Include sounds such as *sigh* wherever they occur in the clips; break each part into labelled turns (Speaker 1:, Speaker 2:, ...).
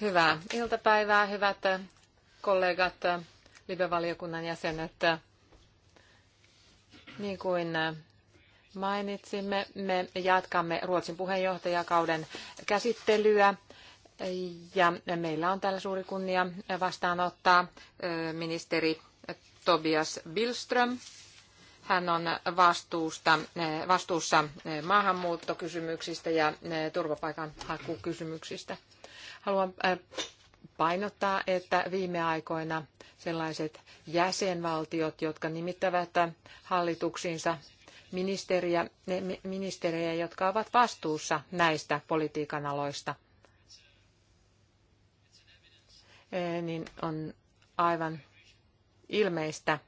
Speaker 1: Hyvää iltapäivää, hyvät äh, kollegat, äh, libe valiokunnan jäsenet. Äh, niin kuin mainitsimme, me jatkamme Ruotsin puheenjohtajakauden käsittelyä. Ja meillä on täällä suuri kunnia vastaanottaa ministeri Tobias Billström hän on vastuusta, eh, vastuussa eh, maahanmuuttokysymyksistä ja eh, turvapaikanhakukysymyksistä. Haluan painottaa, että viime aikoina sellaiset jäsenvaltiot, jotka nimittävät hallituksiinsa ministeriä, ministerejä, jotka ovat vastuussa näistä politiikan aloista, niin on aivan ilmeistä,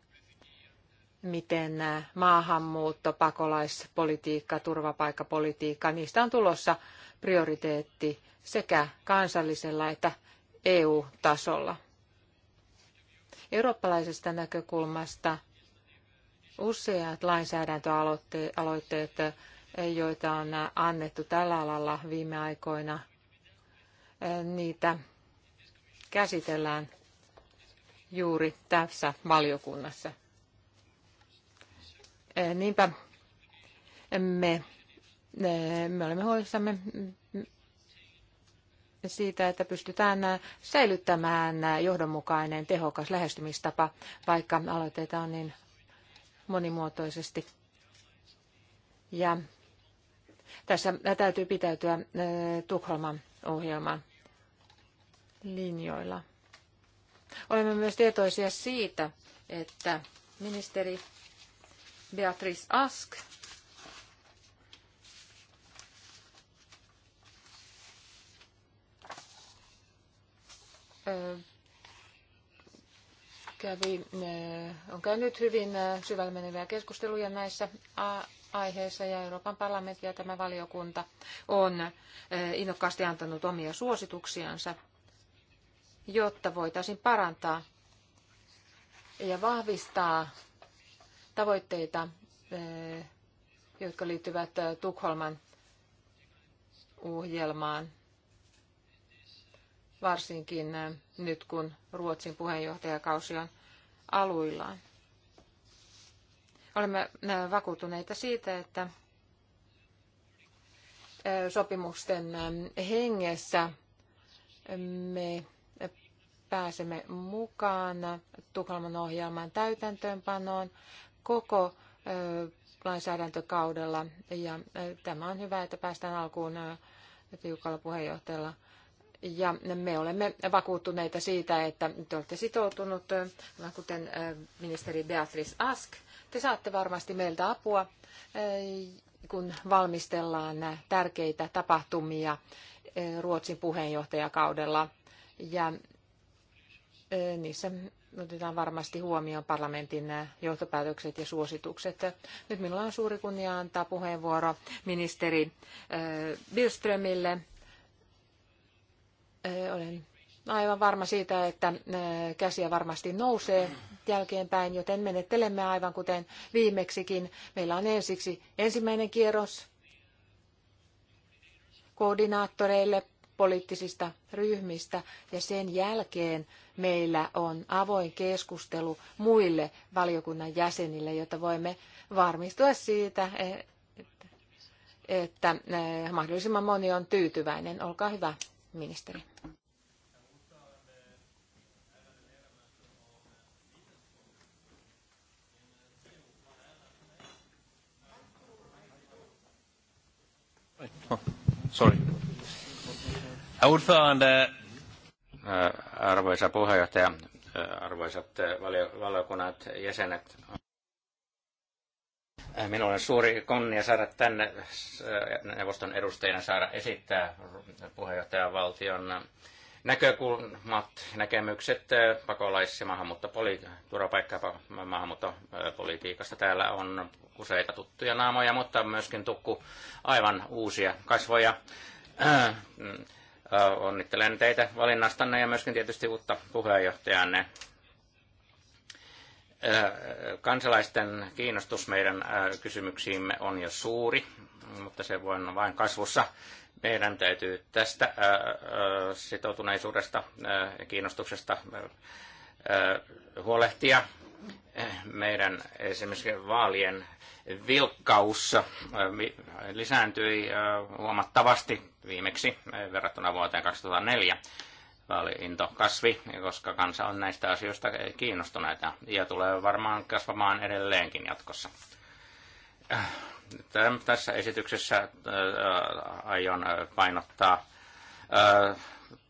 Speaker 1: miten maahanmuutto, pakolaispolitiikka, turvapaikkapolitiikka, niistä on tulossa prioriteetti sekä kansallisella että EU-tasolla. Eurooppalaisesta näkökulmasta useat lainsäädäntöaloitteet, joita on annettu tällä alalla viime aikoina, niitä käsitellään juuri tässä valiokunnassa. Eh, niinpä me, eh, me olemme huolissamme siitä, että pystytään säilyttämään johdonmukainen, tehokas lähestymistapa, vaikka aloitteita on niin monimuotoisesti. Ja tässä täytyy pitäytyä eh, Tukholman ohjelman linjoilla. Olemme myös tietoisia siitä, että ministeri Beatrice Ask. Kävi, on käynyt hyvin syvälle meneviä keskusteluja näissä aiheissa ja Euroopan parlamentti ja tämä valiokunta on innokkaasti antanut omia suosituksiansa, jotta voitaisiin parantaa ja vahvistaa tavoitteita, eh, jotka liittyvät eh, Tukholman ohjelmaan, varsinkin eh, nyt kun Ruotsin puheenjohtajakausi on aluillaan. Olemme vakuuttuneita siitä, että sopimusten hengessä me pääsemme mukaan Tukholman ohjelman täytäntöönpanoon, koko lainsäädäntökaudella. Ja tämä on hyvä, että päästään alkuun tiukalla puheenjohtajalla. Ja me olemme vakuuttuneita siitä, että te olette sitoutunut, kuten ministeri Beatrice Ask. Te saatte varmasti meiltä apua, kun valmistellaan tärkeitä tapahtumia Ruotsin puheenjohtajakaudella. Ja niissä otetaan varmasti huomioon parlamentin johtopäätökset ja suositukset. Nyt minulla on suuri kunnia antaa puheenvuoro ministeri eh, Billströmille. Eh, olen aivan varma siitä, että eh, käsiä varmasti nousee jälkeenpäin, joten menettelemme aivan kuten viimeksikin. Meillä on ensiksi ensimmäinen kierros koordinaattoreille poliittisista ryhmistä ja sen jälkeen meillä on avoin keskustelu muille valiokunnan jäsenille, jotta voimme varmistua siitä, e- että e- mahdollisimman moni on tyytyväinen. Olkaa hyvä, ministeri.
Speaker 2: Sorry.
Speaker 3: Ordförande.
Speaker 4: Äh, arvoisa puheenjohtaja, äh, arvoisat äh, valiokunnat, jäsenet. Minulla on suuri kunnia saada tänne neuvoston edustajana saada esittää puheenjohtajavaltion näkökulmat, näkemykset pakolais- ja turvapaikka- ja maahanmuuttopolitiikasta. Täällä on useita tuttuja naamoja, mutta myöskin tukku aivan uusia kasvoja Äh, onnittelen teitä valinnastanne ja myöskin tietysti uutta puheenjohtajanne. Äh, kansalaisten kiinnostus meidän äh, kysymyksiimme on jo suuri, mutta se voi olla vain kasvussa. Meidän täytyy tästä sitoutuneisuudesta ja kiinnostuksesta huolehtia meidän esimerkiksi vaalien vilkkaus äh, lisääntyi äh, huomattavasti viimeksi äh, verrattuna vuoteen 2004 vaaliinto kasvi, koska kansa on näistä asioista kiinnostuneita ja tulee varmaan kasvamaan edelleenkin jatkossa. Tässä esityksessä aion painottaa,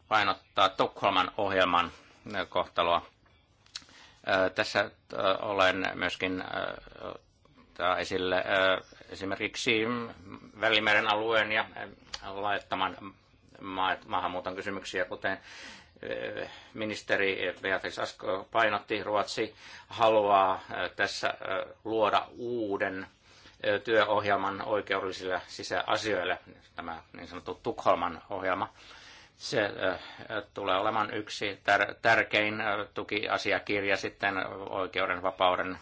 Speaker 4: painottaa Tukholman ohjelman kohtaloa tässä olen myöskin esille esimerkiksi Välimeren alueen ja laittoman maahanmuuton kysymyksiä, kuten ministeri Beatrice Asko painotti, Ruotsi haluaa tässä luoda uuden työohjelman oikeudellisille sisäasioille, tämä niin sanottu Tukholman ohjelma se äh, tulee olemaan yksi tärkein äh, tukiasiakirja sitten oikeuden, vapauden,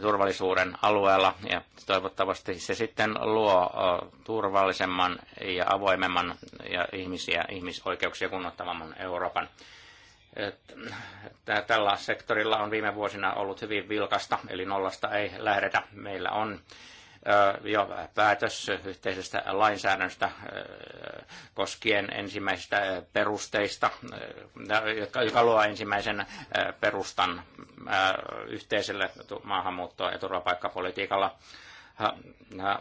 Speaker 4: turvallisuuden alueella. Ja toivottavasti se sitten luo äh, turvallisemman ja avoimemman ja ihmisiä, ihmisoikeuksia kunnottavamman Euroopan. Tällä sektorilla on viime vuosina ollut hyvin vilkasta, eli nollasta ei lähdetä. Meillä on jo päätös yhteisestä lainsäädännöstä koskien ensimmäisistä perusteista, joka luo ensimmäisen perustan yhteiselle maahanmuuttoa ja turvapaikkapolitiikalla.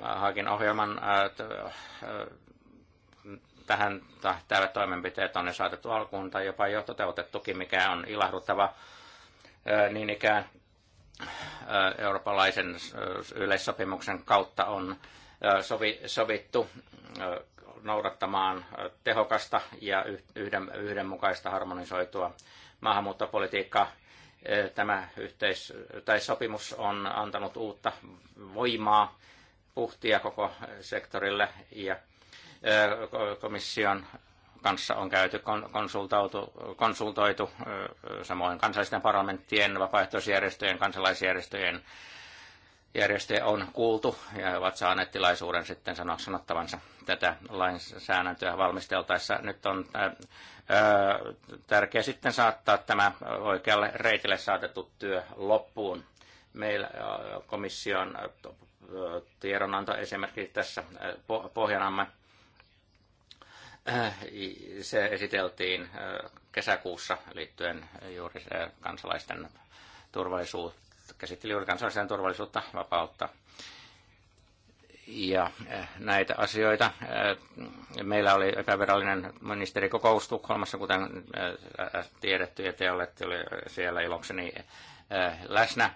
Speaker 4: Haakin ohjelman tähän tähtäävät toimenpiteet on ne saatettu alkuun tai jopa jo toteutettukin, mikä on ilahduttava niin ikään eurooppalaisen yleissopimuksen kautta on sovittu noudattamaan tehokasta ja yhdenmukaista harmonisoitua maahanmuuttopolitiikkaa. Tämä yhteis- tai sopimus on antanut uutta voimaa, puhtia koko sektorille ja komission kanssa on käyty konsultoitu, konsultoitu samoin kansallisten parlamenttien, vapaaehtoisjärjestöjen, kansalaisjärjestöjen järjestöjä on kuultu ja he ovat saaneet tilaisuuden sitten sanoa sanottavansa tätä lainsäädäntöä valmisteltaessa. Nyt on tärkeää sitten saattaa tämä oikealle reitille saatettu työ loppuun. Meillä komission tiedonanto esimerkiksi tässä pohjanamme Äh, se esiteltiin äh, kesäkuussa liittyen juuri äh, kansalaisten turvallisuutta, käsitteli juuri kansalaisten turvallisuutta, vapautta. Ja näitä asioita. Meillä oli epävirallinen ministerikokous Tukholmassa, kuten tiedetty, ja te olette siellä ilokseni läsnä.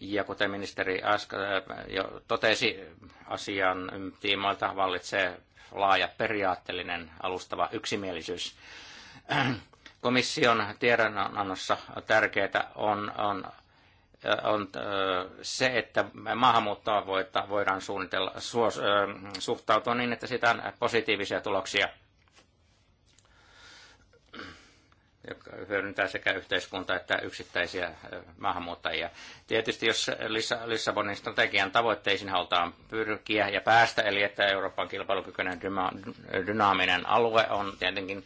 Speaker 4: Ja kuten ministeri Aska jo totesi, asian tiimoilta vallitsee laaja periaatteellinen alustava yksimielisyys. Komission tiedonannossa tärkeää on, on, on se, että maahanmuuttoa voidaan suunnitella, suos, suhtautua niin, että sitä on positiivisia tuloksia – hyödyntää sekä yhteiskunta että yksittäisiä maahanmuuttajia. Tietysti jos Lissabonin strategian tavoitteisiin halutaan pyrkiä ja päästä, eli että Euroopan kilpailukykyinen dynaaminen alue on tietenkin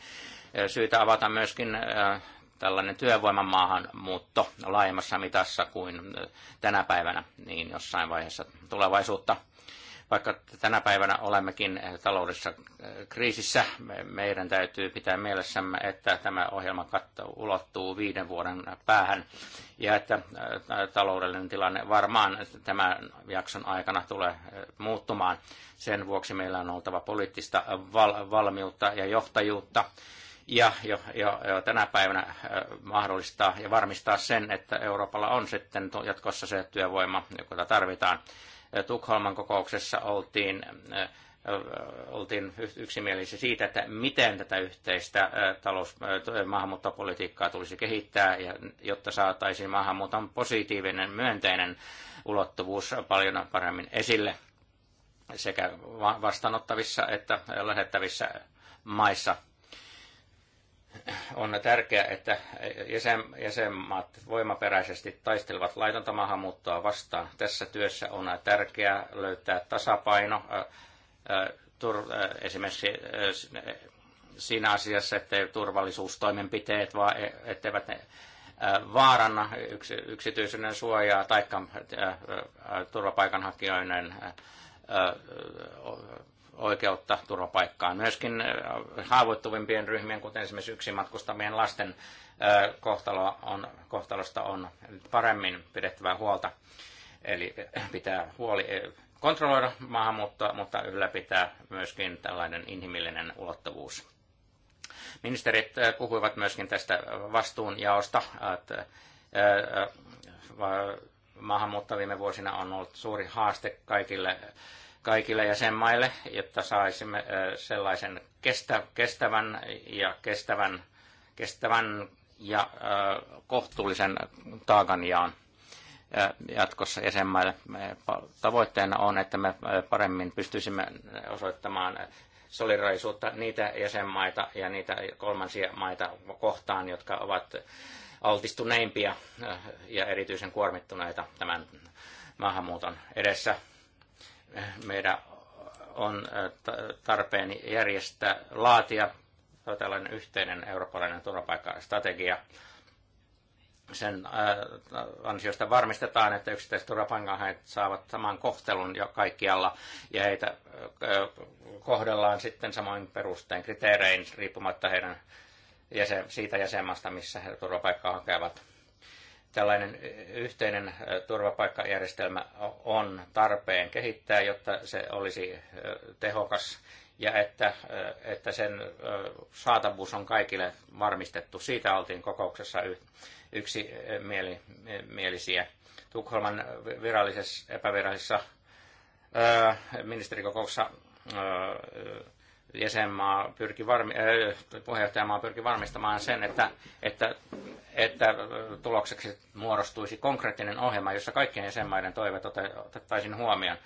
Speaker 4: syytä avata myöskin tällainen työvoiman maahanmuutto laajemmassa mitassa kuin tänä päivänä, niin jossain vaiheessa tulevaisuutta – vaikka tänä päivänä olemmekin eh, taloudessa eh, kriisissä, meidän täytyy pitää mielessämme, että tämä ohjelma katto ulottuu viiden vuoden päähän ja että eh, taloudellinen tilanne varmaan tämän jakson aikana tulee muuttumaan. Sen vuoksi meillä on oltava poliittista val- valmiutta ja johtajuutta ja jo, jo, jo tänä päivänä mahdollistaa ja varmistaa sen, että Euroopalla on sitten jatkossa se työvoima, jota tarvitaan Tukholman kokouksessa oltiin äh, oltiin yksimielisiä siitä, että miten tätä yhteistä äh, talous- äh, maahanmuuttopolitiikkaa tulisi kehittää, ja, jotta saataisiin maahanmuuton positiivinen, myönteinen ulottuvuus paljon paremmin esille sekä vastaanottavissa että lähettävissä maissa on tärkeää, että jäsen, jäsenmaat voimaperäisesti taistelevat laitonta maahanmuuttoa vastaan. Tässä työssä on tärkeää löytää tasapaino esimerkiksi siinä asiassa, että turvallisuustoimenpiteet, vaan e, etteivät ne vaaranna yksityisyyden suojaa tai turvapaikanhakijoiden oikeutta turvapaikkaan. Myöskin äh, haavoittuvimpien ryhmien, kuten esimerkiksi yksin matkustamien lasten äh, kohtalo on, kohtalosta on paremmin pidettävää huolta. Eli äh, pitää huoli kontrolloida maahanmuuttoa, mutta ylläpitää myöskin tällainen inhimillinen ulottuvuus. Ministerit puhuivat myöskin tästä vastuunjaosta, että maahanmuutto viime vuosina on ollut suuri haaste kaikille kaikille jäsenmaille, jotta saisimme sellaisen kestä, kestävän ja kestävän, kestävän ja kohtuullisen taakanjaan jatkossa jäsenmaille. Tavoitteena on, että me paremmin pystyisimme osoittamaan solidarisuutta niitä jäsenmaita ja niitä kolmansia maita kohtaan, jotka ovat altistuneimpia ja erityisen kuormittuneita tämän maahanmuuton edessä meidän on tarpeen järjestää, laatia tällainen yhteinen eurooppalainen turvapaikkastrategia. Sen ansiosta varmistetaan, että yksittäiset turvapaikanhajat saavat saman kohtelun jo kaikkialla ja heitä kohdellaan sitten samoin perustein kriteerein riippumatta heidän jäsen, siitä jäsenmaasta, missä he turvapaikkaa hakevat tällainen yhteinen turvapaikkajärjestelmä on tarpeen kehittää, jotta se olisi tehokas ja että, että sen saatavuus on kaikille varmistettu. Siitä oltiin kokouksessa yksi mieli, mielisiä. Tukholman virallisessa, epävirallisessa ministerikokouksessa jäsenmaa pyrki varmi, äh, puheenjohtajamaa pyrki varmistamaan sen, että, että, että äh, tulokseksi muodostuisi konkreettinen ohjelma, jossa kaikkien jäsenmaiden toiveet otettaisiin huomioon.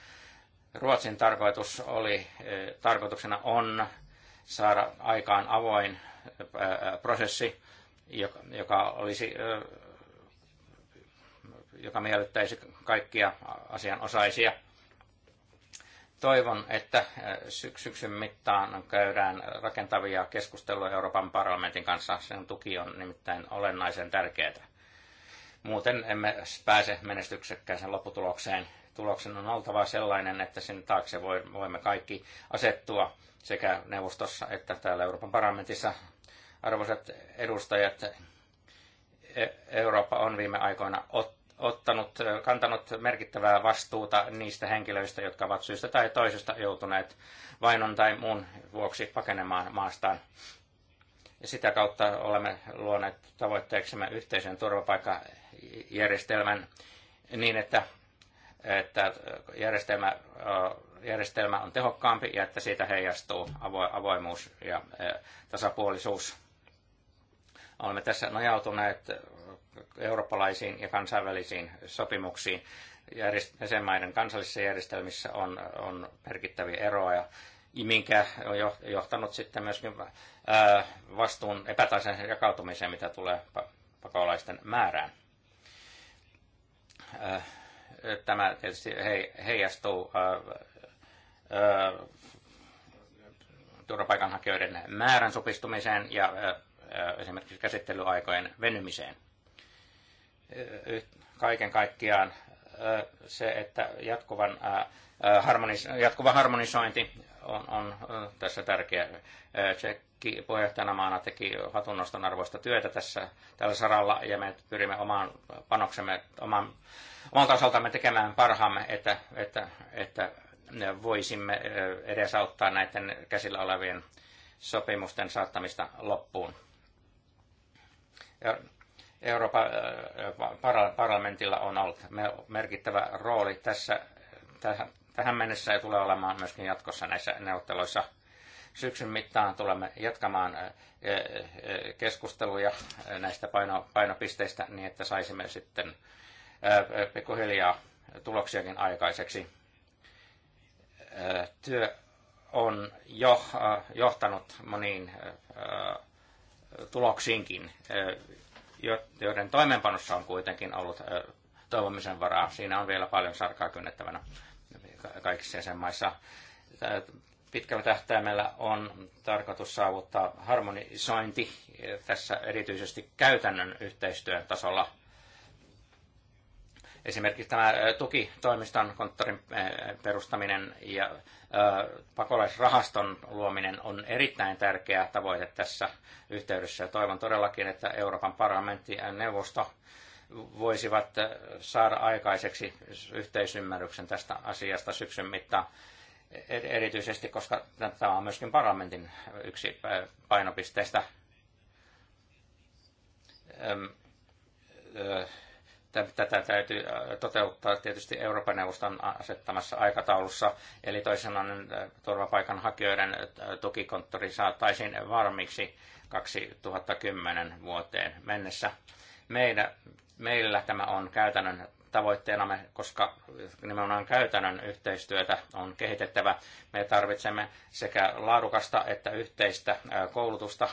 Speaker 4: Ruotsin tarkoitus oli, äh, tarkoituksena on saada aikaan avoin äh, prosessi, joka, joka olisi joka miellyttäisi kaikkia asianosaisia – Toivon, että äh, syksyn mittaan käydään rakentavia keskusteluja Euroopan parlamentin kanssa. Sen tuki on nimittäin olennaisen tärkeää. Muuten emme pääse menestyksekkäiseen lopputulokseen. Tuloksen on oltava sellainen, että sen taakse voimme kaikki asettua sekä neuvostossa että täällä Euroopan parlamentissa. Arvoisat edustajat, e-, Eurooppa on viime aikoina ottanut ottanut, kantanut merkittävää vastuuta niistä henkilöistä, jotka ovat syystä tai toisesta joutuneet vainon tai muun vuoksi pakenemaan maastaan. Ja sitä kautta olemme luoneet tavoitteeksemme yhteisen turvapaikkajärjestelmän niin, että, että järjestelmä, järjestelmä on tehokkaampi ja että siitä heijastuu avoimuus ja eh, tasapuolisuus olemme tässä nojautuneet eurooppalaisiin ja kansainvälisiin sopimuksiin. Jäsenmaiden kansallisissa järjestelmissä on, on merkittäviä eroja, minkä on johtanut sitten myöskin äh, vastuun epätaisen jakautumiseen, mitä tulee pakolaisten määrään. Äh, tämä tietysti heijastuu äh, turvapaikanhakijoiden määrän supistumiseen ja esimerkiksi käsittelyaikojen venymiseen kaiken kaikkiaan se, että jatkuvan, harmonis, jatkuva harmonisointi on, on tässä tärkeä. Tsekki puheenjohtajana maana teki hatunnoston arvoista työtä tässä tällä saralla ja me pyrimme oman panoksemme, oman, omalta osaltamme tekemään parhaamme, että, että, että voisimme edesauttaa näiden käsillä olevien sopimusten saattamista loppuun. Euroopan äh, parlamentilla on ollut merkittävä rooli tässä. Tähän mennessä ja tulee olemaan myöskin jatkossa näissä neuvotteluissa. Syksyn mittaan tulemme jatkamaan äh, äh, keskusteluja näistä painopisteistä niin, että saisimme sitten pikkuhiljaa tuloksiakin aikaiseksi. Työ on jo johtanut moniin tuloksiinkin joiden toimeenpanossa on kuitenkin ollut toivomisen varaa. Siinä on vielä paljon sarkaa kynnettävänä kaikissa jäsenmaissa. Pitkällä tähtäimellä on tarkoitus saavuttaa harmonisointi tässä erityisesti käytännön yhteistyön tasolla – Esimerkiksi tämä tukitoimiston konttorin perustaminen ja pakolaisrahaston luominen on erittäin tärkeä tavoite tässä yhteydessä. Toivon todellakin, että Euroopan parlamentti ja neuvosto voisivat saada aikaiseksi yhteisymmärryksen tästä asiasta syksyn mittaan e, erityisesti, koska tämä on myöskin parlamentin yksi painopisteistä Tätä täytyy äh, toteuttaa tietysti Euroopan neuvoston asettamassa aikataulussa, eli toisenaan äh, turvapaikanhakijoiden äh, tukikonttori saataisiin varmiksi 2010 vuoteen mennessä. Meillä, meillä tämä on käytännön tavoitteenamme, koska nimenomaan käytännön yhteistyötä on kehitettävä. Me tarvitsemme sekä laadukasta että yhteistä koulutusta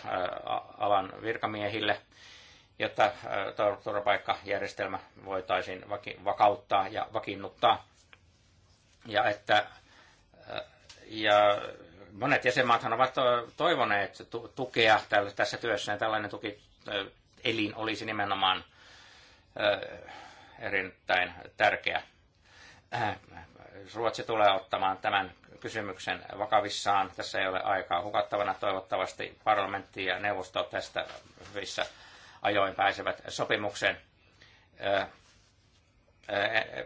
Speaker 4: alan virkamiehille jotta äh, turvapaikkajärjestelmä voitaisiin vakauttaa ja vakiinnuttaa. Ja että äh, ja monet jäsenmaathan ovat äh, toivoneet tukea tässä työssä, ja tällainen tuki elin olisi nimenomaan erittäin tärkeä. Ruotsi tulee ottamaan tämän kysymyksen vakavissaan. Tässä ei ole aikaa hukattavana. Toivottavasti parlamentti ja neuvosto tästä hyvissä ajoin pääsevät sopimukseen.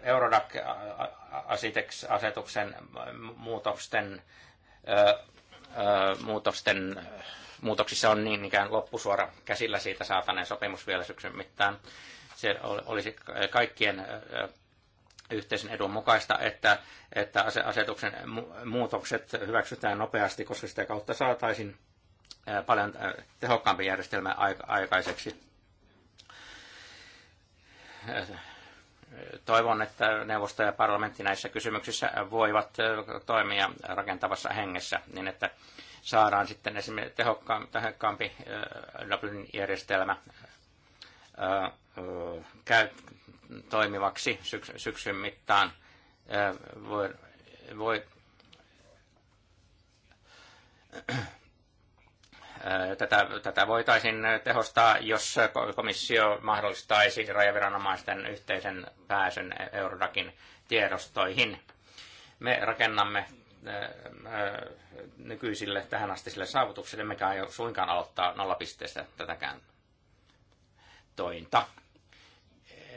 Speaker 4: Eurodac-asetuksen muutosten, muutosten, muutoksissa on niin ikään loppusuora käsillä siitä saataneen sopimus vielä syksyn mittaan. Se olisi kaikkien yhteisen edun mukaista, että, että asetuksen muutokset hyväksytään nopeasti, koska sitä kautta saataisiin paljon tehokkaampi järjestelmä aikaiseksi toivon, että neuvosto ja parlamentti näissä kysymyksissä voivat toimia rakentavassa hengessä, niin että saadaan sitten esimerkiksi tehokkaampi Dublin järjestelmä käy toimivaksi syksyn mittaan. Voi, voi Tätä, tätä voitaisiin tehostaa, jos komissio mahdollistaisi rajaviranomaisten yhteisen pääsyn Eurodakin tiedostoihin. Me rakennamme nykyisille tähän sille saavutuksille, mikä ei suinkaan aloittaa nollapisteestä tätäkään tointa.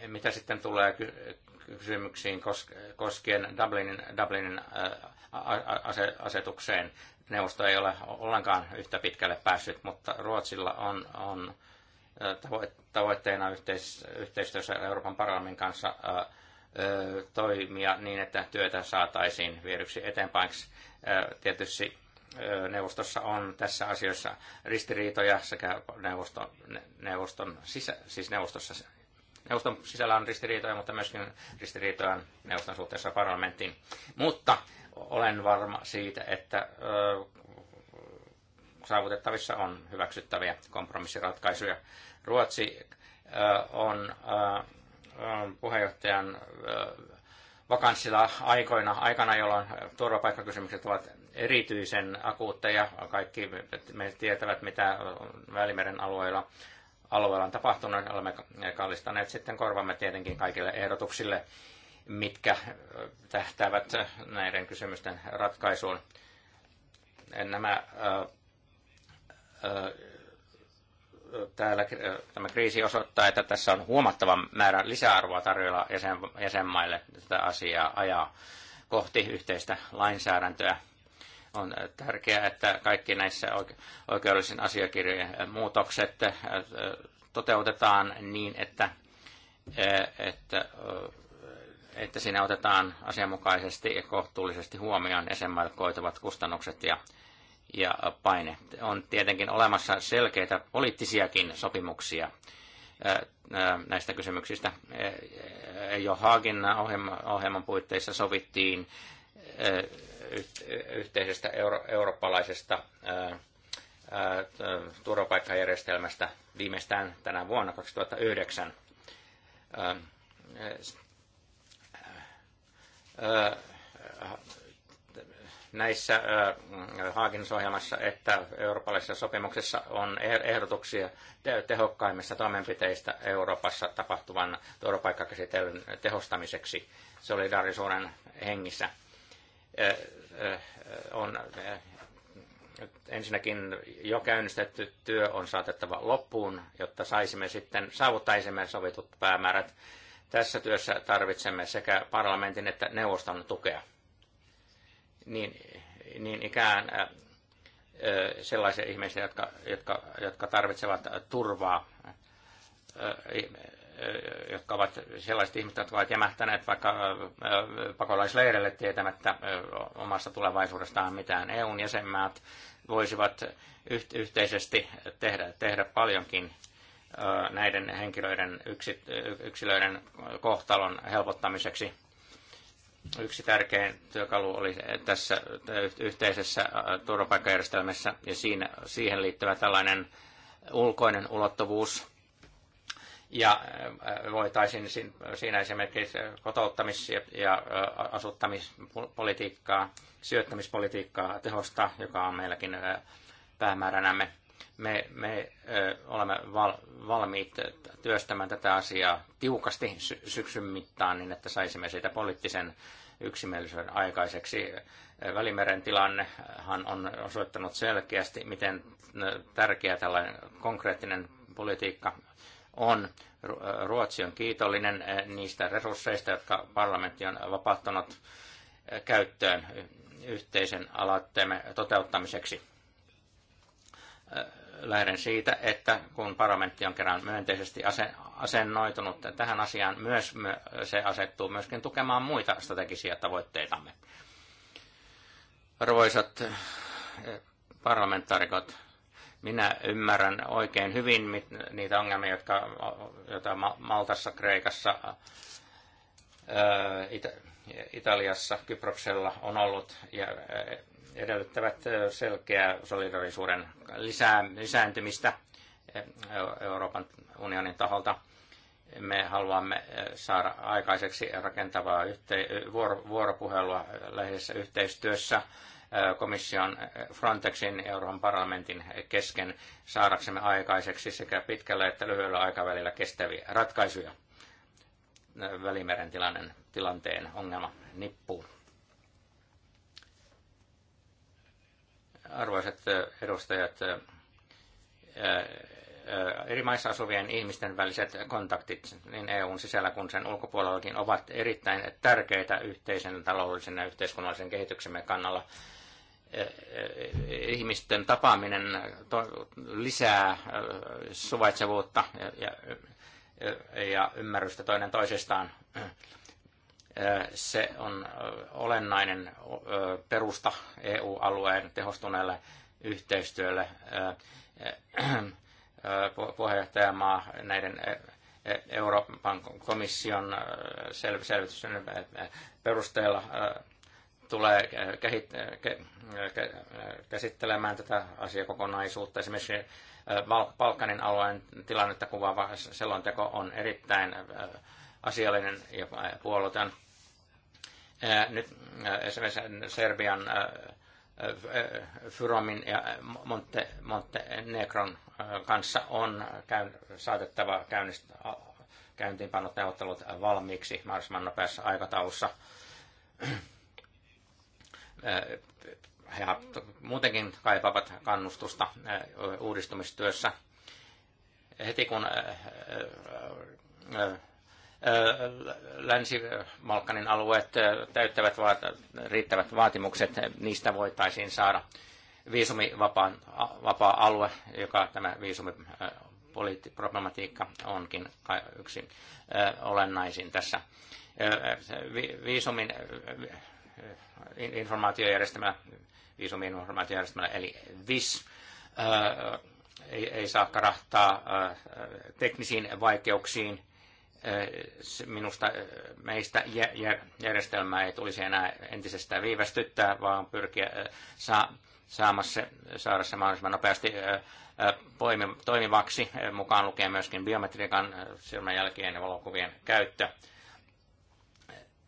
Speaker 4: Mitä sitten tulee kysymyksiin koskien Dublinin, Dublinin asetukseen neuvosto ei ole ollenkaan yhtä pitkälle päässyt, mutta Ruotsilla on, on tavoitteena yhteis, yhteistyössä Euroopan parlamentin kanssa ö, toimia niin, että työtä saataisiin viedyksi eteenpäin. Tietysti neuvostossa on tässä asiassa ristiriitoja sekä neuvoston, neuvoston sisä, siis neuvostossa, neuvoston sisällä on ristiriitoja, mutta myöskin ristiriitoja neuvoston suhteessa parlamenttiin. Mutta olen varma siitä, että saavutettavissa on hyväksyttäviä kompromissiratkaisuja. Ruotsi on puheenjohtajan vakanssilla aikoina, aikana, jolloin turvapaikkakysymykset ovat erityisen akuutteja. Kaikki me tietävät, mitä Välimeren alueella, alueella on tapahtunut. Olemme kallistaneet sitten korvamme tietenkin kaikille ehdotuksille mitkä tähtäävät näiden kysymysten ratkaisuun. Nämä täällä tämä kriisi osoittaa, että tässä on huomattava määrä lisäarvoa tarjolla jäsen, jäsenmaille tätä asiaa ajaa kohti yhteistä lainsäädäntöä. On tärkeää, että kaikki näissä oikeudellisen asiakirjojen muutokset toteutetaan niin, että, että että siinä otetaan asianmukaisesti ja kohtuullisesti huomioon jäsenmaille koituvat kustannukset ja, ja paine. On tietenkin olemassa selkeitä poliittisiakin sopimuksia näistä kysymyksistä. Jo Haagin ohjelman puitteissa sovittiin yhteisestä euro, eurooppalaisesta turvapaikkajärjestelmästä viimeistään tänä vuonna 2009 näissä haakinnusohjelmassa että eurooppalaisessa sopimuksessa on ehdotuksia tehokkaimmista toimenpiteistä Euroopassa tapahtuvan turvapaikkakäsittelyn tehostamiseksi solidaarisuuden hengissä. On ensinnäkin jo käynnistetty työ on saatettava loppuun, jotta saisimme sitten, saavuttaisimme sovitut päämäärät tässä työssä tarvitsemme sekä parlamentin että neuvoston tukea. Niin, niin ikään äh, äh, sellaisia ihmisiä, jotka, jotka, jotka tarvitsevat turvaa, äh, jotka ovat sellaiset ihmiset, jotka ovat jämähtäneet vaikka pakolaisleirelle tietämättä omasta tulevaisuudestaan mitään. EUn jäsenmaat voisivat yhteisesti tehdä, tehdä paljonkin näiden henkilöiden yksilöiden kohtalon helpottamiseksi. Yksi tärkein työkalu oli tässä yhteisessä turvapaikkajärjestelmässä ja siinä, siihen liittyvä tällainen ulkoinen ulottuvuus. Ja voitaisiin siinä esimerkiksi kotouttamis- ja asuttamispolitiikkaa, syöttämispolitiikkaa tehostaa, joka on meilläkin päämääränämme me, me ö, olemme val, valmiit työstämään tätä asiaa tiukasti sy- syksyn mittaan niin, että saisimme siitä poliittisen yksimielisyyden aikaiseksi. Välimeren tilannehan on osoittanut selkeästi, miten tärkeä tällainen konkreettinen politiikka on. Ruotsi on kiitollinen niistä resursseista, jotka parlamentti on vapauttanut käyttöön yhteisen aloitteemme toteuttamiseksi lähden siitä, että kun parlamentti on kerran myönteisesti asennoitunut tähän asiaan, myös se asettuu myöskin tukemaan muita strategisia tavoitteitamme. Arvoisat eh, parlamentaarikot, minä ymmärrän oikein hyvin niitä ongelmia, jotka, joita Maltassa, Kreikassa, eh, Italiassa, Kyproksella on ollut ja eh, edellyttävät selkeää solidarisuuden lisää, lisääntymistä Euroopan unionin taholta. Me haluamme saada aikaiseksi rakentavaa yhte- vuoropuhelua läheisessä yhteistyössä komission Frontexin Euroopan parlamentin kesken saadaksemme aikaiseksi sekä pitkällä että lyhyellä aikavälillä kestäviä ratkaisuja. Välimeren tilanteen, tilanteen ongelma nippuu. arvoisat edustajat, eri maissa asuvien ihmisten väliset kontaktit niin EUn sisällä kuin sen ulkopuolellakin ovat erittäin tärkeitä yhteisen taloudellisen ja yhteiskunnallisen kehityksemme kannalla. Ihmisten tapaaminen lisää suvaitsevuutta ja, ja ymmärrystä toinen toisestaan se on olennainen perusta EU-alueen tehostuneelle yhteistyölle. Puheenjohtajamaa näiden Euroopan komission selvitysten perusteella tulee käsittelemään tätä asiakokonaisuutta. Esimerkiksi Balkanin alueen tilannetta kuvaava selonteko on erittäin asiallinen ja puolueton. Nyt esimerkiksi Serbian Fyromin ja Monte, necron kanssa on käyn, saatettava käynnist, käyntiinpanot neuvottelut valmiiksi mahdollisimman nopeassa aikataulussa. *clears throat* He muutenkin kaipaavat kannustusta uudistumistyössä. Heti kun Länsi-Malkanin alueet täyttävät vaat, riittävät vaatimukset, niistä voitaisiin saada viisumivapaan vapaa alue, joka tämä viisumiproblematiikka onkin yksi olennaisin tässä. Viisumin informaatiojärjestelmä, viisumin informaatiojärjestelmä eli VIS, ei, ei saa karahtaa teknisiin vaikeuksiin – minusta meistä järjestelmää ei tulisi enää entisestään viivästyttää, vaan pyrkiä saamassa, saada se mahdollisimman nopeasti toimivaksi, mukaan lukien myöskin biometriikan silmänjälkien ja valokuvien käyttö.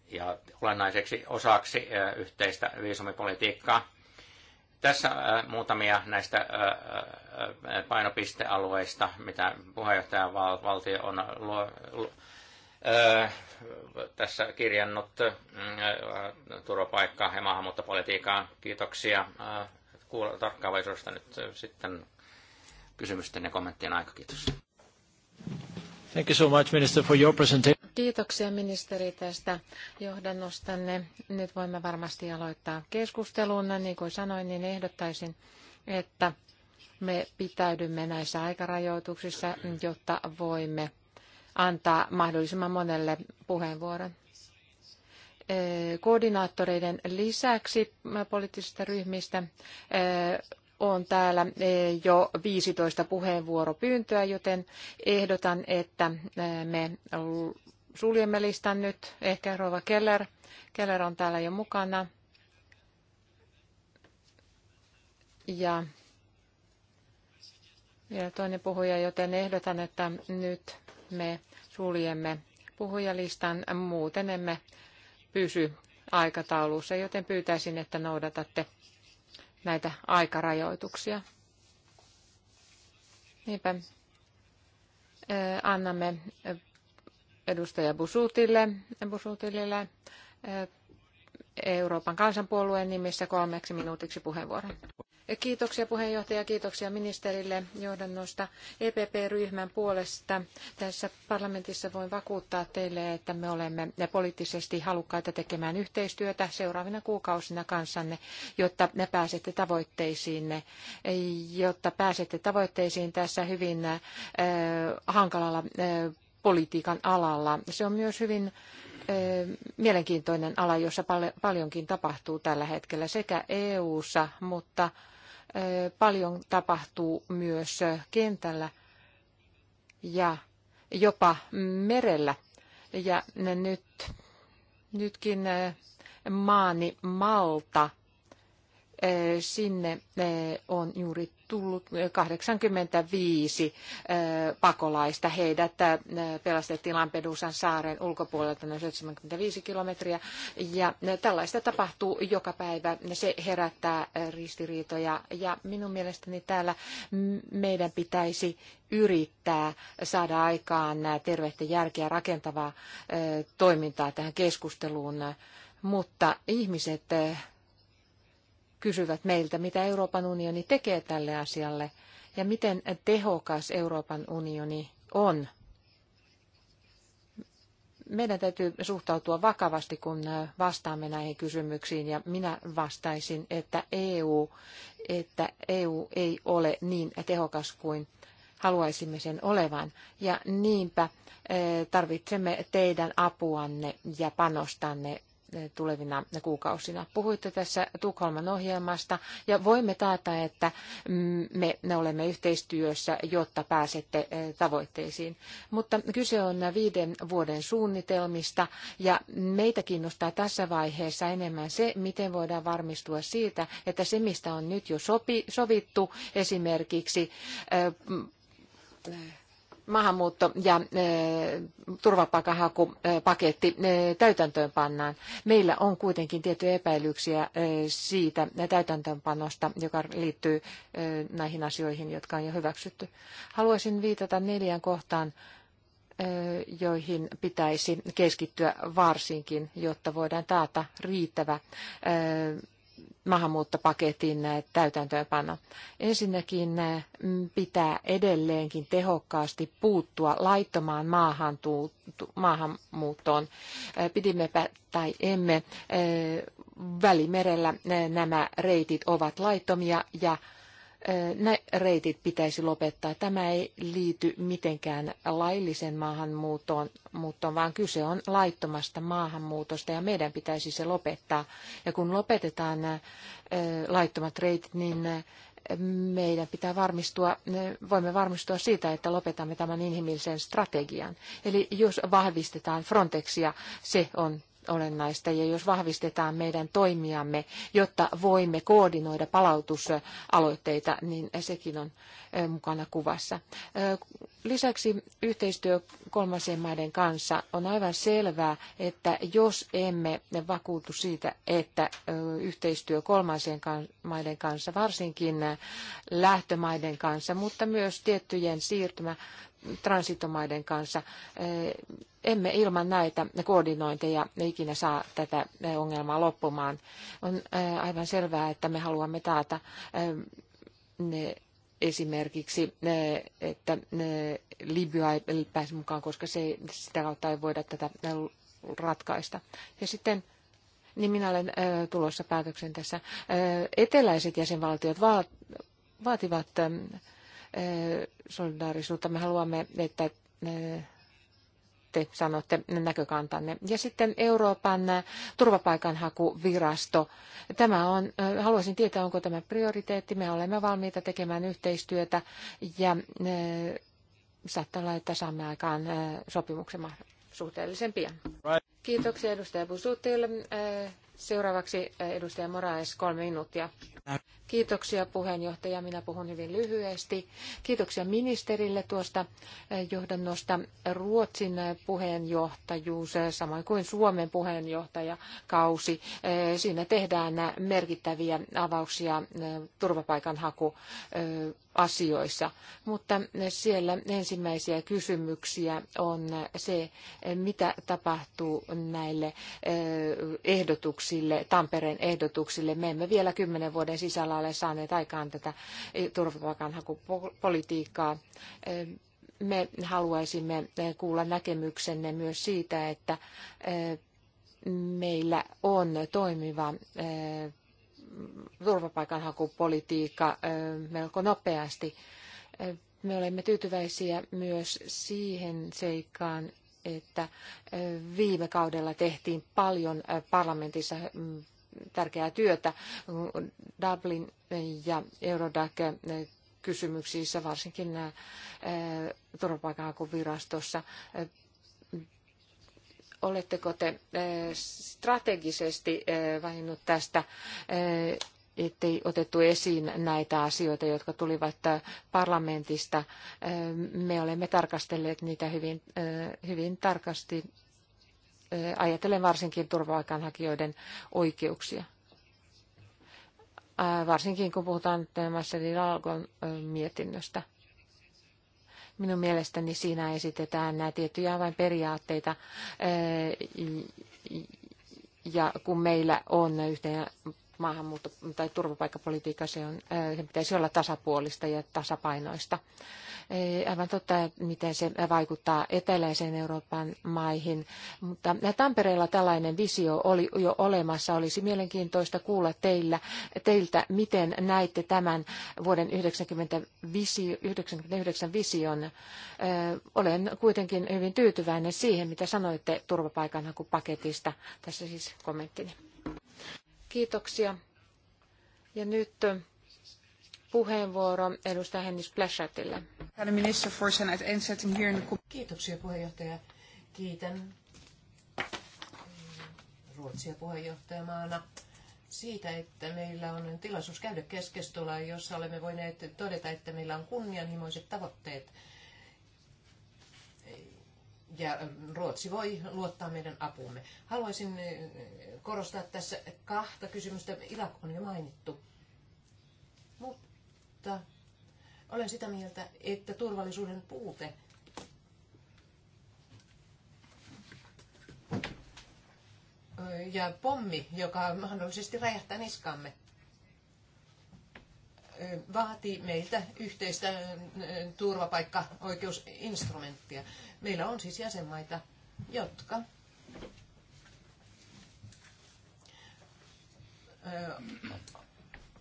Speaker 4: Ja olennaiseksi osaksi yhteistä viisumipolitiikkaa. Tässä muutamia näistä painopistealueista, mitä valtio on luo, lu, ö, tässä kirjannut ö, turvapaikka- ja maahanmuuttopolitiikkaan. Kiitoksia tarkkaavaisuudesta nyt sitten kysymysten ja kommenttien aika. Kiitos. Thank you so much, Minister, for your presentation.
Speaker 1: Kiitoksia ministeri tästä johdannostanne. Nyt voimme varmasti aloittaa keskustelun. Niin kuin sanoin, niin ehdottaisin, että me pitäydymme näissä aikarajoituksissa, jotta voimme antaa mahdollisimman monelle puheenvuoron. Koordinaattoreiden lisäksi poliittisista ryhmistä on täällä jo 15 puheenvuoropyyntöä, joten ehdotan, että me suljemme listan nyt. Ehkä Rova Keller. Keller on täällä jo mukana. Ja vielä toinen puhuja, joten ehdotan, että nyt me suljemme puhujalistan, muuten emme pysy aikataulussa, joten pyytäisin, että noudatatte näitä aikarajoituksia. Niinpä annamme edustaja Busutille, Busutille Euroopan kansanpuolueen nimissä kolmeksi minuutiksi puheenvuoron. Kiitoksia puheenjohtaja, kiitoksia ministerille johdannosta EPP-ryhmän puolesta. Tässä parlamentissa voin vakuuttaa teille, että me olemme poliittisesti halukkaita tekemään yhteistyötä seuraavina kuukausina kanssanne, jotta ne pääsette tavoitteisiinne, jotta pääsette tavoitteisiin tässä hyvin äh, hankalalla äh, politiikan alalla. Se on myös hyvin äh, mielenkiintoinen ala, jossa paljonkin tapahtuu tällä hetkellä sekä EU-ssa, mutta paljon tapahtuu myös kentällä ja jopa merellä. Ja nyt, nytkin maani Malta, sinne on juuri tullut 85 eh, pakolaista. Heidät eh, pelastettiin Lampedusan saaren ulkopuolelta noin 75 kilometriä. Ja eh, tällaista tapahtuu joka päivä. Se herättää ristiriitoja. Ja minun mielestäni täällä meidän pitäisi yrittää saada aikaan tervettä järkeä rakentavaa toimintaa tähän keskusteluun. Mutta ihmiset kysyvät meiltä, mitä Euroopan unioni tekee tälle asialle ja miten tehokas Euroopan unioni on. Meidän täytyy suhtautua vakavasti, kun äh, vastaamme näihin kysymyksiin, ja minä vastaisin, että EU, että EU ei ole niin tehokas kuin haluaisimme sen olevan. Ja niinpä äh, tarvitsemme teidän apuanne ja panostanne tulevina kuukausina. Puhuitte tässä Tukholman ohjelmasta ja voimme taata, että mm, me olemme yhteistyössä, jotta pääsette eh, tavoitteisiin. Mutta kyse on viiden vuoden suunnitelmista ja meitä kiinnostaa tässä vaiheessa enemmän se, miten voidaan varmistua siitä, että se, mistä on nyt jo sopi, sovittu, esimerkiksi eh, maahanmuutto- ja eh, turvapaikanhakupaketti eh, eh, täytäntöön pannaan. Meillä on kuitenkin tiettyjä epäilyksiä siitä täytäntöönpanosta, joka liittyy näihin asioihin, jotka on jo hyväksytty. Haluaisin viitata neljään kohtaan, joihin pitäisi keskittyä varsinkin, jotta voidaan taata riittävä maahanmuuttopaketin täytäntöönpano. Ensinnäkin mm, pitää edelleenkin tehokkaasti puuttua laittomaan maahanmuuttoon. Pidimmepä tai emme, Välimerellä nämä reitit ovat laittomia ja ne reitit pitäisi lopettaa. Tämä ei liity mitenkään laillisen maahanmuuttoon, vaan kyse on laittomasta maahanmuutosta ja meidän pitäisi se lopettaa. Ja kun lopetetaan nämä laittomat reitit, niin meidän pitää varmistua, voimme varmistua siitä, että lopetamme tämän inhimillisen strategian. Eli jos vahvistetaan Frontexia, se on olennaista ja jos vahvistetaan meidän toimiamme, jotta voimme koordinoida palautusaloitteita, niin sekin on mukana kuvassa. Lisäksi yhteistyö kolmansien maiden kanssa on aivan selvää, että jos emme vakuutu siitä, että yhteistyö kolmansien maiden kanssa, varsinkin lähtömaiden kanssa, mutta myös tiettyjen siirtymä transitomaiden kanssa. Eh, emme ilman näitä koordinointeja ikinä saa tätä eh, ongelmaa loppumaan. On eh, aivan selvää, että me haluamme taata esimerkiksi, että Libya ei pääse mukaan, koska se, sitä kautta ei voida tätä ratkaista. Ja sitten niin minä olen tulossa päätöksen tässä. eteläiset jäsenvaltiot vaativat solidaarisuutta. Me haluamme, että eh, te sanotte näkökantanne. Ja sitten Euroopan turvapaikanhakuvirasto. Tämä on, eh, haluaisin tietää, onko tämä prioriteetti. Me olemme valmiita tekemään yhteistyötä ja eh, saattaa olla, että saamme aikaan sopimuksen suhteellisen pian. Kiitoksia edustaja Busutil. Seuraavaksi edustaja Moraes, kolme minuuttia. Kiitoksia puheenjohtaja. Minä puhun hyvin lyhyesti. Kiitoksia ministerille tuosta eh, johdannosta. Ruotsin eh, puheenjohtajuus, eh, samoin kuin Suomen puheenjohtajakausi. Siinä tehdään merkittäviä avauksia turvapaikanhaku asioissa. Mutta siellä ensimmäisiä kysymyksiä on se, mitä tapahtuu näille ehdotuksille, Tampereen ehdotuksille. Me emme vielä kymmenen vuoden vuoden sisällä ole saaneet aikaan tätä turvapaikanhakupolitiikkaa. Me haluaisimme kuulla näkemyksenne myös siitä, että e, meillä on toimiva e, turvapaikanhakupolitiikka e, melko nopeasti. Me olemme tyytyväisiä myös siihen seikkaan, että viime kaudella tehtiin paljon parlamentissa tärkeää työtä Dublin ja Eurodac kysymyksissä, varsinkin turvapaikanhakuvirastossa. Oletteko te strategisesti vainnut tästä ettei otettu esiin näitä asioita, jotka tulivat parlamentista. Me olemme tarkastelleet niitä hyvin, hyvin tarkasti Ajatellen varsinkin turvapaikanhakijoiden oikeuksia. Varsinkin kun puhutaan Marcelin Alkon mietinnöstä. Minun mielestäni siinä esitetään nämä tiettyjä vain periaatteita, ja kun meillä on yhteen maahanmuutto- tai turvapaikkapolitiikka, se, on, se pitäisi olla tasapuolista ja tasapainoista. Aivan totta, miten se vaikuttaa eteläiseen Euroopan maihin. Mutta Tampereella tällainen visio oli jo olemassa. Olisi mielenkiintoista kuulla teillä, teiltä, miten näitte tämän vuoden 1999 vision. Olen kuitenkin hyvin tyytyväinen siihen, mitä sanoitte turvapaikanhakupaketista. Tässä siis kommenttini. Kiitoksia. Ja nyt puheenvuoro edustaja Hennis Pläschätille.
Speaker 3: Kiitoksia puheenjohtaja. Kiitän eh, Ruotsia puheenjohtajamaana siitä, että meillä on tilaisuus käydä keskustelua, jossa olemme voineet todeta, että meillä on kunnianhimoiset tavoitteet. Ja eh, Ruotsi voi luottaa meidän apumme. Haluaisin eh, korostaa tässä kahta kysymystä. Irak on jo mainittu mutta olen sitä mieltä, että turvallisuuden puute ja pommi, joka mahdollisesti räjähtää niskamme, vaatii meiltä yhteistä oikeusinstrumenttia. Meillä on siis jäsenmaita, jotka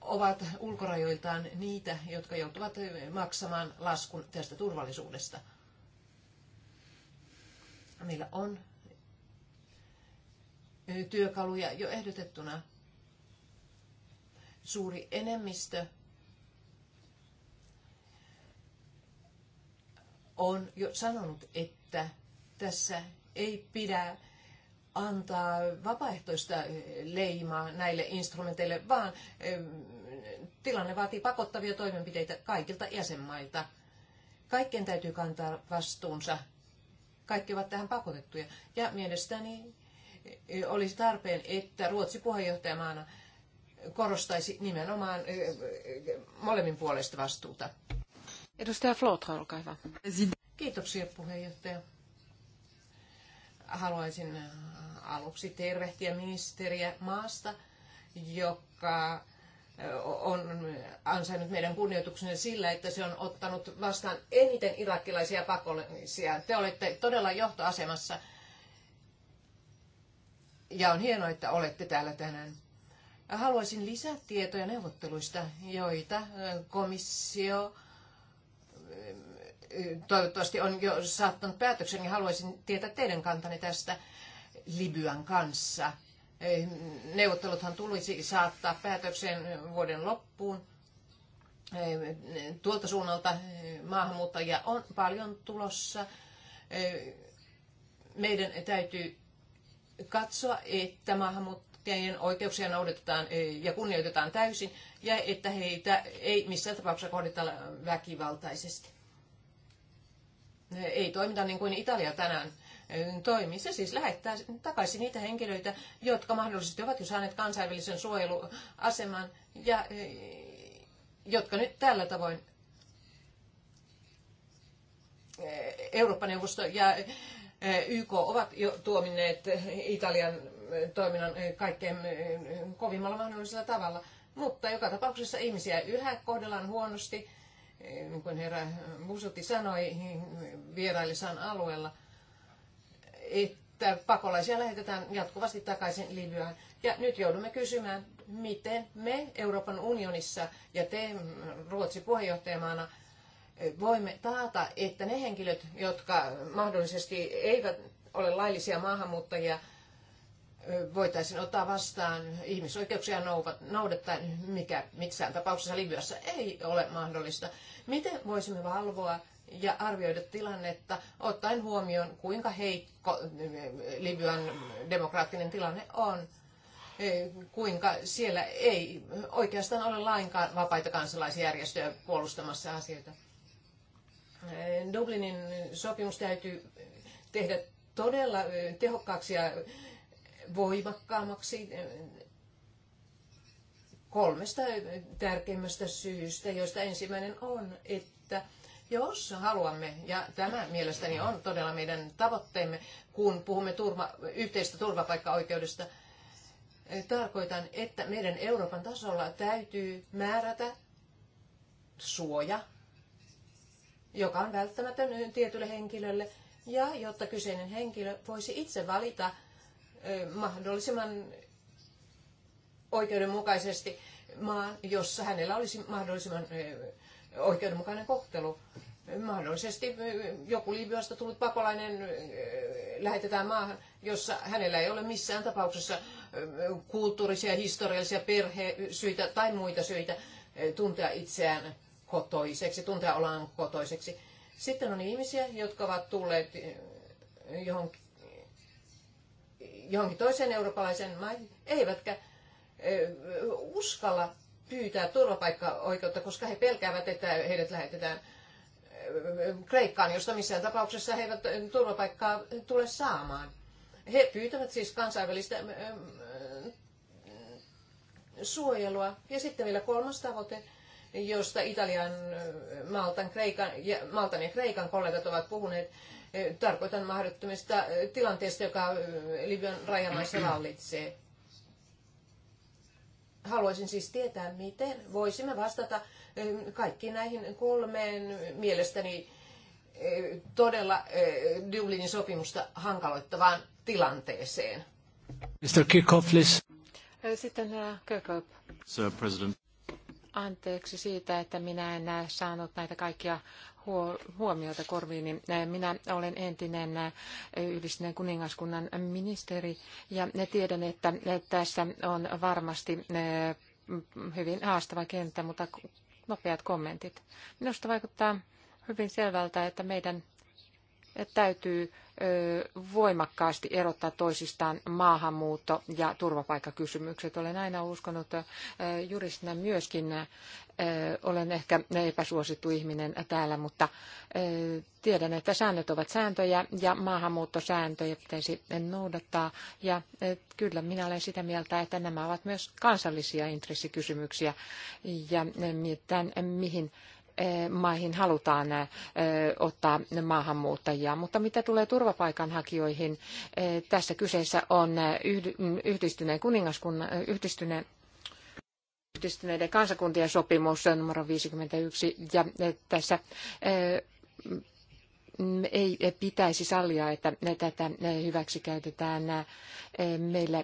Speaker 3: ovat ulkorajoiltaan niitä, jotka joutuvat maksamaan laskun tästä turvallisuudesta. Meillä on työkaluja jo ehdotettuna. Suuri enemmistö on jo sanonut, että tässä ei pidä antaa vapaaehtoista eh, leimaa näille instrumenteille, vaan tilanne vaatii pakottavia toimenpiteitä kaikilta jäsenmailta. Kaikkien täytyy kantaa vastuunsa. Kaikki ovat tähän pakotettuja. Ja mielestäni eh, olisi tarpeen, että Ruotsi puheenjohtajamaana korostaisi nimenomaan eh, molemmin puolesta vastuuta. Edustaja Flotra, olkaa hyvä. Kiitoksia puheenjohtaja. Haluaisin äh, aluksi tervehtiä ministeriä maasta, joka äh, on ansainnut meidän kunnioituksemme sillä, että se on ottanut vastaan eniten irakilaisia pakolaisia. Te olette todella johtoasemassa ja on hienoa, että olette täällä tänään. Haluaisin lisätietoja neuvotteluista, joita äh, komissio toivottavasti on jo saattanut päätöksen, niin haluaisin tietää teidän kantanne tästä Libyan kanssa. Neuvotteluthan tulisi saattaa päätökseen vuoden loppuun. Tuolta suunnalta maahanmuuttajia on paljon tulossa. Meidän täytyy katsoa, että maahanmuuttajien oikeuksia noudatetaan ja kunnioitetaan täysin ja että heitä ei missään tapauksessa kohditella väkivaltaisesti ei toimita niin kuin Italia tänään toimii. Se siis lähettää takaisin niitä henkilöitä, jotka mahdollisesti ovat jo saaneet kansainvälisen suojeluaseman ja e, jotka nyt tällä tavoin e, Eurooppa-neuvosto ja e, YK ovat jo tuomineet Italian toiminnan kaikkein kovimmalla mahdollisella tavalla. Mutta joka tapauksessa ihmisiä yhä kohdellaan huonosti Eh, niin kuin herra Musutti sanoi niin vieraillessaan alueella, että pakolaisia lähetetään jatkuvasti takaisin Libyaan. Ja nyt joudumme kysymään, miten me Euroopan unionissa ja te Ruotsi puheenjohtajamaana voimme taata, että ne henkilöt, jotka mahdollisesti eivät ole laillisia maahanmuuttajia, voitaisiin ottaa vastaan ihmisoikeuksia noudattaen, mikä missään tapauksessa Libyassa ei ole mahdollista. Miten voisimme valvoa ja arvioida tilannetta ottaen huomioon, kuinka heikko Libyan demokraattinen tilanne on? kuinka siellä ei oikeastaan ole lainkaan vapaita kansalaisjärjestöjä puolustamassa asioita. Dublinin sopimus täytyy tehdä todella tehokkaaksi ja voimakkaammaksi eh, kolmesta tärkeimmästä syystä, joista ensimmäinen on, että jos haluamme, ja tämä mielestäni on todella meidän tavoitteemme, kun puhumme turva, yhteistä turvapaikkaoikeudesta, eh, tarkoitan, että meidän Euroopan tasolla täytyy määrätä suoja, joka on välttämätön tietylle henkilölle, ja jotta kyseinen henkilö voisi itse valita, mahdollisimman oikeudenmukaisesti maan, jossa hänellä olisi mahdollisimman oikeudenmukainen kohtelu. Mahdollisesti joku Libyasta tullut pakolainen lähetetään maahan, jossa hänellä ei ole missään tapauksessa kulttuurisia, historiallisia perhesyitä tai muita syitä tuntea itseään kotoiseksi, tuntea olaan kotoiseksi. Sitten on ihmisiä, jotka ovat tulleet johonkin johonkin toiseen eurooppalaiseen maihin, eivätkä uskalla pyytää turvapaikkaoikeutta, koska he pelkäävät, että heidät lähetetään Kreikkaan, josta missään tapauksessa he eivät turvapaikkaa tule saamaan. He pyytävät siis kansainvälistä suojelua. Ja sitten vielä kolmas tavoite, josta Italian, Maltan, Kreikan, Maltan ja Kreikan kollegat ovat puhuneet, Eh, tarkoitan mahdottomista eh, tilanteesta, joka eh, Libyan rajamaissa vallitsee. Haluaisin siis tietää, miten voisimme vastata kaikkiin näihin kolmeen mielestäni todella Dublinin sopimusta hankaloittavaan tilanteeseen.
Speaker 2: Mr. Kirchhoff, please.
Speaker 3: Sitten Kirchhoff.
Speaker 2: Sir President
Speaker 3: anteeksi
Speaker 1: siitä, että minä en äh, saanut näitä kaikkia huomiota korviini. Äh, minä olen entinen äh, yhdistyneen kuningaskunnan ministeri ja tiedän, että tässä on varmasti hyvin haastava kenttä, mutta nopeat kommentit. Minusta vaikuttaa hyvin selvältä, että meidän täytyy voimakkaasti erottaa toisistaan maahanmuutto- ja turvapaikkakysymykset. Olen aina uskonut juristina myöskin, olen ehkä epäsuosittu ihminen täällä, mutta tiedän, että säännöt ovat sääntöjä ja maahanmuuttosääntöjä pitäisi noudattaa. Ja kyllä minä olen sitä mieltä, että nämä ovat myös kansallisia intressikysymyksiä ja mietitään, mihin Eh, maihin halutaan eh, ottaa maahanmuuttajia. Mutta mitä tulee turvapaikanhakijoihin, eh, tässä kyseessä on mm, yhdistyneen kuningaskunnan, yhdistyneen yhdistyneiden kansakuntien sopimus numero 51 ja tässä ei pitäisi sallia, että tätä hyväksi käytetään. Meillä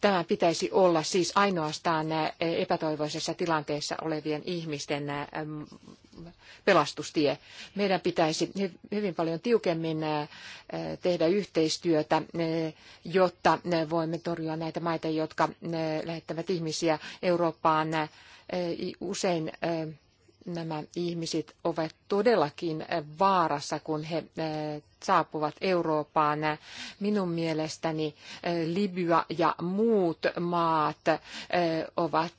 Speaker 1: Tämän pitäisi olla siis ainoastaan epätoivoisessa tilanteessa olevien ihmisten pelastustie. Meidän pitäisi hyvin paljon tiukemmin tehdä yhteistyötä, jotta voimme torjua näitä maita, jotka lähettävät ihmisiä Eurooppaan. Usein nämä ihmiset ovat todellakin vaarassa, kun he eh, saapuvat Eurooppaan. Minun mielestäni eh, Libya ja muut maat eh, ovat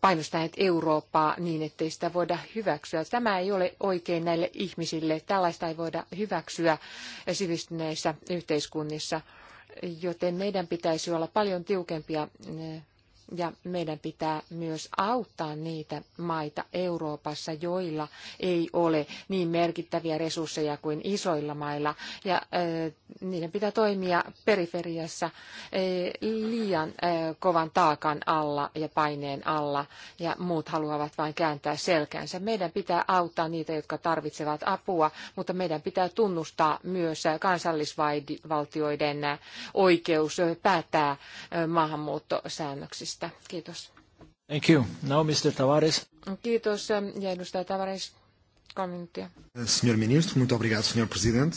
Speaker 1: painostaneet Eurooppaa niin, ettei sitä voida hyväksyä. Tämä ei ole oikein näille ihmisille. Tällaista ei voida hyväksyä sivistyneissä yhteiskunnissa, joten meidän pitäisi olla paljon tiukempia ja meidän pitää myös auttaa niitä maita Euroopassa, joilla ei ole niin merkittäviä resursseja kuin isoilla mailla. Ja niiden pitää toimia periferiassa liian kovan taakan alla ja paineen alla. Ja muut haluavat vain kääntää selkänsä. Meidän pitää auttaa niitä, jotka tarvitsevat apua, mutta meidän pitää tunnustaa myös kansallisvaltioiden oikeus päättää maahanmuuttosäännöksistä tästä. Kiitos.
Speaker 2: Thank
Speaker 3: you. Now Mr. Tavares.
Speaker 1: Kiitos ja edustaja Tavares. Kolme minuuttia.
Speaker 3: Eh, senhor Ministro, muito obrigado, Senhor Presidente.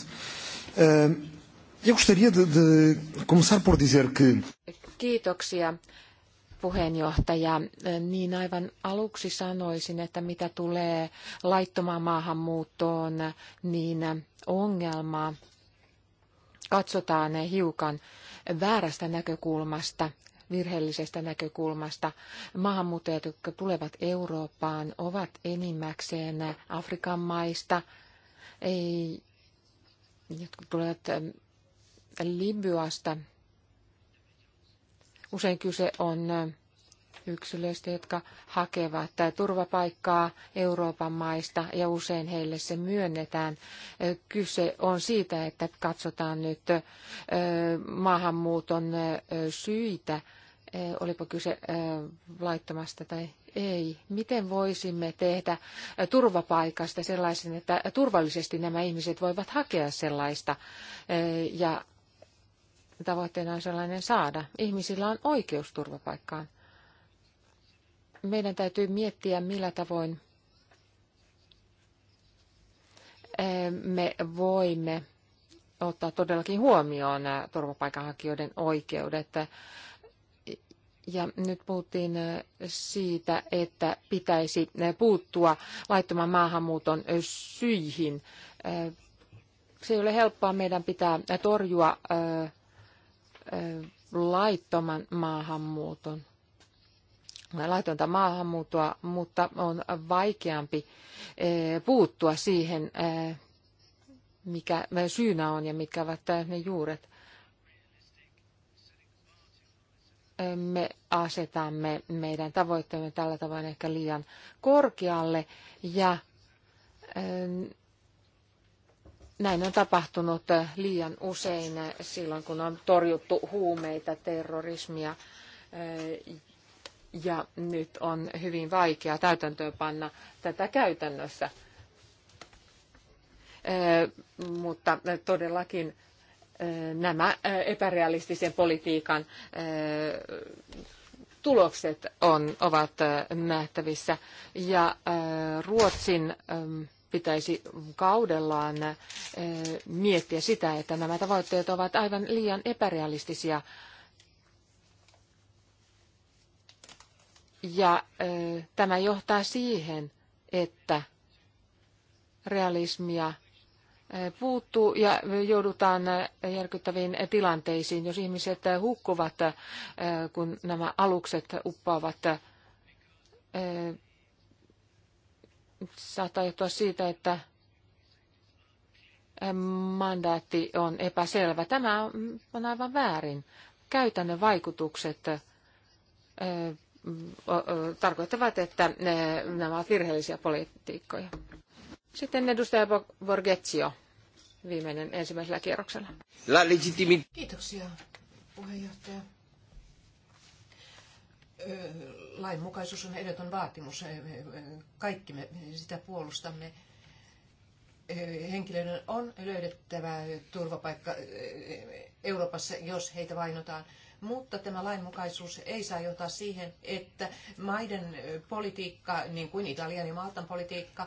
Speaker 3: Eh, eu gostaria de, de começar por dizer que...
Speaker 1: Kiitoksia puheenjohtaja, eh, niin aivan aluksi sanoisin, että mitä tulee laittomaan maahanmuuttoon, niin ongelmaa katsotaan hiukan väärästä näkökulmasta virheellisestä näkökulmasta. Maahanmuuttajat, jotka tulevat Eurooppaan, ovat enimmäkseen Afrikan maista, ei, jotka tulevat ähm, Libyasta. Usein kyse on äh, yksilöistä, jotka hakevat äh, turvapaikkaa Euroopan maista ja usein heille se myönnetään. Äh, kyse on siitä, että katsotaan nyt maahanmuuton syitä olipa kyse laittomasta tai ei. Miten voisimme tehdä turvapaikasta sellaisen, että turvallisesti nämä ihmiset voivat hakea sellaista ja tavoitteena on sellainen saada. Ihmisillä on oikeus turvapaikkaan. Meidän täytyy miettiä, millä tavoin me voimme ottaa todellakin huomioon nämä turvapaikanhakijoiden oikeudet. Ja nyt puhuttiin äh, siitä, että pitäisi äh, puuttua laittoman maahanmuuton äh, syihin. Se ei ole helppoa. Meidän pitää torjua laittoman maahanmuuton laitonta maahanmuuttoa, mutta on vaikeampi puuttua siihen, mikä syynä on ja mitkä ovat ne juuret. me asetamme meidän tavoitteemme tällä tavoin ehkä liian korkealle ja ähm, näin on tapahtunut liian usein silloin, kun on torjuttu huumeita, terrorismia äh, ja nyt on hyvin vaikea täytäntöönpanna tätä käytännössä. Äh, mutta todellakin nämä epärealistisen politiikan tulokset on, ovat nähtävissä. Ja Ruotsin pitäisi kaudellaan miettiä sitä, että nämä tavoitteet ovat aivan liian epärealistisia. Ja tämä johtaa siihen, että realismia puuttuu ja joudutaan järkyttäviin tilanteisiin, jos ihmiset hukkuvat, äh, kun nämä alukset uppaavat. Äh, saattaa johtua siitä, että äh, mandaatti on epäselvä. Tämä on aivan väärin. Käytännön vaikutukset tarkoittavat, että nämä ovat virheellisiä politiikkoja. Sitten edustaja Borgetsio
Speaker 3: viimeinen ensimmäisellä kierroksella.
Speaker 2: La legitimi...
Speaker 3: Kiitoksia, puheenjohtaja. Lainmukaisuus on ehdoton vaatimus. Kaikki me sitä puolustamme. Henkilöiden on löydettävä turvapaikka Euroopassa, jos heitä vainotaan – mutta tämä lainmukaisuus ei saa johtaa siihen, että maiden politiikka, niin kuin Italian ja Maltan politiikka,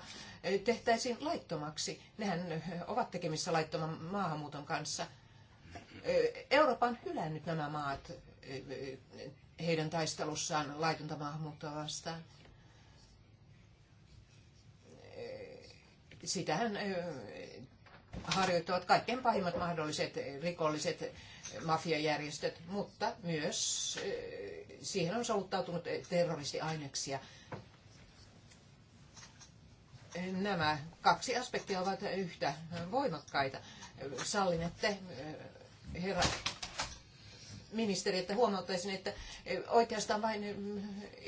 Speaker 3: tehtäisiin laittomaksi. Nehän ovat tekemissä laittoman maahanmuuton kanssa. Eurooppa on hylännyt nämä maat heidän taistelussaan laitonta maahanmuuttoa vastaan. Sitähän harjoittavat kaikkein pahimmat mahdolliset rikolliset mafiajärjestöt, mutta myös eh, siihen on soluttautunut terroristiaineksia. Nämä kaksi aspektia ovat yhtä voimakkaita. Sallinette, eh, herra ministeri, että huomauttaisin, että eh, oikeastaan vain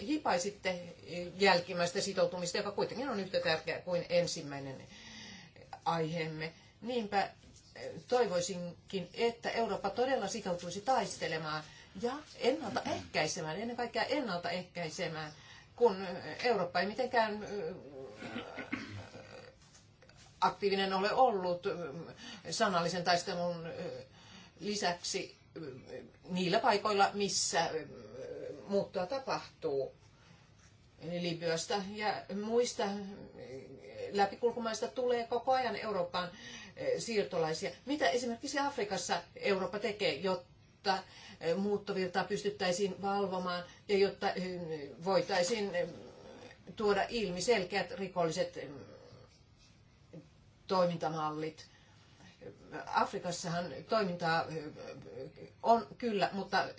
Speaker 3: hipaisitte jälkimmäistä sitoutumista, joka kuitenkin on yhtä tärkeä kuin ensimmäinen aiheemme. Niinpä eh, toivoisinkin, että Eurooppa todella sitoutuisi taistelemaan ja ennaltaehkäisemään, ennen kaikkea ennaltaehkäisemään, kun Eurooppa ei mitenkään eh, aktiivinen ole ollut eh, sanallisen taistelun lisäksi niillä paikoilla, missä muuttoa tapahtuu. Libyasta ja muista läpikulkumaista tulee koko ajan Eurooppaan siirtolaisia. Mitä esimerkiksi Afrikassa Eurooppa tekee, jotta muuttovirtaa pystyttäisiin valvomaan ja jotta voitaisiin tuoda ilmi selkeät rikolliset toimintamallit. Afrikassahan toimintaa on kyllä, mutta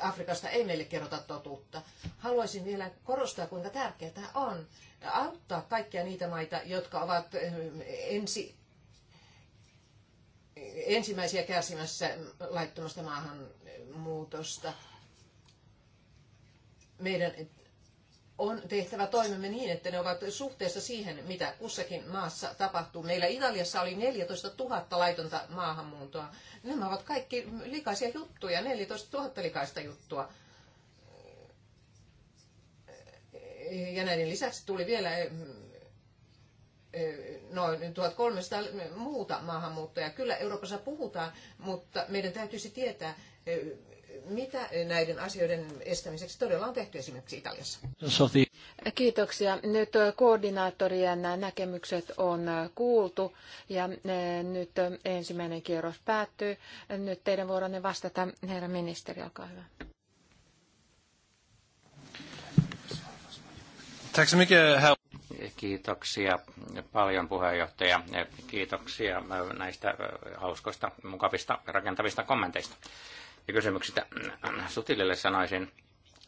Speaker 3: Afrikasta ei meille kerrota totuutta. Haluaisin vielä korostaa, kuinka tärkeää on auttaa kaikkia niitä maita, jotka ovat ensi ensimmäisiä kärsimässä laittomasta maahanmuutosta. Meidän on tehtävä toimemme niin, että ne ovat suhteessa siihen, mitä kussakin maassa tapahtuu. Meillä Italiassa oli 14 000 laitonta maahanmuuttoa. Nämä ovat kaikki likaisia juttuja, 14 000 likaista juttua. Ja näiden lisäksi tuli vielä Eh, noin 1300 muuta maahanmuuttajaa. Kyllä Euroopassa puhutaan, mutta meidän täytyisi tietää, eh, mitä näiden asioiden estämiseksi todella on tehty esimerkiksi Italiassa?
Speaker 1: Kiitoksia. Nyt eh, koordinaattorien näkemykset on kuultu ja nyt ensimmäinen kierros päättyy. Nyt teidän vuoronne vastata, herra ministeri, olkaa hyvä.
Speaker 3: Tack så mycket, herr
Speaker 4: Kiitoksia paljon puheenjohtaja. Kiitoksia näistä hauskoista, mukavista, rakentavista kommenteista ja kysymyksistä. Sutilille sanoisin,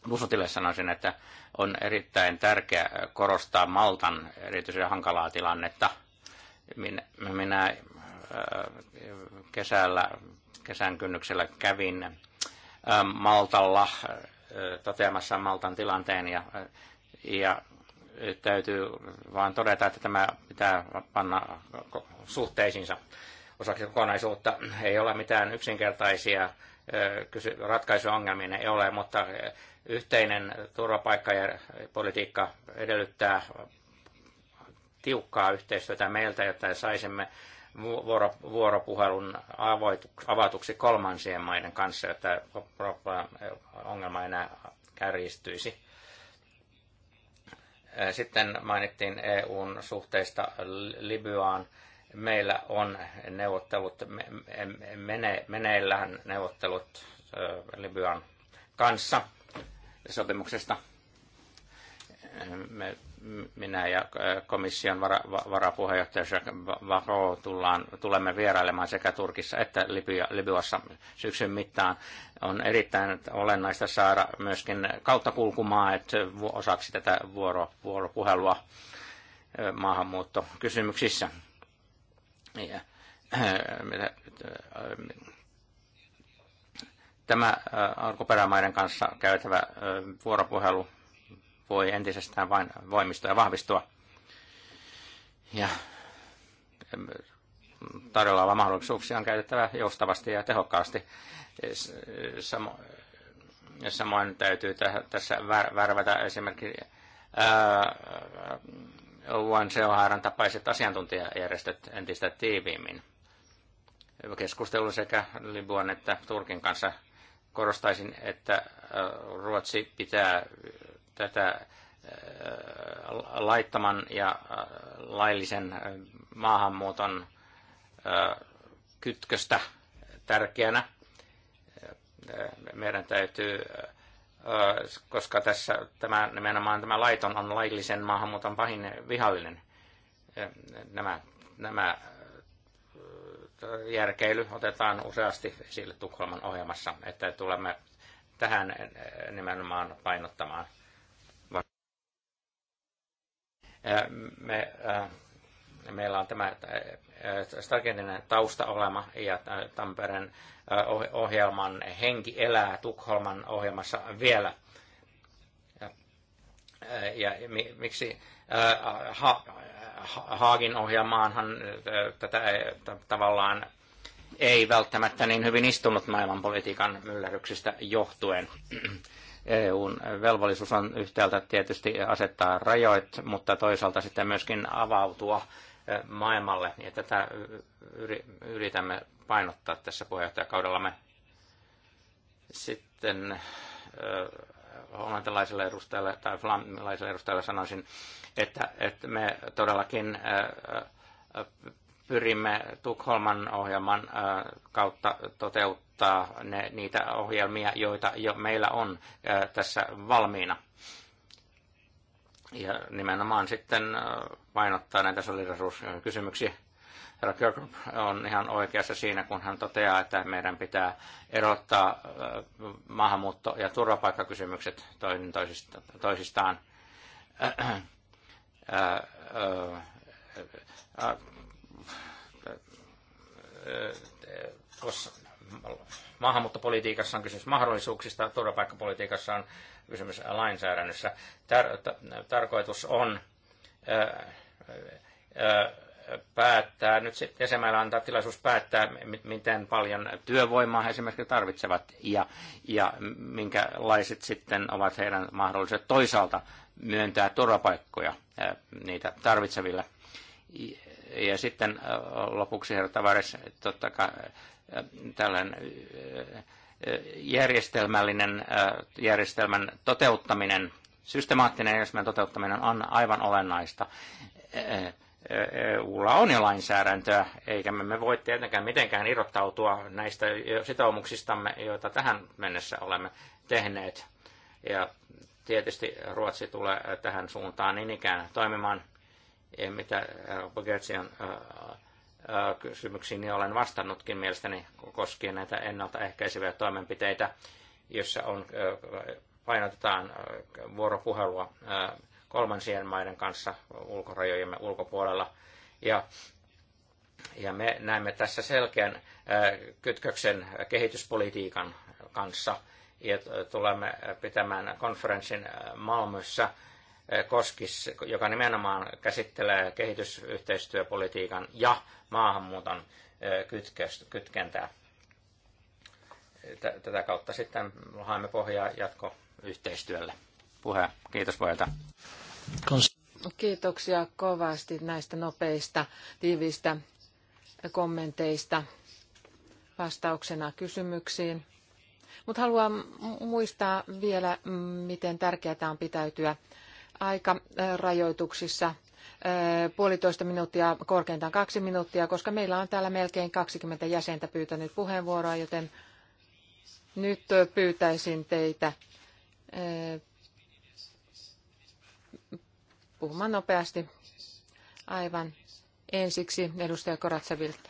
Speaker 4: Busutille sanoisin, että on erittäin tärkeää korostaa Maltan erityisen hankalaa tilannetta. Minä, minä äh, kesällä, kesän kynnyksellä kävin äh, Maltalla äh, toteamassa Maltan tilanteen ja, ja täytyy vaan todeta, että tämä pitää panna suhteisiinsa osaksi kokonaisuutta. Ei ole mitään yksinkertaisia ratkaisuja ongelmiin, ei ole, mutta yhteinen turvapaikka ja politiikka edellyttää tiukkaa yhteistyötä meiltä, jotta saisimme vuoropuhelun avatuksi kolmansien maiden kanssa, että ongelma enää kärjistyisi sitten mainittiin EUn suhteista Libyaan. Meillä on neuvottelut, mene, meneillään neuvottelut Libyan kanssa sopimuksesta. Me minä ja äh, komission vara, varapuheenjohtaja Jacques Varo tullaan, tulemme vierailemaan sekä Turkissa että Libya, Libyassa syksyn mittaan. On erittäin olennaista saada myöskin kautta että osaksi tätä vuoro, vuoropuhelua äh, maahanmuuttokysymyksissä. Äh, tämä alkuperämaiden kanssa käytävä vuoropuhelu voi entisestään vain voimistua ja vahvistua. Ja tarjolla oleva mahdollisuuksia on käytettävä joustavasti ja tehokkaasti. Samo, samoin täytyy tässä värvätä esimerkiksi UNCOHRn tapaiset asiantuntijajärjestöt entistä tiiviimmin. Keskustelu sekä Libuan että Turkin kanssa korostaisin, että Ruotsi pitää tätä äh, laittoman ja äh, laillisen äh, maahanmuuton kytköstä tärkeänä. Meidän täytyy, koska tässä tämä, nimenomaan tämä laiton on laillisen maahanmuuton pahin vihallinen. Nämä, nämä järkeily otetaan useasti esille Tukholman ohjelmassa, että tulemme tähän nimenomaan painottamaan Me, meillä on tämä strateginen taustaolema ja Tampereen ohjelman henki elää Tukholman ohjelmassa vielä. Ja miksi ha, Haagin ohjelmaanhan tätä tavallaan ei välttämättä niin hyvin istunut maailmanpolitiikan myllerryksistä johtuen. EUn velvollisuus on yhtäältä tietysti asettaa rajoit, mutta toisaalta sitten myöskin avautua maailmalle. Ja niin tätä yritämme painottaa tässä puheenjohtajakaudellamme. Sitten hollantilaiselle edustajalle tai flamilaiselle edustajalle sanoisin, että, että me todellakin pyrimme Tukholman ohjelman kautta toteut, toteuttaa ne, niitä ohjelmia, joita jo meillä on tässä valmiina. Ja nimenomaan sitten painottaa näitä solidarisuuskysymyksiä. Herra Kirkup on ihan oikeassa siinä, kun hän toteaa, että meidän pitää erottaa maahanmuutto- ja turvapaikkakysymykset toinen toisistaan. Tuossa maahanmuuttopolitiikassa on kysymys mahdollisuuksista, turvapaikkapolitiikassa on kysymys lainsäädännössä. tarkoitus on päättää, nyt sitten jäsenmailla antaa tilaisuus päättää, miten paljon työvoimaa he esimerkiksi tarvitsevat ja, ja minkälaiset sitten ovat heidän mahdolliset toisaalta myöntää turvapaikkoja niitä tarvitseville. Ja sitten lopuksi herra Tavares, totta kai tällainen eh, järjestelmällinen eh, järjestelmän toteuttaminen, systemaattinen järjestelmän toteuttaminen on aivan olennaista. Eh, EUlla on jo lainsäädäntöä, eikä me voi tietenkään mitenkään irrottautua näistä sitoumuksistamme, joita tähän mennessä olemme tehneet. Ja tietysti Ruotsi tulee tähän suuntaan niin ikään toimimaan, mitä Bogertsi on kysymyksiin niin olen vastannutkin mielestäni koskien näitä ennaltaehkäiseviä toimenpiteitä, jossa on, painotetaan vuoropuhelua kolmansien maiden kanssa ulkorajojemme ulkopuolella. Ja, ja me näemme tässä selkeän kytköksen kehityspolitiikan kanssa ja tulemme pitämään konferenssin Malmössä – Koskis, joka nimenomaan käsittelee kehitysyhteistyöpolitiikan ja maahanmuuton kytkentää. Tätä kautta sitten haemme pohjaa jatkoyhteistyölle. Puhe, kiitos pojalta.
Speaker 2: No,
Speaker 1: kiitoksia kovasti näistä nopeista, tiiviistä kommenteista vastauksena kysymyksiin. Mutta haluan muistaa vielä, miten tärkeää on pitäytyä aikarajoituksissa puolitoista minuuttia, korkeintaan kaksi minuuttia, koska meillä on täällä melkein 20 jäsentä pyytänyt puheenvuoroa, joten nyt pyytäisin teitä puhumaan nopeasti aivan ensiksi edustaja Koratsevilta.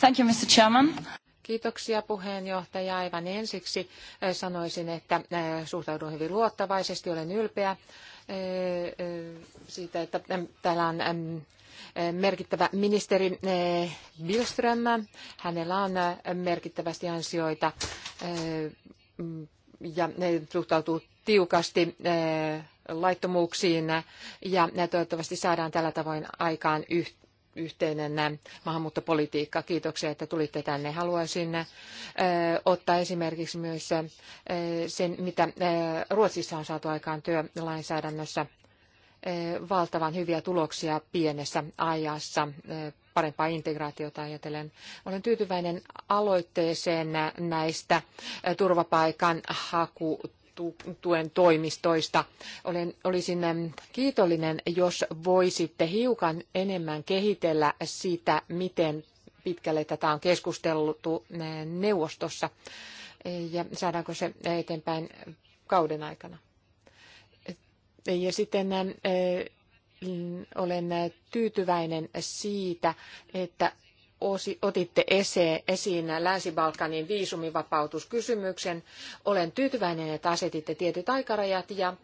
Speaker 1: Thank you, Mr. Chairman. Kiitoksia puheenjohtaja. Aivan ensiksi eh, sanoisin, että eh, suhtaudun hyvin luottavaisesti. Olen ylpeä eh, siitä, että täällä on merkittävä ministeri Bilström. Hänellä on merkittävästi ansioita ja ne suhtautuu tiukasti laittomuuksiin ja toivottavasti saadaan tällä tavoin aikaan yhteinen maahanmuuttopolitiikka. Kiitoksia, että tulitte tänne. Haluaisin ottaa esimerkiksi myös sen, mitä Ruotsissa on saatu aikaan työlainsäädännössä. Valtavan hyviä tuloksia pienessä ajassa parempaa integraatiota ajatellen. Olen tyytyväinen aloitteeseen näistä turvapaikan haku tuen toimistoista. Olen, olisin kiitollinen, jos voisitte hiukan enemmän kehitellä sitä, miten pitkälle tätä on keskusteltu neuvostossa ja saadaanko se eteenpäin kauden aikana. Ja sitten olen tyytyväinen siitä, että otitte esiin Länsi-Balkanin viisumivapautuskysymyksen. Olen tyytyväinen, että asetitte tietyt aikarajat ja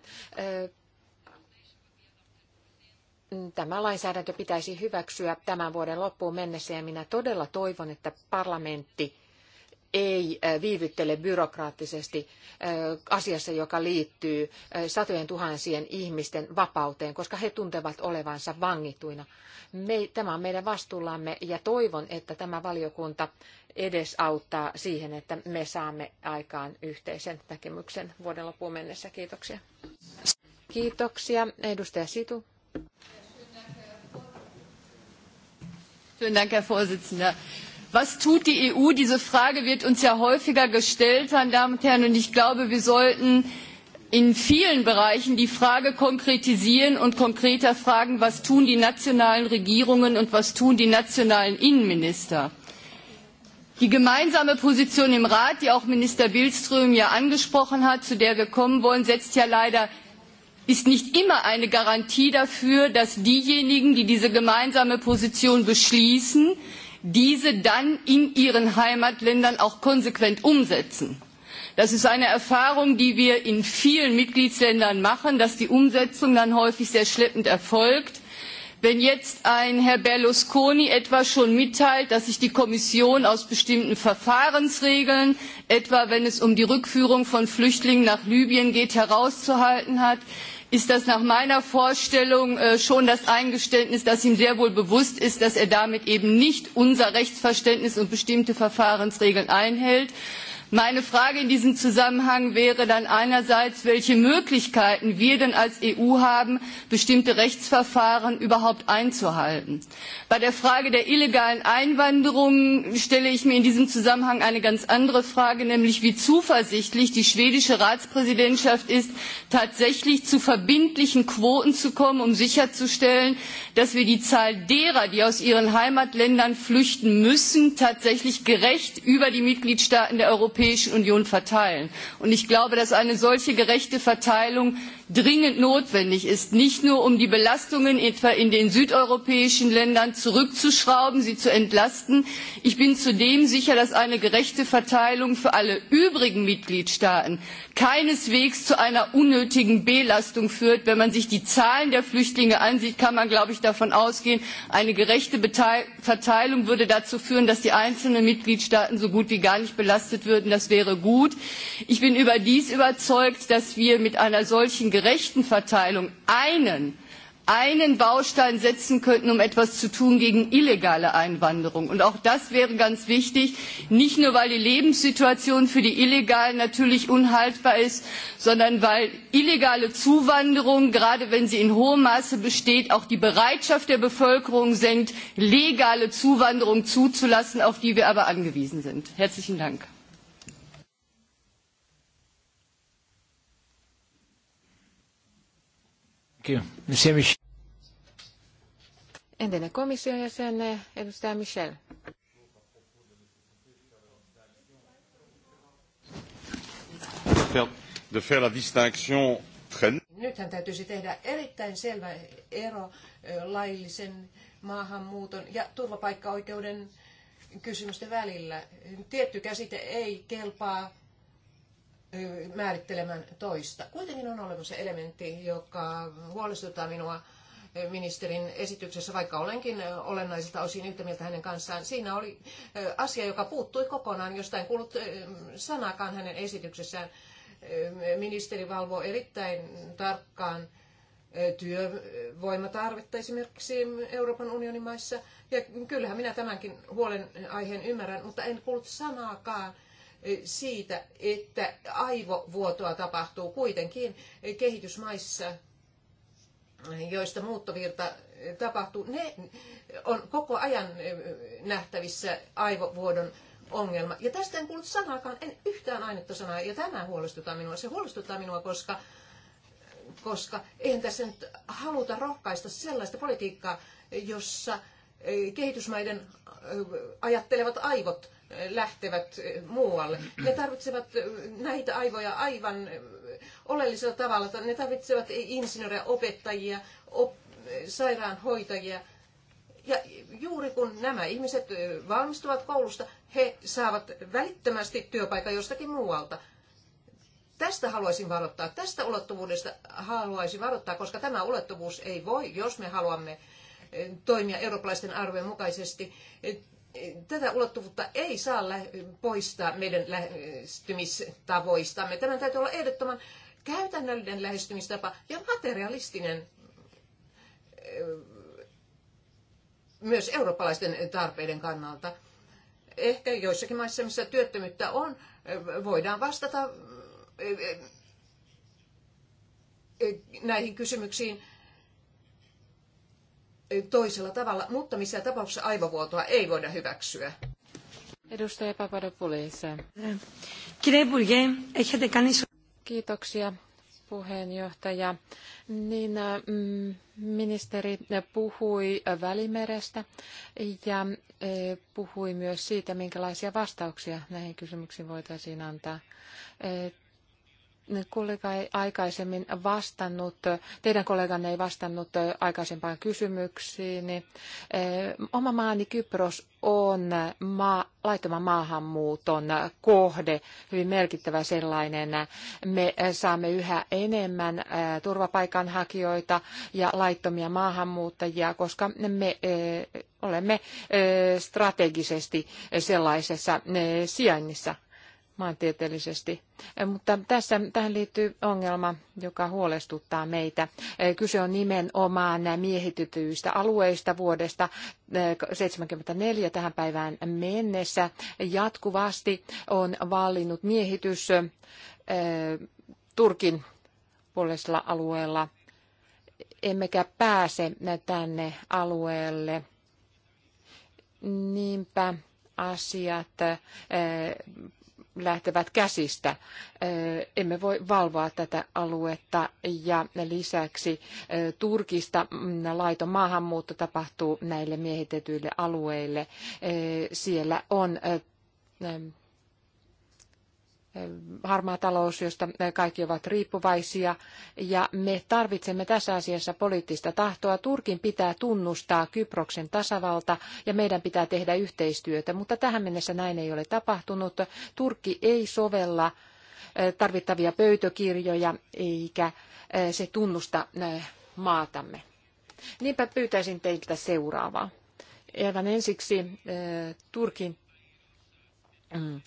Speaker 1: tämä lainsäädäntö pitäisi hyväksyä tämän vuoden loppuun mennessä ja minä todella toivon, että parlamentti ei viivyttele byrokraattisesti asiassa, joka liittyy satojen tuhansien ihmisten vapauteen, koska he tuntevat olevansa vangittuina. Me, tämä on meidän vastuullamme ja toivon, että tämä valiokunta edesauttaa siihen, että me saamme aikaan yhteisen näkemyksen vuoden loppuun mennessä. Kiitoksia. Kiitoksia. Edustaja Situ.
Speaker 2: Vielen Dank, Herr Vorsitzender was tut die eu? diese frage wird uns ja häufiger gestellt meine damen und herren und ich glaube wir sollten in vielen bereichen die frage konkretisieren und konkreter fragen was tun die nationalen regierungen und was tun die nationalen innenminister? die gemeinsame position im rat die auch minister billström ja angesprochen hat zu der wir kommen wollen setzt ja leider ist nicht immer eine garantie dafür dass diejenigen die diese gemeinsame position beschließen diese dann in ihren Heimatländern auch konsequent umsetzen. Das ist eine Erfahrung, die wir in vielen Mitgliedsländern machen, dass die Umsetzung dann häufig sehr schleppend erfolgt. Wenn jetzt ein Herr Berlusconi etwa schon mitteilt, dass sich die Kommission aus bestimmten Verfahrensregeln, etwa wenn es um die Rückführung von Flüchtlingen nach Libyen geht, herauszuhalten hat, ist das nach meiner Vorstellung äh, schon das Eingeständnis, dass ihm sehr wohl bewusst ist, dass er damit eben nicht unser Rechtsverständnis und bestimmte Verfahrensregeln einhält, meine frage in diesem zusammenhang wäre dann einerseits welche möglichkeiten wir denn als eu haben bestimmte rechtsverfahren überhaupt einzuhalten. bei der frage der illegalen einwanderung stelle ich mir in diesem zusammenhang eine ganz andere frage nämlich wie zuversichtlich die schwedische ratspräsidentschaft ist tatsächlich zu verbindlichen quoten zu kommen um sicherzustellen dass wir die zahl derer die aus ihren heimatländern flüchten müssen tatsächlich gerecht über die mitgliedstaaten der europäischen union verteilen. ich glaube dass eine solche gerechte verteilung dringend notwendig ist, nicht nur um die Belastungen etwa in den südeuropäischen Ländern zurückzuschrauben, sie zu entlasten. Ich bin zudem sicher, dass eine gerechte Verteilung für alle übrigen Mitgliedstaaten keineswegs zu einer unnötigen Belastung führt. Wenn man sich die Zahlen der Flüchtlinge ansieht, kann man, glaube ich, davon ausgehen, eine gerechte Verteilung würde dazu führen, dass die einzelnen Mitgliedstaaten so gut wie gar nicht belastet würden. Das wäre gut. Ich bin überdies überzeugt, dass wir mit einer solchen gerechten Verteilung einen einen Baustein setzen könnten, um etwas zu tun gegen illegale Einwanderung. Und auch das wäre ganz wichtig, nicht nur weil die Lebenssituation für die Illegalen natürlich unhaltbar ist, sondern weil illegale Zuwanderung, gerade wenn sie in hohem Maße besteht, auch die Bereitschaft der Bevölkerung senkt, legale Zuwanderung zuzulassen, auf die wir aber angewiesen sind. Herzlichen Dank.
Speaker 4: Kyllä.
Speaker 1: Entinen komission jäsen, edustaja Michel.
Speaker 2: De faire la distinction
Speaker 3: Nythän täytyisi tehdä erittäin selvä ero laillisen maahanmuuton ja turvapaikkaoikeuden kysymysten välillä. Tietty käsite ei kelpaa määrittelemään toista. Kuitenkin on olemassa elementti, joka huolestuttaa minua ministerin esityksessä, vaikka olenkin olennaisilta osin yhtä mieltä hänen kanssaan. Siinä oli asia, joka puuttui kokonaan, josta en kuullut sanakaan hänen esityksessään. Ministeri valvoo erittäin tarkkaan työvoimatarvetta esimerkiksi Euroopan unionin maissa. Ja kyllähän minä tämänkin huolen aiheen ymmärrän, mutta en kuullut sanaakaan siitä, että aivovuotoa tapahtuu kuitenkin kehitysmaissa, joista muuttovirta tapahtuu. Ne on koko ajan nähtävissä aivovuodon ongelma. Ja tästä en kuullut sanaakaan, en yhtään ainutta sanaa. Ja tämä huolestuttaa minua. Se huolestuttaa minua, koska, koska eihän tässä nyt haluta rohkaista sellaista politiikkaa, jossa kehitysmaiden ajattelevat aivot lähtevät muualle. Ne tarvitsevat näitä aivoja aivan oleellisella tavalla. Ne tarvitsevat insinöörejä, opettajia, op- sairaanhoitajia. Ja juuri kun nämä ihmiset valmistuvat koulusta, he saavat välittömästi työpaikan jostakin muualta. Tästä haluaisin varoittaa, tästä ulottuvuudesta haluaisin varoittaa, koska tämä ulottuvuus ei voi, jos me haluamme eh, toimia eurooppalaisten arvojen mukaisesti, tätä ulottuvuutta ei saa poistaa meidän lähestymistavoistamme. Tämän täytyy olla ehdottoman käytännöllinen lähestymistapa ja materialistinen myös eurooppalaisten tarpeiden kannalta. Ehkä joissakin maissa, missä työttömyyttä on, voidaan vastata näihin kysymyksiin toisella tavalla, mutta missään tapauksessa aivovuotoa ei voida hyväksyä. Edustaja Papadopoulos.
Speaker 1: Kiitoksia puheenjohtaja. Niin, äh, mm, ministeri puhui Välimerestä ja äh, puhui myös siitä, minkälaisia vastauksia näihin kysymyksiin voitaisiin antaa. Äh, kollega ei aikaisemmin vastannut, teidän kolleganne ei vastannut eh, aikaisempaan kysymyksiin. Eh, oma maani Kypros on maa, laittoman maahanmuuton kohde, hyvin merkittävä sellainen. Me eh, saamme yhä enemmän turvapaikanhakijoita ja laittomia maahanmuuttajia, koska me olemme strategisesti sellaisessa sijainnissa maantieteellisesti. Mutta tässä, tähän liittyy ongelma, joka huolestuttaa meitä. Kyse on nimenomaan miehitytyistä alueista vuodesta 1974 tähän päivään mennessä. Jatkuvasti on vallinnut miehitys Turkin puolisella alueella, emmekä pääse tänne alueelle. Niinpä asiat lähtevät käsistä. Emme voi valvoa tätä aluetta ja lisäksi Turkista mm, laiton maahanmuutto tapahtuu näille miehitetyille alueille. Siellä on harmaa talous, josta kaikki ovat riippuvaisia, ja me tarvitsemme tässä asiassa poliittista tahtoa. Turkin pitää tunnustaa Kyproksen tasavalta, ja meidän pitää tehdä yhteistyötä, mutta tähän mennessä näin ei ole tapahtunut. Turkki ei sovella eh, tarvittavia pöytäkirjoja, eikä eh, se tunnusta eh, maatamme. Niinpä pyytäisin teiltä seuraavaa. Aivan ensiksi Turkin mm,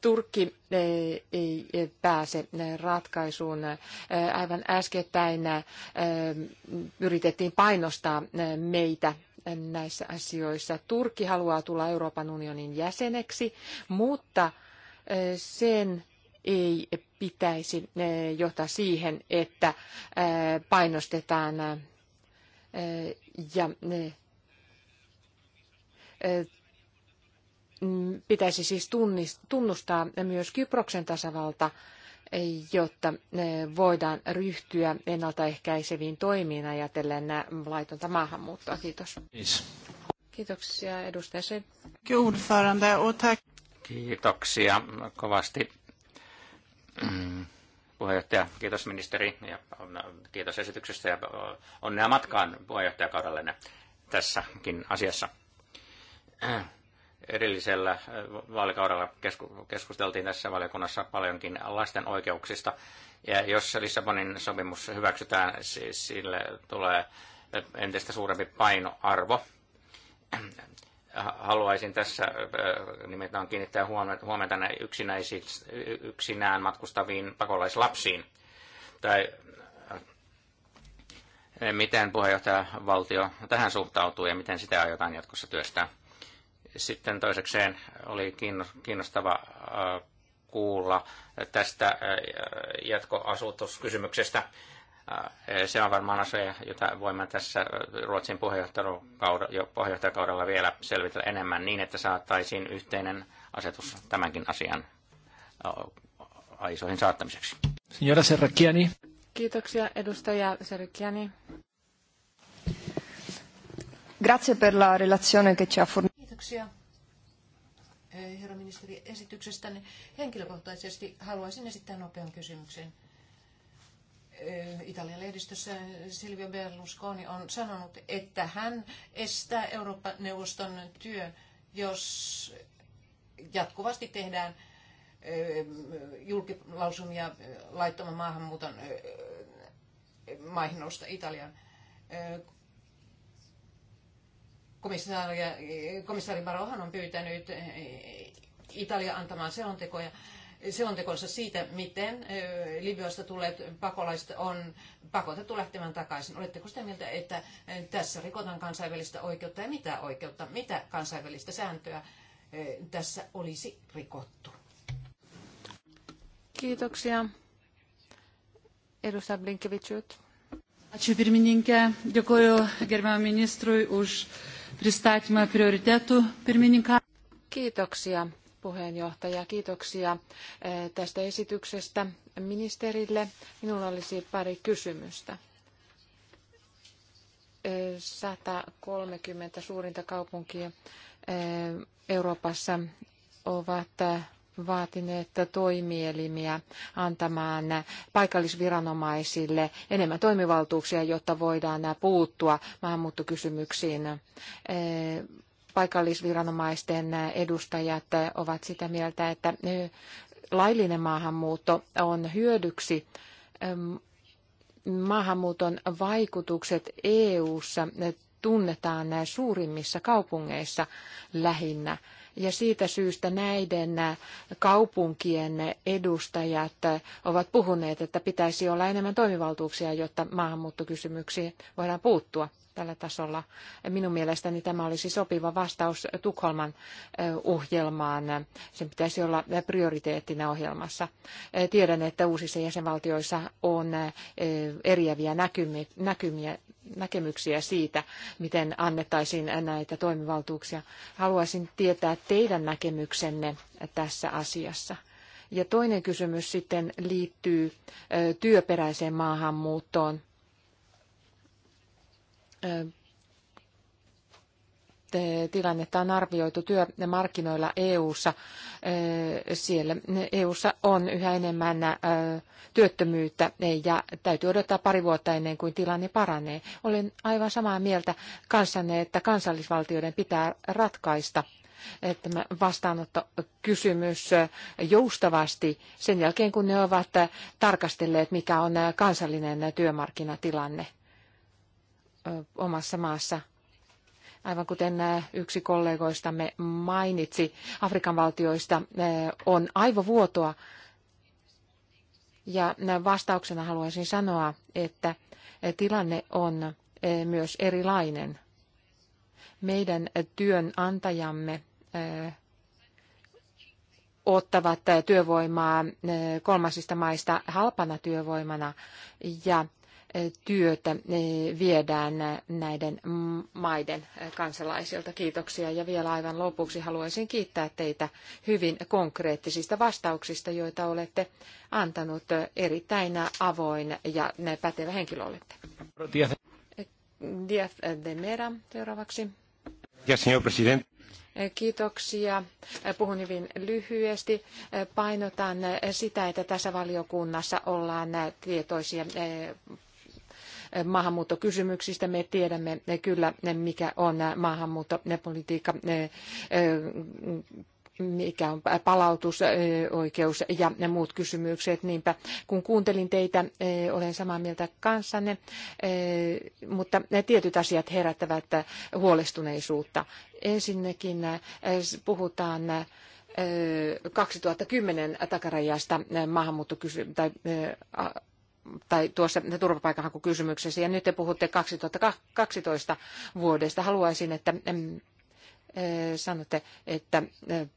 Speaker 1: Turkki eh, ei pääse eh, ratkaisuun. Eh, aivan äskettäin yritettiin painostaa meitä näissä asioissa. Turkki haluaa tulla Euroopan unionin jäseneksi, mutta sen ei pitäisi johtaa siihen, että painostetaan ja Mm, pitäisi siis tunnustaa myös Kyproksen tasavalta, jotta eh, voidaan ryhtyä ennaltaehkäiseviin toimiin ajatellen eh, laitonta maahanmuuttoa. Kiitos. Kiitoksia edustaja
Speaker 4: Kiitoksia kovasti mm, puheenjohtaja. Kiitos ministeri ja kiitos esityksestä ja onnea matkaan puheenjohtajakaudellenne tässäkin asiassa edellisellä äh, vaalikaudella keskusteltiin tässä valiokunnassa paljonkin lasten oikeuksista. Ja jos Lissabonin sopimus hyväksytään, siis sille tulee entistä suurempi painoarvo. *clears throat* Haluaisin tässä äh, nimetään kiinnittää huomiota yksinään matkustaviin pakolaislapsiin. Tai äh, miten puheenjohtaja valtio tähän suhtautuu ja miten sitä aiotaan jatkossa työstää? Sitten toisekseen oli kiinnostava kuulla tästä jatkoasutuskysymyksestä. Se on varmaan asia, jota voimme tässä Ruotsin puheenjohtajakaudella vielä selvitellä enemmän niin, että saataisiin yhteinen asetus tämänkin asian aisoihin saattamiseksi.
Speaker 1: Signora Serrakiani. Kiitoksia edustaja Serrakiani. Grazie per la relazione che ci ha fornito
Speaker 3: kiitoksia eh, herra ministeri esityksestä. Henkilökohtaisesti haluaisin esittää nopean kysymyksen. Eh, Italian lehdistössä Silvio Berlusconi on sanonut, että hän estää Eurooppa-neuvoston työn, jos jatkuvasti tehdään eh, julkilausumia laittoman maahanmuuton maihin nousta Italian komissaari, komissaari Barohan on pyytänyt eh, Italia antamaan selontekoja selontekonsa siitä, miten eh, Libyasta tulleet pakolaiset on pakotettu lähtemään takaisin. Oletteko sitä mieltä, että eh, tässä rikotaan kansainvälistä oikeutta ja mitä oikeutta, mitä kansainvälistä sääntöä tässä olisi rikottu?
Speaker 1: Kiitoksia. Edustaja Blinkevičiut. Ačiū pirmininkė, dėkoju gerbiamam ministrui už pristatymą prioritetų pirmininkaa. Kiitoksia puheenjohtaja. Kiitoksia eh, tästä esityksestä ministerille. Minulla olisi pari kysymystä. 130 eh, suurinta kaupunkia eh, Euroopassa ovat vaatineet toimielimiä antamaan paikallisviranomaisille enemmän toimivaltuuksia, jotta voidaan puuttua maahanmuuttokysymyksiin. Eh, paikallisviranomaisten edustajat ovat sitä mieltä, että eh, laillinen maahanmuutto on hyödyksi maahanmuuton vaikutukset EU-ssa tunnetaan suurimmissa kaupungeissa lähinnä ja siitä syystä näiden kaupunkien edustajat ovat puhuneet, että pitäisi olla enemmän toimivaltuuksia, jotta maahanmuuttokysymyksiin voidaan puuttua tällä tasolla. Minun mielestäni tämä olisi sopiva vastaus Tukholman ohjelmaan. Sen pitäisi olla prioriteettina ohjelmassa. Tiedän, että uusissa jäsenvaltioissa on eriäviä näkymiä, näkemyksiä siitä, miten annettaisiin näitä toimivaltuuksia. Haluaisin tietää teidän näkemyksenne tässä asiassa. Ja toinen kysymys sitten liittyy työperäiseen maahanmuuttoon tilannetta on arvioitu työmarkkinoilla EU-ssa. Siellä EU-ssa on yhä enemmän työttömyyttä ja täytyy odottaa pari vuotta ennen kuin tilanne paranee. Olen aivan samaa mieltä kanssanne, että kansallisvaltioiden pitää ratkaista tämä vastaanottokysymys joustavasti sen jälkeen, kun ne ovat tarkastelleet, mikä on kansallinen työmarkkinatilanne omassa maassa. Aivan kuten yksi kollegoistamme mainitsi, Afrikan valtioista on aivovuotoa. Ja vastauksena haluaisin sanoa, että tilanne on myös erilainen. Meidän työnantajamme ottavat työvoimaa kolmansista maista halpana työvoimana ja työtä eh, viedään näiden maiden kansalaisilta. Kiitoksia. Ja vielä aivan lopuksi haluaisin kiittää teitä hyvin konkreettisista vastauksista, joita olette antanut erittäin avoin ja pätevä henkilö olette. Diaz de Mera seuraavaksi. Kiitoksia. Puhun hyvin lyhyesti. Painotan sitä, että tässä valiokunnassa ollaan tietoisia eh, maahanmuuttokysymyksistä. Me tiedämme kyllä, mikä on maahanmuuttopolitiikka mikä on palautusoikeus ja ne muut kysymykset. Niinpä kun kuuntelin teitä, olen samaa mieltä kanssanne, mutta ne tietyt asiat herättävät huolestuneisuutta. Ensinnäkin puhutaan 2010 takarajasta maahanmuuttokysymyksiä tai tuossa turvapaikanhakukysymyksessä, ja nyt te puhutte 2012 vuodesta. Haluaisin, että mm, eh, sanotte, että eh,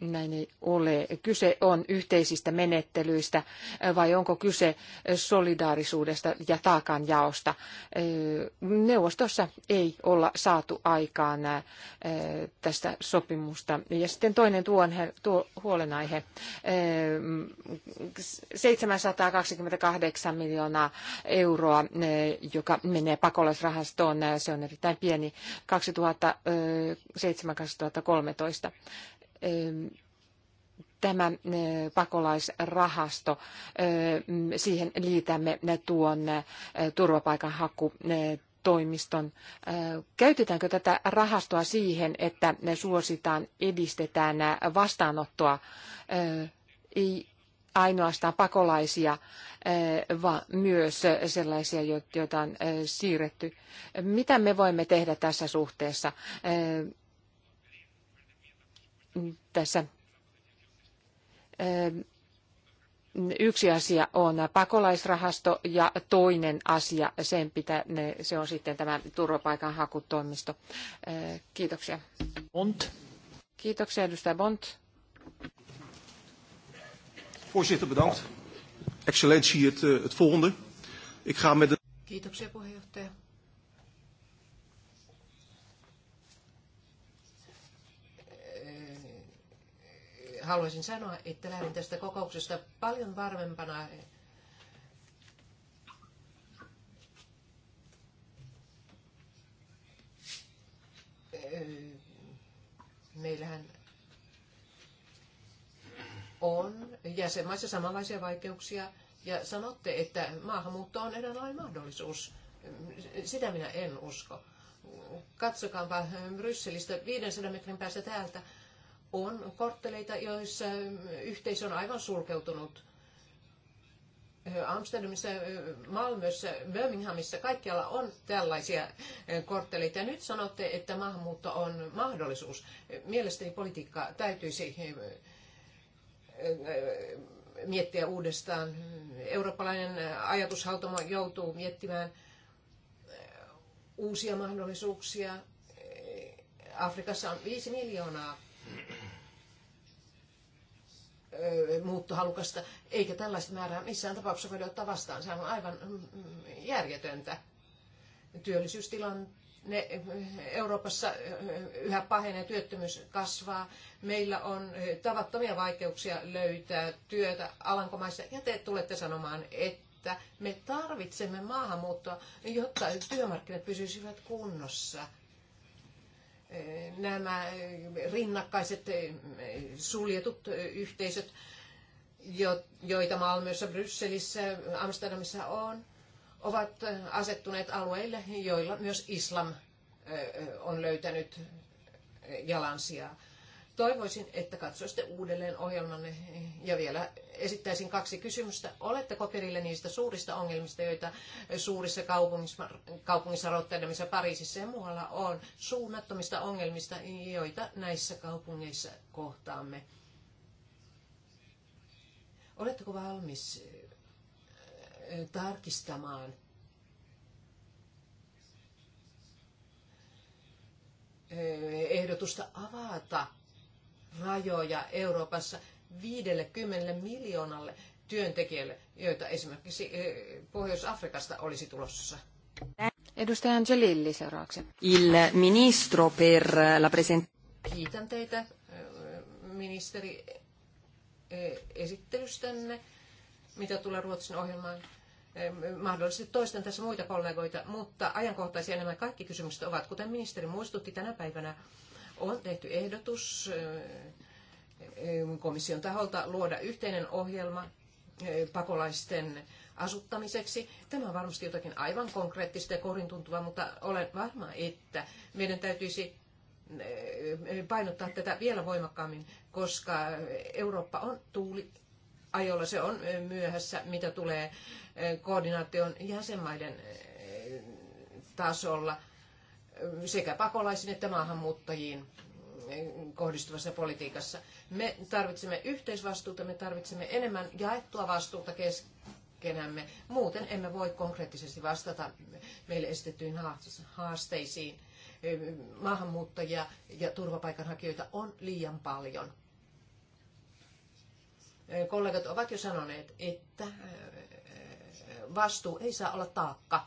Speaker 1: näin ei ole. Kyse on yhteisistä menettelyistä vai onko kyse solidaarisuudesta ja taakanjaosta. Neuvostossa ei olla saatu aikaan tästä sopimusta. Ja sitten toinen tuon, tuo huolenaihe. 728 miljoonaa euroa, joka menee pakolaisrahastoon. Se on erittäin pieni 2007-2013 tämä pakolaisrahasto, siihen liitämme tuon turvapaikanhaku toimiston. Käytetäänkö tätä rahastoa siihen, että suositaan, edistetään vastaanottoa, ei ainoastaan pakolaisia, vaan myös sellaisia, joita on siirretty. Mitä me voimme tehdä tässä suhteessa? tässä yksi asia on pakolaisrahasto ja toinen asia, sen se on sitten tämä turvapaikanhakutoimisto. Kiitoksia. Bond. Kiitoksia, edustaja Bond.
Speaker 3: Voorzitter, bedankt. Excellentie, het, eh, het volgende. Ik ga met... Kiitoksia, puheenjohtaja. haluaisin sanoa, että lähdin tästä kokouksesta paljon varmempana meillähän on jäsenmaissa samanlaisia vaikeuksia ja sanotte, että maahanmuutto on eräänlainen mahdollisuus. Sitä minä en usko. Katsokaanpa Brysselistä 500 metrin päästä täältä on kortteleita, joissa yhteisö on aivan sulkeutunut. Amsterdamissa, Malmössä, Birminghamissa, kaikkialla on tällaisia kortteleita. Ja nyt sanotte, että maahanmuutto on mahdollisuus. Mielestäni politiikka täytyisi miettiä uudestaan. Eurooppalainen ajatushautomo joutuu miettimään uusia mahdollisuuksia. Afrikassa on viisi miljoonaa muuttohalukasta, eikä tällaista määrää missään tapauksessa voida ottaa vastaan. Sehän on aivan mm, mm, järjetöntä. Työllisyystilanne Euroopassa yhä pahenee, työttömyys kasvaa. Meillä on tavattomia vaikeuksia löytää työtä Alankomaissa, ja te tulette sanomaan, että me tarvitsemme maahanmuuttoa, jotta työmarkkinat pysyisivät kunnossa – nämä rinnakkaiset eh, suljetut eh, yhteisöt, joita Malmössä, Brysselissä, Amsterdamissa on, ovat eh, asettuneet alueille, joilla myös islam on löytänyt jalansijaa. Toivoisin, että katsoisitte uudelleen ohjelmanne ja vielä esittäisin kaksi kysymystä. Oletteko perillä niistä suurista ongelmista, joita suurissa kaupungissa, kaupungissa Rotterdamissa, Pariisissa ja muualla on? Suunnattomista ongelmista, joita näissä kaupungeissa kohtaamme. Oletteko valmis äh, tarkistamaan äh, ehdotusta avata rajoja Euroopassa 50 miljoonalle työntekijälle, joita esimerkiksi eh, Pohjois-Afrikasta olisi tulossa.
Speaker 1: Edustaja Angelilli seuraavaksi. Il ministro per la
Speaker 3: presentazione. Kiitän teitä, eh, ministeri, eh, esittelystänne, mitä tulee Ruotsin ohjelmaan. Mahdollisesti toistan tässä muita kollegoita, mutta ajankohtaisia nämä kaikki kysymykset ovat. Kuten ministeri muistutti tänä päivänä, on tehty ehdotus eh, komission taholta luoda yhteinen ohjelma eh, pakolaisten asuttamiseksi. Tämä on varmasti jotakin aivan konkreettista ja korin tuntuvaa, mutta olen varma, että meidän täytyisi eh, painottaa tätä vielä voimakkaammin, koska Eurooppa on tuuli ajolla se on myöhässä, mitä tulee koordinaation jäsenmaiden tasolla – sekä pakolaisiin että maahanmuuttajiin kohdistuvassa politiikassa. Me tarvitsemme yhteisvastuuta, me tarvitsemme enemmän jaettua vastuuta keskenämme. Muuten emme voi konkreettisesti vastata meille esitettyihin haasteisiin. Maahanmuuttajia ja turvapaikanhakijoita on liian paljon. Kollegat ovat jo sanoneet, että vastuu ei saa olla taakka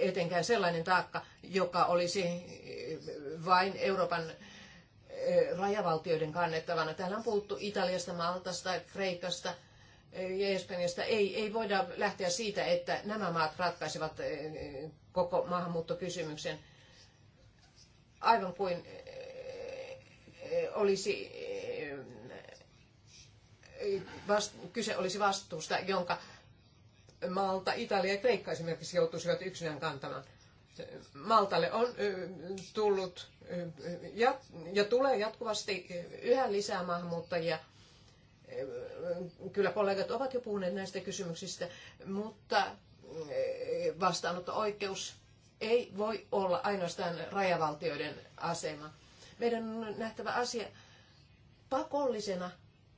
Speaker 3: etenkään sellainen taakka, joka olisi vain Euroopan eh, rajavaltioiden kannettavana. Täällä on puhuttu Italiasta, Maltasta, Kreikasta eh, ja Espanjasta. Ei, ei voida lähteä siitä, että nämä maat ratkaisevat eh, koko maahanmuuttokysymyksen aivan kuin olisi vast, kyse olisi vastuusta, jonka Malta, Italia ja Kreikka esimerkiksi joutuisivat yksinään kantamaan. Maltalle on tullut ja, ja tulee jatkuvasti yhä lisää maahanmuuttajia. Kyllä kollegat ovat jo puhuneet näistä kysymyksistä, mutta vastaanotto-oikeus ei voi olla ainoastaan rajavaltioiden asema. Meidän on nähtävä asia pakollisena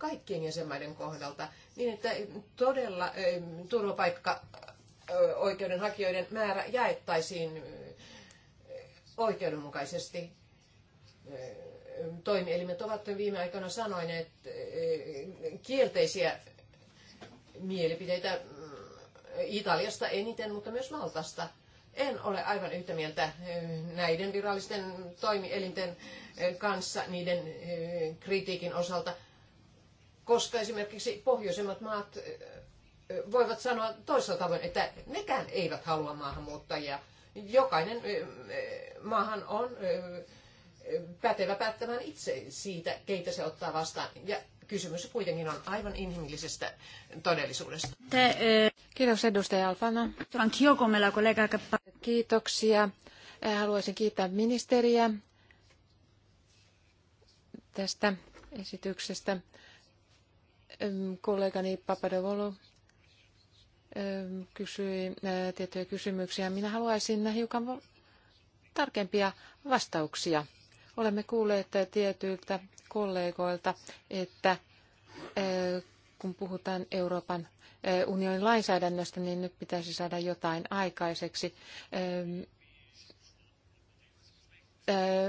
Speaker 3: kaikkien jäsenmaiden kohdalta, niin että todella turvapaikka oikeudenhakijoiden määrä jaettaisiin oikeudenmukaisesti. Toimielimet ovat viime aikoina sanoineet kielteisiä mielipiteitä mm, Italiasta eniten, mutta myös Maltasta. En ole aivan yhtä mieltä näiden virallisten toimielinten kanssa niiden kritiikin osalta koska esimerkiksi pohjoisemmat maat voivat sanoa toisella tavoin, että nekään eivät halua maahanmuuttajia. Jokainen maahan on pätevä päättämään itse siitä, keitä se ottaa vastaan. Ja kysymys kuitenkin on aivan inhimillisestä todellisuudesta. Te,
Speaker 1: kiitos edustaja Alfana. Kiitoksia. Haluaisin kiittää ministeriä tästä esityksestä kollegani Papadovolo kysyi tiettyjä kysymyksiä. Minä haluaisin hiukan tarkempia vastauksia. Olemme kuulleet tietyiltä kollegoilta, että kun puhutaan Euroopan unionin lainsäädännöstä, niin nyt pitäisi saada jotain aikaiseksi.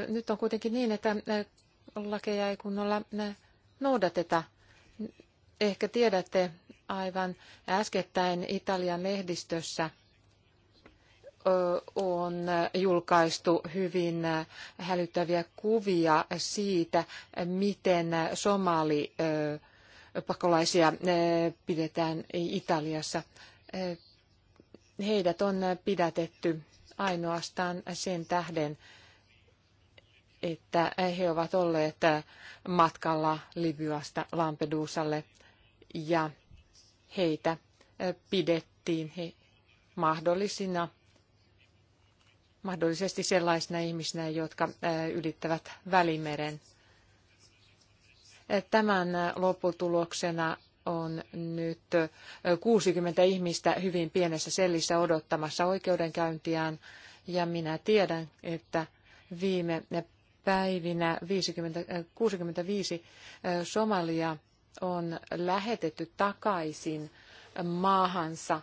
Speaker 1: Nyt on kuitenkin niin, että lakeja ei kunnolla noudateta. Ehkä tiedätte aivan äskettäin Italian lehdistössä on julkaistu hyvin hälyttäviä kuvia siitä, miten somali pakolaisia pidetään Italiassa. Heidät on pidätetty ainoastaan sen tähden, että he ovat olleet matkalla Libyasta Lampedusalle ja heitä pidettiin he mahdollisina, mahdollisesti sellaisina ihmisinä, jotka ylittävät Välimeren. Tämän lopputuloksena on nyt 60 ihmistä hyvin pienessä sellissä odottamassa oikeudenkäyntiään. Ja minä tiedän, että viime päivinä 50, 65 somalia on lähetetty takaisin maahansa.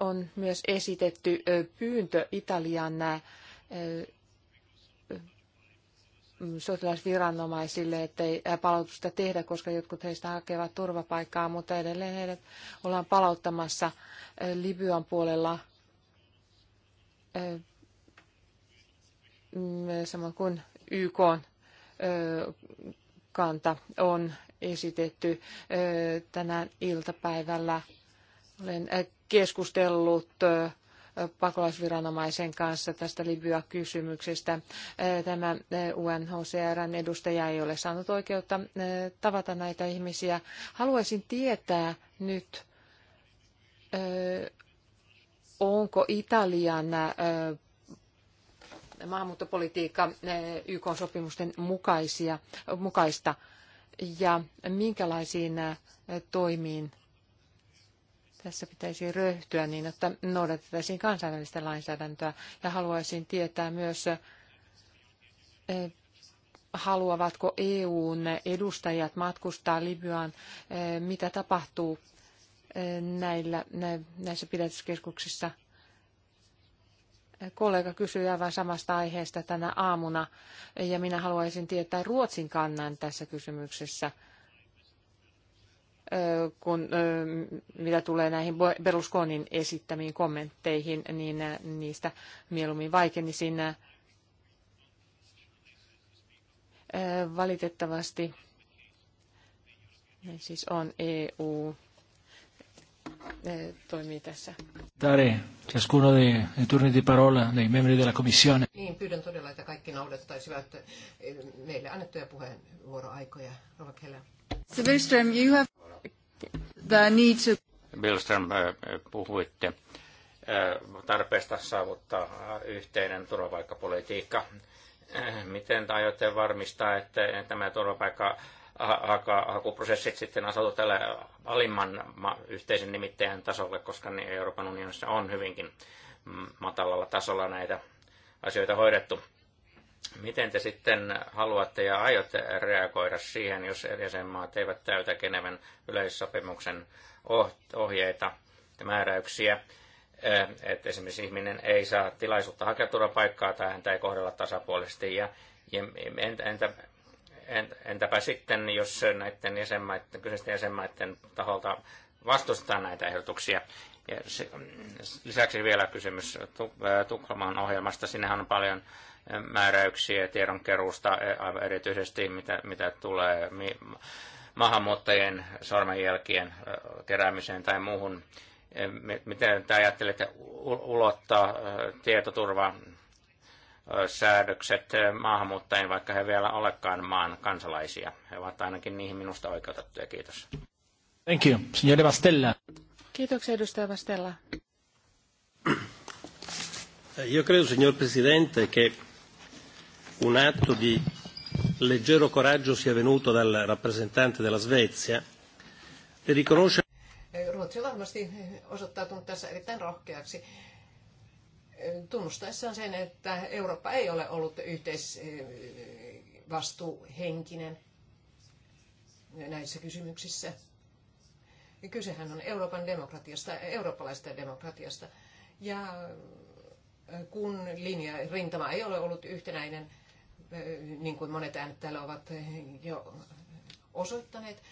Speaker 1: On myös esitetty pyyntö Italian sotilasviranomaisille, ettei palautusta tehdä, koska jotkut heistä hakevat turvapaikkaa, mutta edelleen heidät ollaan palauttamassa Libyan puolella samoin kuin YK on kanta on esitetty tänään iltapäivällä. Olen keskustellut pakolaisviranomaisen kanssa tästä Libya-kysymyksestä. Tämä UNHCRn edustaja ei ole saanut oikeutta tavata näitä ihmisiä. Haluaisin tietää nyt, onko Italian maahanmuuttopolitiikka eh, YK-sopimusten mukaisia, mukaista ja minkälaisiin eh, toimiin tässä pitäisi ryhtyä niin, että noudatettaisiin kansainvälistä lainsäädäntöä. Ja haluaisin tietää myös, eh, haluavatko EUn edustajat matkustaa Libyaan, mitä tapahtuu näillä, näissä pidätyskeskuksissa kollega kysyi aivan samasta aiheesta tänä aamuna, ja minä haluaisin tietää Ruotsin kannan tässä kysymyksessä, kun, mitä tulee näihin Berlusconin esittämiin kommentteihin, niin niistä mieluummin vaikenisin. Valitettavasti siis on EU
Speaker 3: Eh, toimii tässä.
Speaker 2: Dare, ciascuno dei turni di parola dei membri della commissione.
Speaker 3: Niin, pyydän todella, että kaikki noudattaisivat eh, meille annettuja puheenvuoroaikoja. Rova Kela.
Speaker 2: Billström, you have the need to...
Speaker 4: Billström, eh, puhuitte tarpeesta saavuttaa yhteinen turvapaikkapolitiikka. Miten aiotte varmistaa, että tämä turvapaikka hakuprosessit sitten asetu tälle alimman yhteisen nimittäjän tasolle, koska niin Euroopan unionissa on hyvinkin matalalla tasolla näitä asioita hoidettu. Miten te sitten haluatte ja aiotte reagoida siihen, jos jäsenmaat eivät täytä Geneven yleissopimuksen ohjeita ja määräyksiä, eh, että esimerkiksi ihminen ei saa tilaisuutta hakea turvapaikkaa tai häntä ei kohdella tasapuolisesti ja, ja entä, entä Entäpä sitten, jos näiden jäsenmaiden, kyseisten jäsenmaiden taholta vastustaa näitä ehdotuksia? Ja se, lisäksi vielä kysymys äh, Tukholman ohjelmasta. Sinnehän on paljon äh, määräyksiä tiedonkeruusta, e, erityisesti mitä, mitä tulee maahanmuuttajien sormenjälkien äh, keräämiseen tai muuhun. Miten te ajattelette ulottaa tietoturva säädökset maahanmuuttajien, vaikka he vielä olekaan maan kansalaisia. He ovat ainakin niihin minusta oikeutettuja. Kiitos.
Speaker 3: Thank
Speaker 1: you. Signore Vastella. Kiitoksia, edustaja Vastella.
Speaker 3: Eh, io credo, signor Presidente, che un atto di leggero coraggio sia venuto dal rappresentante della Svezia per riconoscere Ruotsi on varmasti osoittautunut tässä erittäin rohkeaksi tunnustaessaan sen, että Eurooppa ei ole ollut yhteisvastuuhenkinen näissä kysymyksissä. Kysehän on Euroopan demokratiasta, eurooppalaista demokratiasta. Ja kun linja, rintama ei ole ollut yhtenäinen, niin kuin monet äänet täällä ovat jo osoittaneet,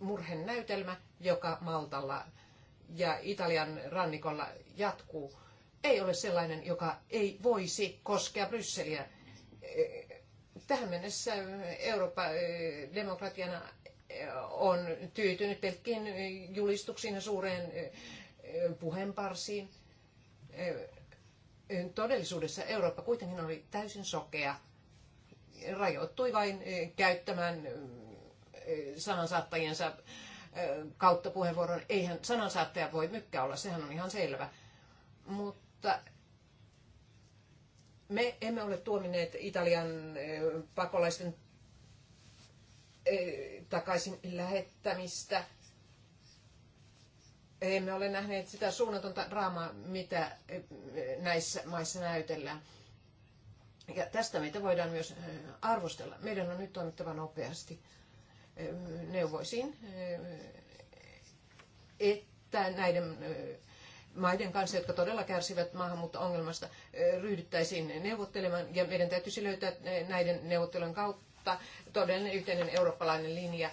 Speaker 3: murhen näytelmä joka Maltalla ja Italian rannikolla jatkuu, ei ole sellainen, joka ei voisi koskea Brysseliä. Tähän mennessä Euroopan eh, demokratiana eh, on tyytynyt pelkkiin julistuksiin ja suureen eh, puheenparsiin. Todellisuudessa Eurooppa kuitenkin oli täysin sokea. Rajoittui vain käyttämään sanansaattajien kautta puheenvuoron. Eihän sanansaattaja voi mykkä olla, sehän on ihan selvä. Mutta me emme ole tuomineet Italian pakolaisten takaisin lähettämistä. Emme ole nähneet sitä suunnatonta draamaa, mitä näissä maissa näytellään. Ja tästä meitä voidaan myös arvostella. Meidän on nyt toimittava nopeasti neuvoisin, että näiden maiden kanssa, jotka todella kärsivät maahanmuutto-ongelmasta, ryhdyttäisiin neuvottelemaan ja meidän täytyisi löytää näiden neuvottelujen kautta todellinen yhteinen eurooppalainen linja.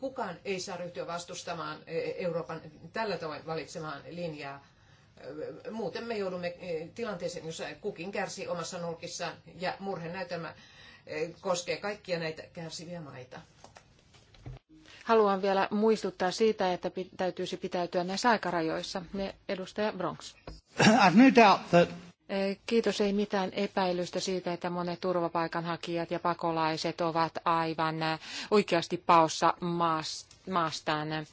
Speaker 3: Kukaan ei saa ryhtyä vastustamaan Euroopan tällä tavoin valitsemaan linjaa. Muuten me joudumme tilanteeseen, jossa kukin kärsii omassa nurkissaan ja murhenäytelmä koskee kaikkia näitä kärsiviä maita.
Speaker 1: Haluan vielä muistuttaa siitä, että täytyisi pitäytyä näissä aikarajoissa. Ne edustaja Bronx. No e, kiitos, ei mitään epäilystä siitä, että monet turvapaikanhakijat ja pakolaiset ovat aivan oikeasti paossa maastaan. E,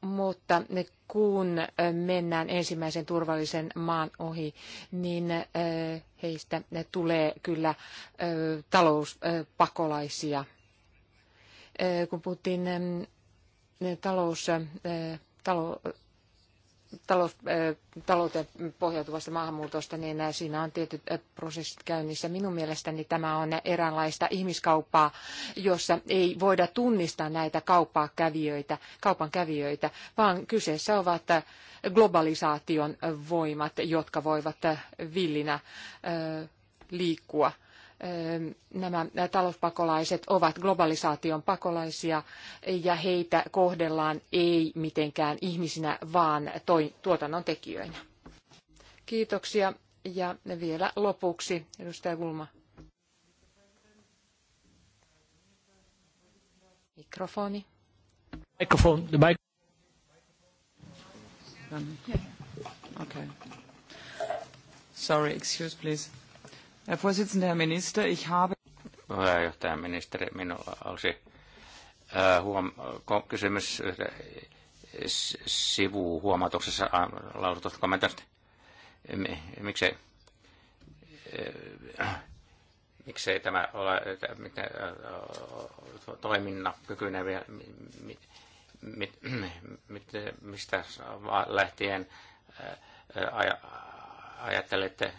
Speaker 1: mutta kun mennään ensimmäisen turvallisen maan ohi, niin heistä tulee kyllä talouspakolaisia Eh, kun puhuttiin eh, talous, eh, talo, talous, talouteen pohjautuvasta maahanmuutosta, niin siinä on tietyt prosessit käynnissä. Minun mielestäni tämä on eräänlaista ihmiskauppaa, jossa ei voida tunnistaa näitä kauppaa kävijöitä, kaupan kävijöitä, vaan kyseessä ovat globalisaation voimat, jotka voivat villinä liikkua – nämä talouspakolaiset ovat globalisaation pakolaisia ja heitä kohdellaan ei mitenkään ihmisinä, vaan toi, tuotannon tekijöinä. Kiitoksia ja vielä lopuksi edustaja Kulma. Mikrofoni.
Speaker 4: Mikrofon. The
Speaker 2: mic- okay. Sorry, excuse please. Herr Vorsitzender, Herr Minister, ich habe...
Speaker 4: Puheenjohtaja ministeri, minulla olisi äh, huom- kysymys äh, sivuhuomautuksessa äh, lausutusta kommentoista. Miksei, äh, miksei tämä ole miten, äh, kykyinen vielä, mit, mit, mistä lähtien äh, äh, ajattelette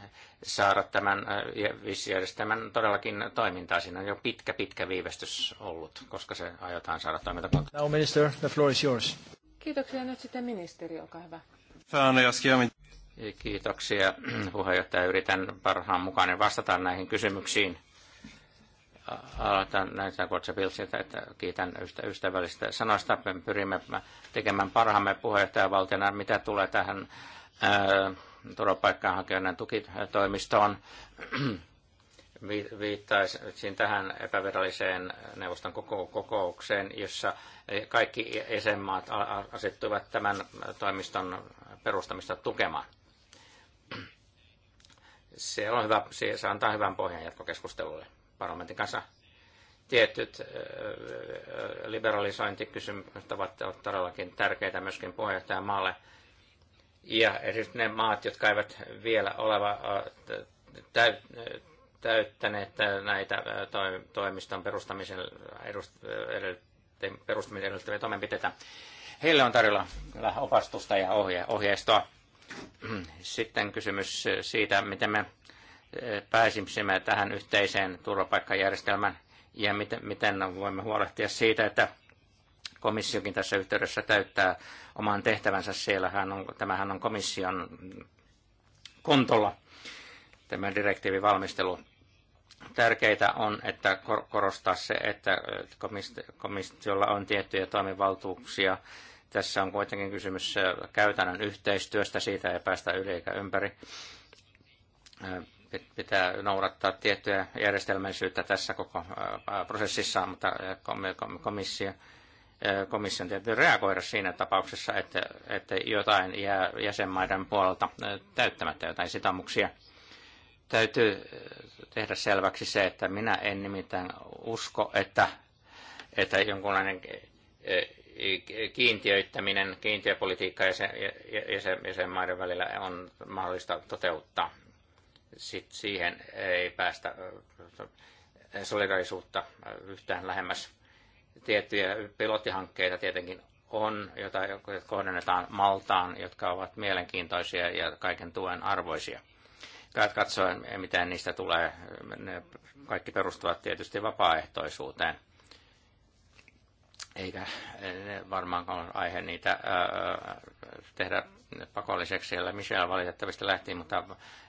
Speaker 4: saada tämän äh, vissijärjestelmän todellakin toimintaa? Siinä on jo pitkä, pitkä viivästys ollut, koska se aiotaan saada toimintapaikkaan. Now minister, the floor is yours.
Speaker 1: Kiitoksia. Nyt sitten ministeri, olkaa hyvä.
Speaker 4: Kiitoksia *clears throat* puheenjohtaja. Yritän parhaan mukaan niin vastata näihin kysymyksiin. Aloitan näistä Kotsabilsilta, että kiitän ystä, ystävällisistä sanoista. Pyrimme tekemään parhaamme puheenjohtajavaltiona, mitä tulee tähän ää, hakeneen tukitoimistoon. *clears throat* Viittaisin tähän epäviralliseen neuvoston kokoukseen, jossa kaikki jäsenmaat asettuivat tämän toimiston perustamista tukemaan. *clears throat* Se, on hyvä, se antaa hyvän pohjan jatkokeskustelulle parlamentin kanssa tietyt liberalisointikysymykset ovat todellakin tärkeitä myöskin puheenjohtajamaalle. Ja erityisesti ne maat, jotka eivät vielä ole täyttäneet näitä toimiston perustamisen, perustamisen edellyttäviä toimenpiteitä, heille on tarjolla opastusta ja ohje, ohjeistoa. Sitten kysymys siitä, miten me pääsimme tähän yhteiseen turvapaikkajärjestelmään ja miten, miten voimme huolehtia siitä, että komissiokin tässä yhteydessä täyttää oman tehtävänsä siellä. Hän on, tämähän on komission kontolla tämä direktiivin valmistelu. Tärkeintä on, että korostaa se, että komissiolla on tiettyjä toimivaltuuksia. Tässä on kuitenkin kysymys äh, käytännön yhteistyöstä, siitä ei päästä yli eikä ympäri äh, pitää noudattaa tiettyä järjestelmällisyyttä tässä koko äh, prosessissa, mutta komissio komission täytyy reagoida siinä tapauksessa, että, että jotain jää jäsenmaiden puolelta täyttämättä jotain sitamuksia. Täytyy tehdä selväksi se, että minä en nimittäin usko, että, että jonkunlainen kiintiöittäminen, kiintiöpolitiikka jäsen, jäsenmaiden välillä on mahdollista toteuttaa. Sitten siihen ei päästä solidarisuutta yhtään lähemmäs Tiettyjä pilottihankkeita tietenkin on, joita kohdennetaan Maltaan, jotka ovat mielenkiintoisia ja kaiken tuen arvoisia. Katsoen, mitä niistä tulee. Ne kaikki perustuvat tietysti vapaaehtoisuuteen. Eikä eh, varmaan ole aihe niitä ää, tehdä pakolliseksi, siellä Michel valitettavasti lähti, mutta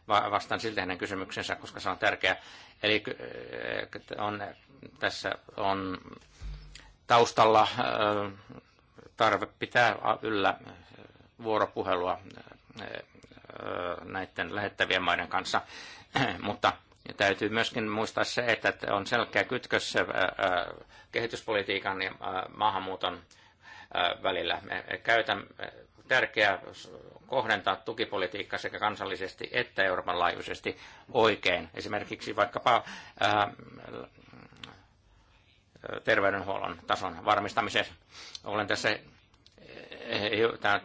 Speaker 4: vastaan silti hänen kysymyksensä, koska se on tärkeä. Eli eh, on, tässä on taustalla äh, tarve pitää yllä äh, vuoropuhelua äh, näiden lähettävien maiden kanssa, *clears throat* mutta täytyy myöskin muistaa se, että on selkeä kytkös kehityspolitiikan ja maahanmuuton välillä. Me käytämme tärkeää kohdentaa tukipolitiikka sekä kansallisesti että Euroopan laajuisesti oikein. Esimerkiksi vaikkapa terveydenhuollon tason varmistamisessa. Olen tässä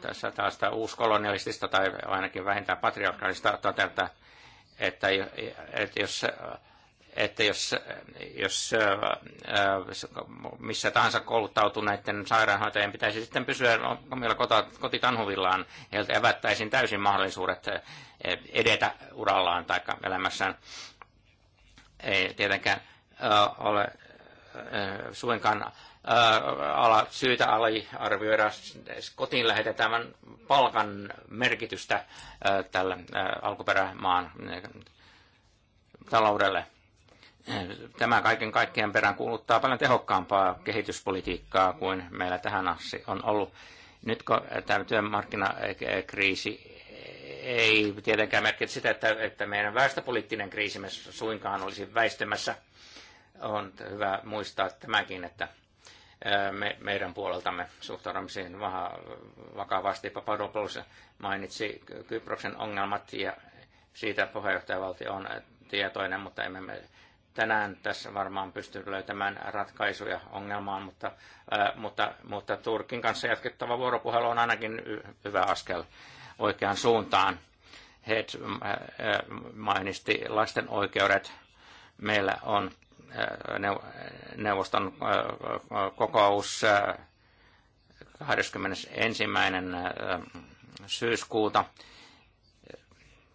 Speaker 4: tässä taas uuskolonialistista tai ainakin vähintään patriarkaalista totelta, että, että jos että jos, jos äh, missä tahansa kouluttautuneiden sairaanhoitajien pitäisi sitten pysyä omilla kotitanhuvillaan, heiltä evättäisiin täysin mahdollisuudet äh, edetä urallaan tai elämässään. Ei tietenkään äh, ole Äh, suinkaan äh, ala, syytä aliarvioida kotiin lähetetään palkan merkitystä äh, tällä alkuperämaan taloudelle. Tämä kaiken kaikkiaan perään kuuluttaa paljon tehokkaampaa kehityspolitiikkaa kuin meillä tähän asti on ollut. Nyt kun tämä työmarkkinakriisi ei tietenkään merkitse sitä, että, että meidän väestöpoliittinen kriisimme suinkaan olisi väistymässä – on hyvä muistaa tämäkin, että me, meidän puoleltamme suhtaudumme siihen vakavasti. Papadopoulos mainitsi Kyproksen ongelmat ja siitä puheenjohtajavaltio on tietoinen, mutta emme me tänään tässä varmaan pysty löytämään ratkaisuja ongelmaan, mutta, mutta, mutta Turkin kanssa jatkettava vuoropuhelu on ainakin hyvä askel oikeaan suuntaan. Head mainisti lasten oikeudet. Meillä on neuvoston kokous 21. syyskuuta.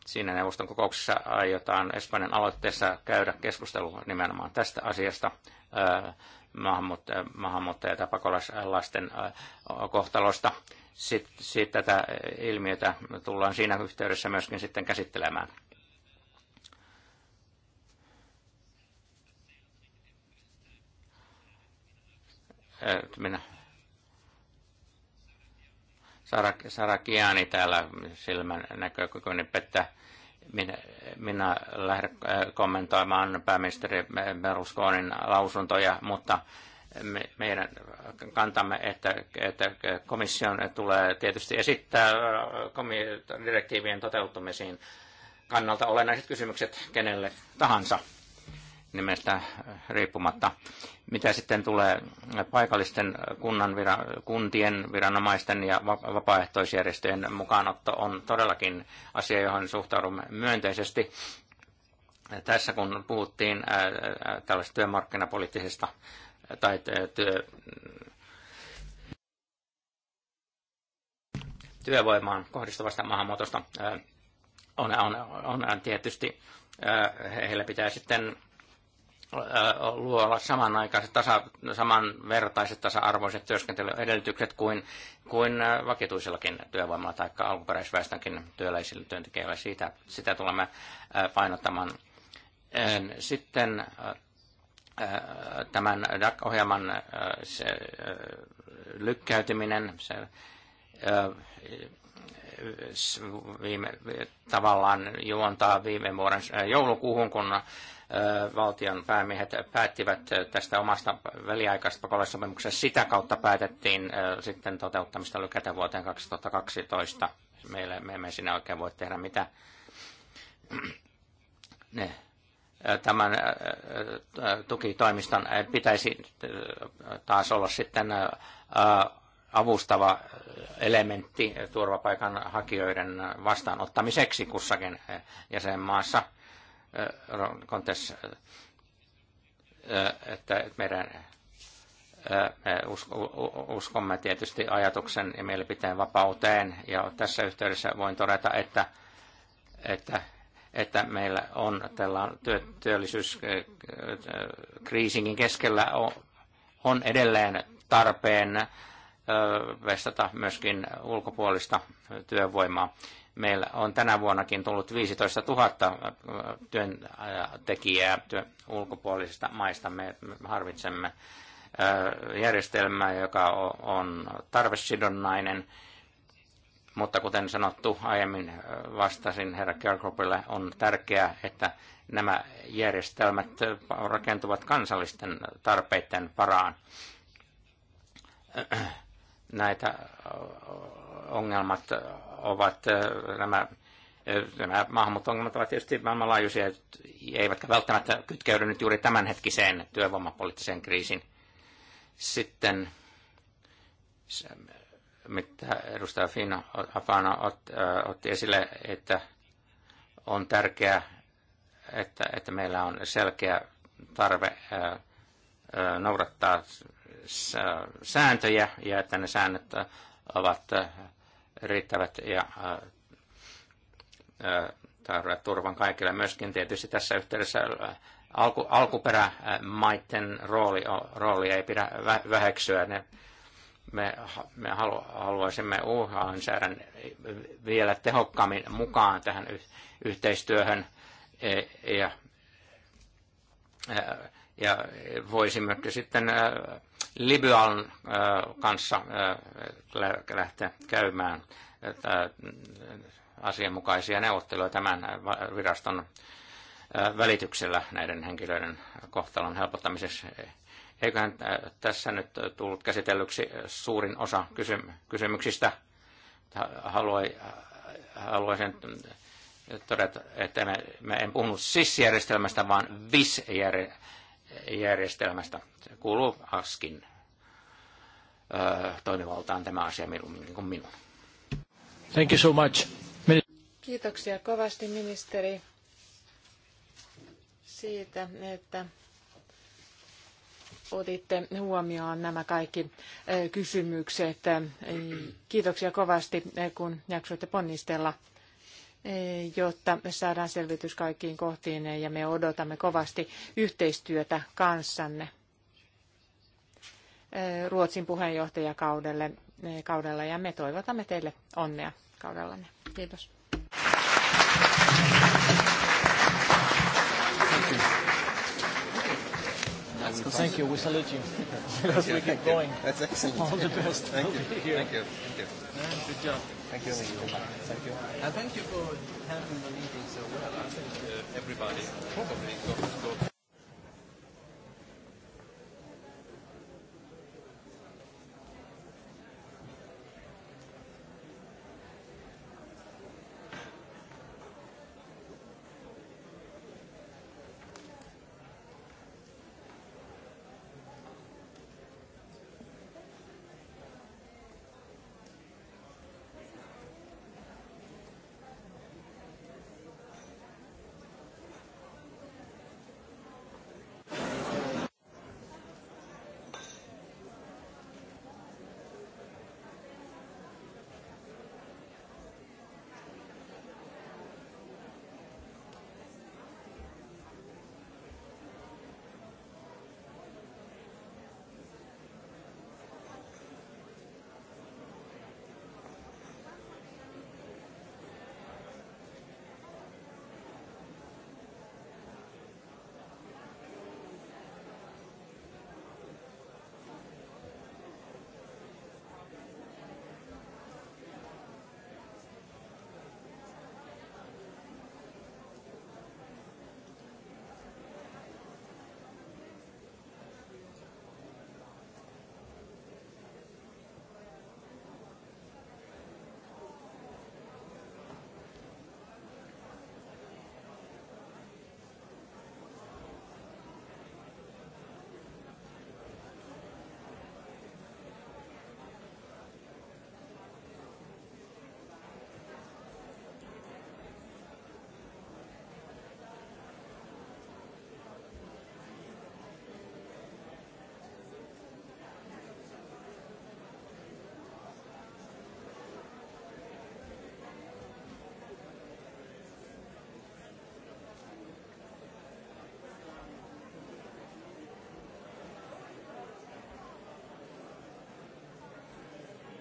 Speaker 4: Siinä neuvoston kokouksessa aiotaan Espanjan aloitteessa käydä keskustelua nimenomaan tästä asiasta maahanmuuttaja- ja pakolaislasten kohtalosta. Sitten, sitten tätä ilmiötä tullaan siinä yhteydessä myöskin sitten käsittelemään. minä, Sara, Sara täällä silmän näkökykyinen niin pettää. Minä, minä lähden kommentoimaan pääministeri Berlusconin lausuntoja, mutta me, meidän kantamme, että, että komission tulee tietysti esittää direktiivien toteutumisiin kannalta olennaiset kysymykset kenelle tahansa nimestä riippumatta. Mitä sitten tulee paikallisten kunnan, kuntien, viranomaisten ja vapaaehtoisjärjestöjen mukaanotto on todellakin asia, johon suhtaudumme myönteisesti. Tässä kun puhuttiin tällaisesta työmarkkinapoliittisesta tai työ, työvoimaan kohdistuvasta maahanmuutosta on, on, on tietysti heillä pitää sitten luoda samanaikaiset, tasa, samanvertaiset tasa-arvoiset työskentelyedellytykset kuin, kuin vakituisellakin työvoimalla tai alkuperäisväestönkin työläisillä työntekijöillä. Siitä, sitä tulemme painottamaan. Sitten tämän DAC-ohjelman lykkäytyminen, se, viime, tavallaan juontaa viime vuoden äh, joulukuuhun, kun äh, valtion päämiehet päättivät äh, tästä omasta väliaikaisesta pakolaissopimuksesta. Sitä kautta päätettiin sitten toteuttamista lykätä vuoteen 2012. Meille, me emme sinä oikein voi tehdä mitä. Ne tämän tukitoimiston pitäisi taas olla sitten avustava elementti turvapaikanhakijoiden vastaanottamiseksi kussakin eh, jäsenmaassa. Kontes, eh, eh, että meidän me uskomme tietysti ajatuksen ja mielipiteen vapauteen. Ja tässä yhteydessä voin todeta, että, että, että meillä on tällainen työllisyyskriisinkin keskellä on edelleen tarpeen vestata myöskin ulkopuolista työvoimaa. Meillä on tänä vuonnakin tullut 15 000 työntekijää työ, ulkopuolisista maista. Me harvitsemme järjestelmää, joka on tarvesidonnainen, mutta kuten sanottu aiemmin vastasin herra Kerkopille, on tärkeää, että nämä järjestelmät rakentuvat kansallisten tarpeiden paraan näitä ongelmat ovat, nämä, nämä maahanmuutto-ongelmat ovat tietysti maailmanlaajuisia, eivätkä välttämättä kytkeydy nyt juuri tämänhetkiseen työvoimapoliittiseen kriisin. Sitten se, mitä edustaja Fino Afana ot, otti esille, että on tärkeää, että, että meillä on selkeä tarve noudattaa sääntöjä ja että ne säännöt ovat äh, riittävät ja äh, äh, tarvitsevat turvan kaikille. Myöskin tietysti tässä yhteydessä alku, alkuperämaiden rooli, rooli ei pidä väheksyä. Ne, me, me halu, haluaisimme UH-lainsäädännön vielä tehokkaammin mukaan tähän yh, yhteistyöhön e, ja, e, ja, ja voisimmeko sitten Libyan äh, kanssa äh, lähteä käymään äh, asianmukaisia neuvotteluja tämän viraston välityksellä näiden henkilöiden kohtalon helpottamiseksi. Eiköhän tässä nyt tullut käsitellyksi suurin osa kysymyksistä. Haluaisin todeta, että me, me en puhunut SIS-järjestelmästä, vaan VIS-järjestelmästä järjestelmästä. Se kuuluu ASKin ö, toimivaltaan tämä asia minun, niin kuin minun. Thank you so much.
Speaker 1: Kiitoksia kovasti ministeri siitä, että otitte huomioon nämä kaikki kysymykset. Kiitoksia kovasti, kun jaksoitte ponnistella jotta saadaan selvitys kaikkiin kohtiin ja me odotamme kovasti yhteistyötä kanssanne Ruotsin puheenjohtajakaudelle kaudella ja me toivotamme teille onnea kaudellanne. Kiitos.
Speaker 2: you. thank you. We salute you. you. we keep going. That's excellent. All the best. Thank you. Thank you. Thank you. Good job. Thank you. Thank
Speaker 3: you. And thank you for handling the meeting so well. I think
Speaker 2: uh, everybody probably got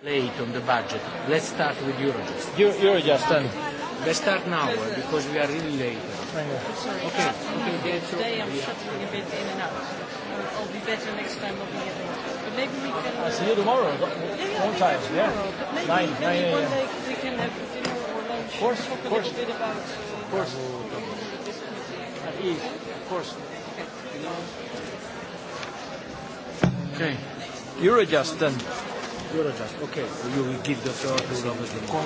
Speaker 4: late on the budget. Let's start with Eurojust. You, Eurojust, then. Let's start now eh, because we are really late.
Speaker 1: now. Sorry. Okay. okay. Uh, okay. Today I'm shuttling a bit in and out. Uh, I'll be
Speaker 2: better next time. I'll be here. But maybe we can. I'll see you tomorrow. Yeah, yeah, Maybe Tomorrow. Yeah. maybe, nine, maybe one day we can have dinner or lunch. Of course. Talk of course. A little bit about. Uh, of course. At ease. Of course.
Speaker 3: Okay. Okay. Eurojust then. Eurojust. Okay, you will
Speaker 1: give the floor to López de Con...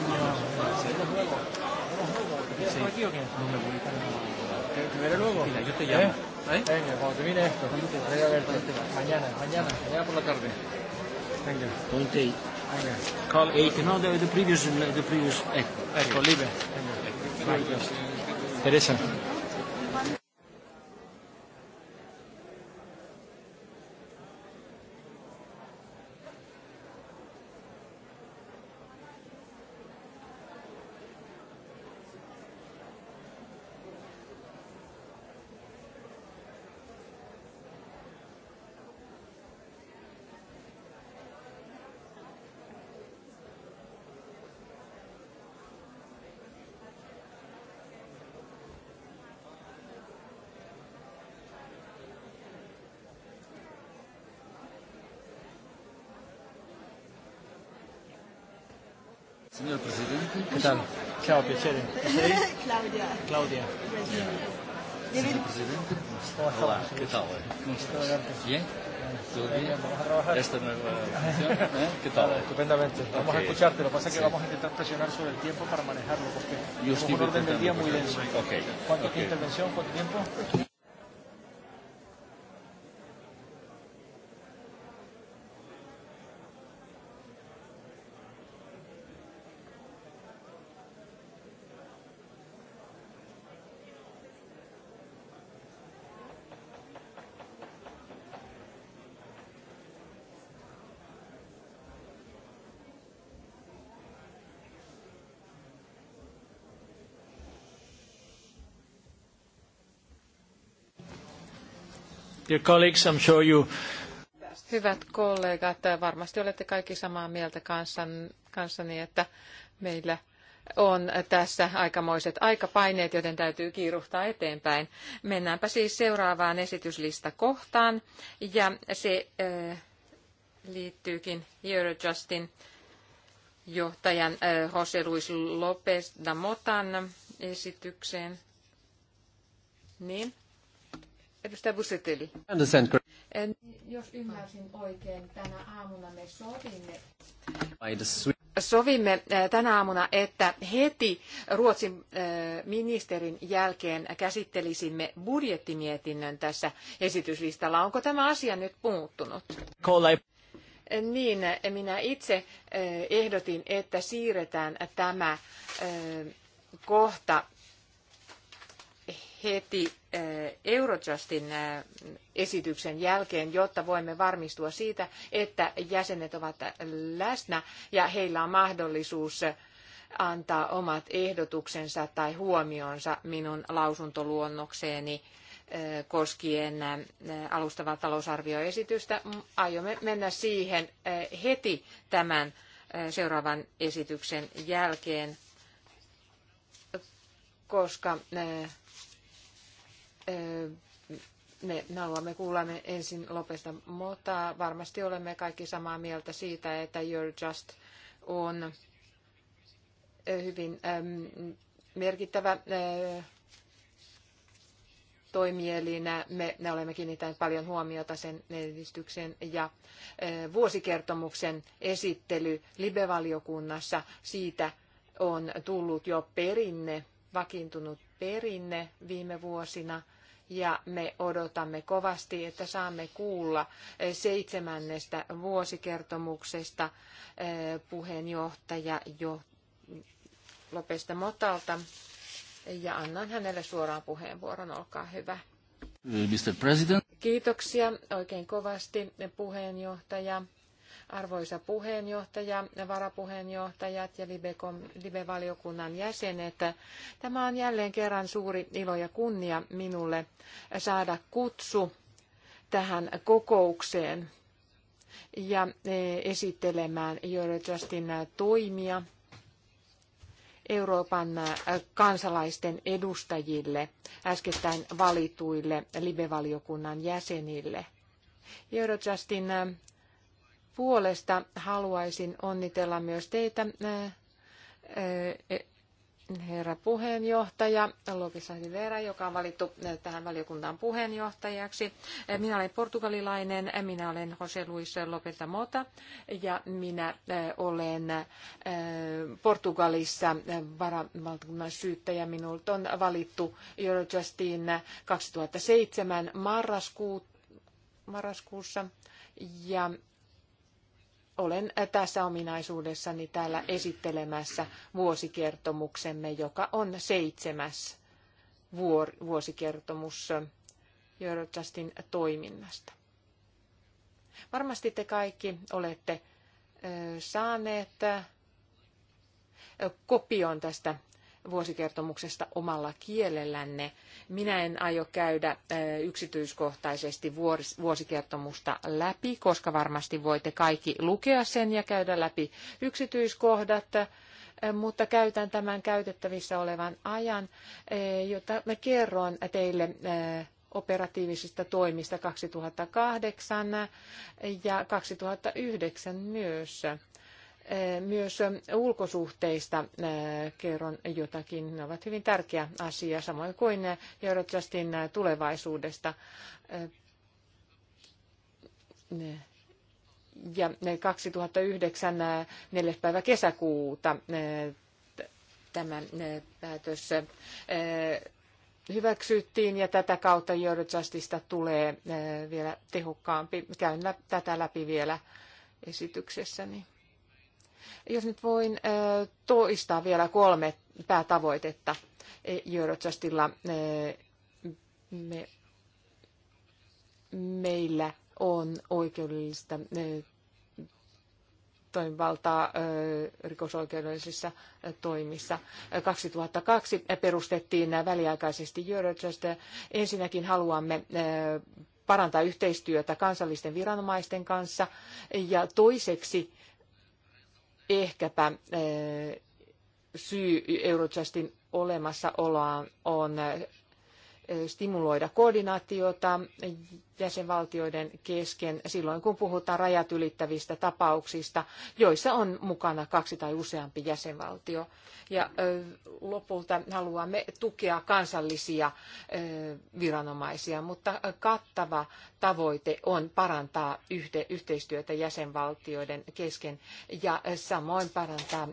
Speaker 3: ¿Te veré luego? Mira, yo te llamo. ¿Eh? ¿Eh? Venga, cuando termine esto, voy a verte.
Speaker 4: Mañana, mañana, mañana por la tarde. Venga. Ponte ahí.
Speaker 2: Venga.
Speaker 4: Call eight. No, the, the previous, the previous. Eh. Ecco, libre. Venga.
Speaker 2: Teresa. tal? Chao, piacere. *laughs* Claudia. Claudia. Signor Presidente, hola, ¿qué tal? ¿Cómo estás? Bien. ¿Todo bien? Vamos a trabajar. Esta nueva función, *laughs* ¿eh? ¿Qué tal? Vale, estupendamente. Vamos okay. a escucharte. Lo que pasa es que sí. vamos a
Speaker 4: intentar presionar sobre el tiempo para manejarlo, porque Yo tenemos un orden del día muy denso. Okay. ¿Cuánto okay. intervención? ¿Cuánto
Speaker 2: tiempo? Dear colleagues, I'm sure you...
Speaker 1: Hyvät kollegat, varmasti olette kaikki samaa mieltä kanssani, että meillä on tässä aikamoiset aikapaineet, joten täytyy kiiruhtaa eteenpäin. Mennäänpä siis seuraavaan esityslistakohtaan, ja se äh, liittyykin Eurojustin johtajan äh, Jose Luis López Damotan esitykseen. Niin, Edustaja En, jos ymmärsin oikein, tänä aamuna me sovimme, sovimme tänä aamuna, että heti Ruotsin ministerin jälkeen käsittelisimme budjettimietinnön tässä esityslistalla. Onko tämä asia nyt puuttunut? Niin, minä itse ehdotin, että siirretään tämä kohta heti eh, Eurojustin eh, esityksen jälkeen, jotta voimme varmistua siitä, että jäsenet ovat läsnä ja heillä on mahdollisuus antaa omat ehdotuksensa tai huomionsa minun lausuntoluonnokseeni eh, koskien alustavaa talousarvioesitystä. Aiomme mennä siihen heti tämän seuraavan esityksen jälkeen, koska me haluamme kuulla me ensin Lopesta, mutta varmasti olemme kaikki samaa mieltä siitä, että Eurojust on hyvin merkittävä toimielinä. Me, me olemme kiinnittäneet paljon huomiota sen edistykseen ja vuosikertomuksen esittely Libevaliokunnassa. Siitä on tullut jo perinne, vakiintunut perinne viime vuosina ja me odotamme kovasti, että saamme kuulla eh, seitsemännestä vuosikertomuksesta eh, puheenjohtaja jo Lopesta Motalta. Ja annan hänelle suoraan puheenvuoron, olkaa hyvä.
Speaker 2: Mr. President.
Speaker 1: Kiitoksia oikein kovasti puheenjohtaja. Arvoisa puheenjohtaja, varapuheenjohtajat ja Libe-valiokunnan jäsenet, tämä on jälleen kerran suuri ilo ja kunnia minulle saada kutsu tähän kokoukseen ja e, esittelemään Eurojustin toimia Euroopan kansalaisten edustajille, äskettäin valituille live-valiokunnan jäsenille. Eurojustin puolesta haluaisin onnitella myös teitä, herra puheenjohtaja Lopisa Rivera, joka on valittu tähän valiokuntaan puheenjohtajaksi. Minä olen portugalilainen, minä olen Jose Luis Lopelta Mota ja minä olen Portugalissa varavaltakunnan syyttäjä. Minut on valittu Eurojustiin 2007 marraskuussa ja olen tässä ominaisuudessani täällä esittelemässä vuosikertomuksemme, joka on seitsemäs vuosikertomus Eurojustin toiminnasta. Varmasti te kaikki olette saaneet kopion tästä vuosikertomuksesta omalla kielellänne. Minä en aio käydä yksityiskohtaisesti vuosikertomusta läpi, koska varmasti voitte kaikki lukea sen ja käydä läpi yksityiskohdat, mutta käytän tämän käytettävissä olevan ajan, jotta mä kerron teille operatiivisista toimista 2008 ja 2009 myös. Äh, myös ulkosuhteista äh, kerron jotakin. Ne ovat hyvin tärkeä asia, samoin kuin äh, Eurojustin tulevaisuudesta. Ja 2009 4. päivä kesäkuuta tämä päätös hyväksyttiin ja tätä kautta Eurojustista tulee vielä tehokkaampi. Käyn tätä läpi vielä esityksessäni. Jos nyt voin toistaa vielä kolme päätavoitetta e, Eurojustilla. Me, meillä on oikeudellista toimivaltaa rikosoikeudellisissa toimissa. 2002 perustettiin väliaikaisesti Eurojust. Ensinnäkin haluamme parantaa yhteistyötä kansallisten viranomaisten kanssa ja toiseksi ehkäpä eh, syy Eurojustin olemassaoloa on stimuloida koordinaatiota jäsenvaltioiden kesken silloin, kun puhutaan rajat ylittävistä tapauksista, joissa on mukana kaksi tai useampi jäsenvaltio. Ja lopulta haluamme tukea kansallisia viranomaisia, mutta kattava tavoite on parantaa yhteistyötä jäsenvaltioiden kesken ja samoin parantaa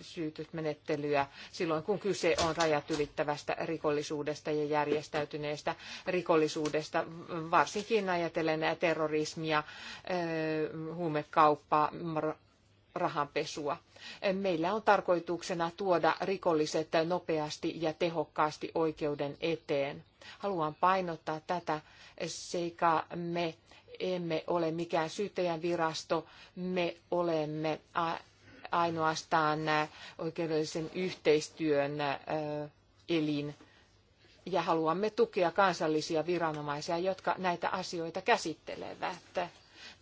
Speaker 1: syytysmenettelyä silloin, kun kyse on rajat ylittävästä rikollisuudesta ja järjestäytyneestä rikollisuudesta, varsinkin ajatellen terrorismia, eh, huumekauppaa, rahanpesua. Meillä on tarkoituksena tuoda rikolliset nopeasti ja tehokkaasti oikeuden eteen. Haluan painottaa tätä seikkaa me emme ole mikään syyttäjän virasto, me olemme ainoastaan äh, oikeudellisen yhteistyön äh, elin. Ja haluamme tukea kansallisia viranomaisia, jotka näitä asioita käsittelevät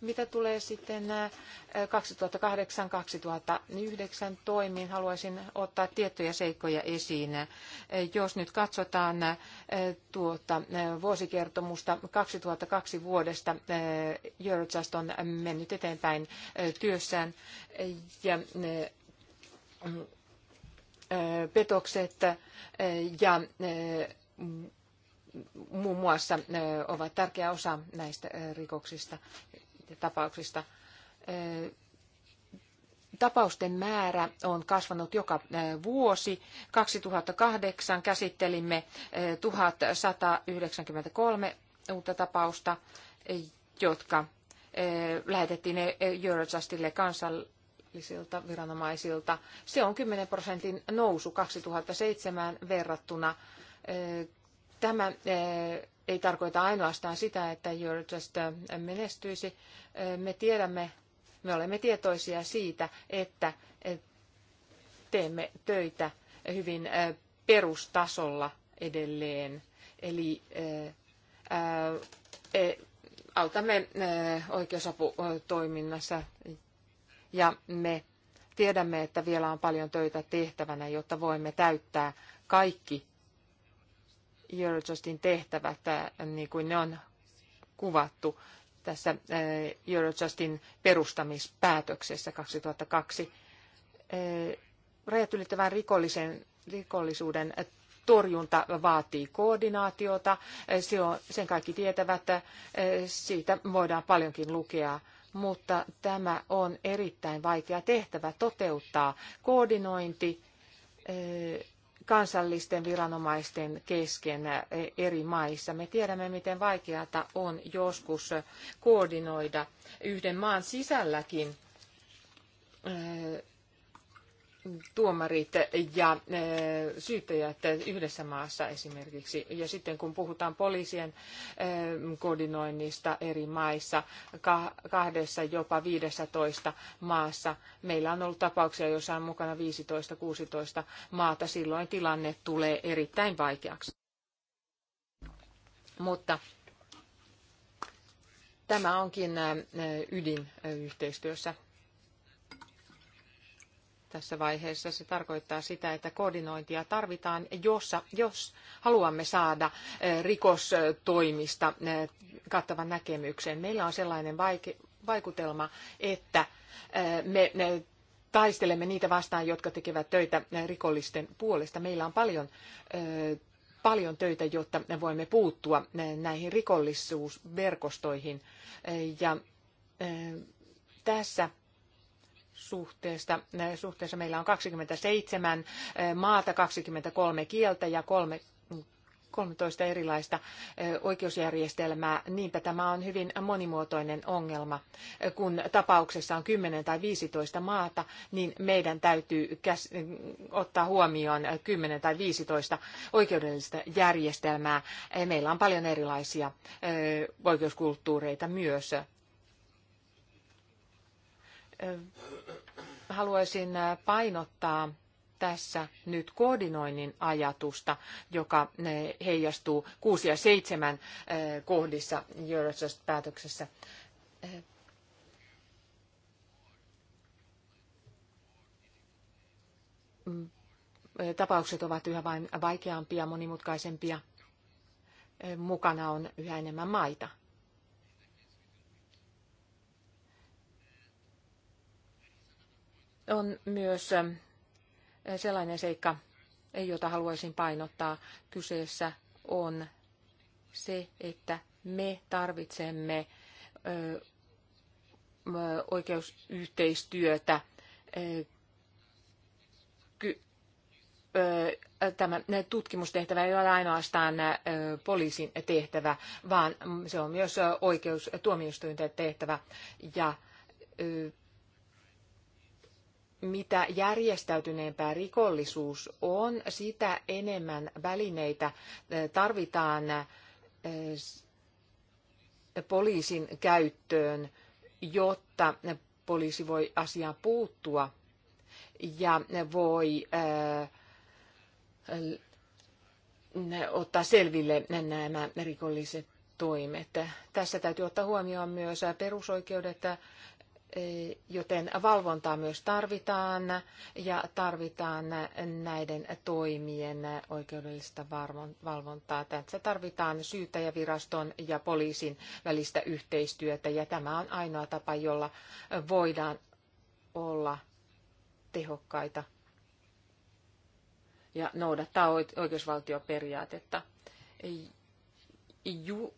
Speaker 1: mitä tulee sitten 2008-2009 äh, toimiin, haluaisin ottaa tiettyjä seikkoja esiin. Äh, jos nyt katsotaan äh, tuota vuosikertomusta 2002 vuodesta, Eurojust on mennyt eteenpäin työssään ja petokset ja muun muassa ovat tärkeä osa näistä rikoksista tapauksista. Tapausten määrä on kasvanut joka vuosi. 2008 käsittelimme 1193 uutta tapausta, jotka lähetettiin e-, e-, Eurojustille kansallisilta viranomaisilta. Se on 10 prosentin nousu 2007 verrattuna. Tämä ei tarkoita ainoastaan sitä, että Eurojust äh, menestyisi. Äh, me tiedämme, me olemme tietoisia siitä, että äh, teemme töitä hyvin perustasolla edelleen. Eli e, autamme oikeusaputoiminnassa ja me tiedämme, että vielä on paljon töitä tehtävänä, jotta voimme täyttää kaikki Eurojustin tehtävät, niin kuin ne on kuvattu tässä Eurojustin perustamispäätöksessä 2002. Rajat ylittävän rikollisen, rikollisuuden torjunta vaatii koordinaatiota. Se on, sen kaikki tietävät, että siitä voidaan paljonkin lukea mutta tämä on erittäin vaikea tehtävä toteuttaa. Koordinointi kansallisten viranomaisten kesken eri maissa. Me tiedämme, miten vaikeata on joskus koordinoida yhden maan sisälläkin tuomarit ja eh, syyttäjät yhdessä maassa esimerkiksi. Ja sitten kun puhutaan poliisien eh, koordinoinnista eri maissa, kahdessa jopa 15 maassa, meillä on ollut tapauksia, joissa on mukana 15-16 maata, silloin tilanne tulee erittäin vaikeaksi. Mutta tämä onkin eh, ydinyhteistyössä tässä vaiheessa. Se tarkoittaa sitä, että koordinointia tarvitaan, jossa, jos haluamme saada eh, rikostoimista eh, kattavan näkemyksen. Meillä on sellainen vaikutelma, että eh, me taistelemme niitä vastaan, jotka tekevät töitä rikollisten puolesta. Meillä on paljon paljon töitä, jotta voimme puuttua näihin rikollisuusverkostoihin. Ja tässä suhteesta. Äh, suhteessa meillä on 27 äh, maata, 23 kieltä ja kolme 13 erilaista äh, oikeusjärjestelmää, niinpä tämä on hyvin monimuotoinen ongelma. Kun tapauksessa on 10 tai 15 maata, niin meidän täytyy ottaa huomioon 10 tai 15 oikeudellista järjestelmää. Meillä on paljon erilaisia oikeuskulttuureita myös haluaisin painottaa tässä nyt koordinoinnin ajatusta, joka heijastuu 6 ja 7 kohdissa Eurojust-päätöksessä. Tapaukset ovat yhä vain vaikeampia, monimutkaisempia. Mukana on yhä enemmän maita. on myös ähm, sellainen seikka, jota haluaisin painottaa. Kyseessä on se, että me tarvitsemme äh, oikeusyhteistyötä äh, äh, tämä tutkimustehtävä ei ole ainoastaan poliisin tehtävä, vaan se on myös oikeus tuomioistuinten tehtävä ja mitä järjestäytyneempää rikollisuus on, sitä enemmän välineitä eh, tarvitaan eh, poliisin käyttöön, jotta poliisi voi asiaan puuttua ja voi eh, ottaa selville nämä rikolliset toimet. Tässä täytyy ottaa huomioon myös perusoikeudet, joten valvontaa myös tarvitaan ja tarvitaan näiden toimien oikeudellista valvontaa. Tässä tarvitaan syyttäjäviraston ja poliisin välistä yhteistyötä ja tämä on ainoa tapa, jolla voidaan olla tehokkaita ja noudattaa oikeusvaltioperiaatetta.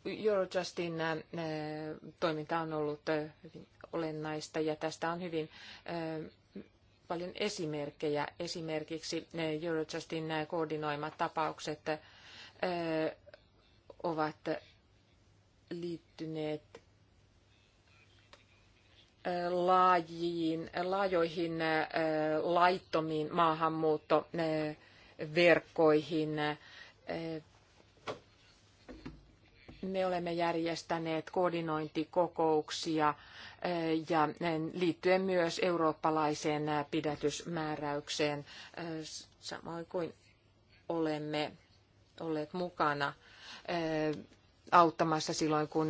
Speaker 1: Eurojustin toiminta on ollut hyvin olennaista ja tästä on hyvin paljon esimerkkejä. Esimerkiksi Eurojustin koordinoimat tapaukset ovat liittyneet laajiin, laajoihin laittomiin maahanmuuttoverkkoihin. Me olemme järjestäneet koordinointikokouksia Eh, ja eh, liittyen myös eurooppalaiseen eh, pidätysmääräykseen, samoin kuin olemme olleet mukana auttamassa silloin, kun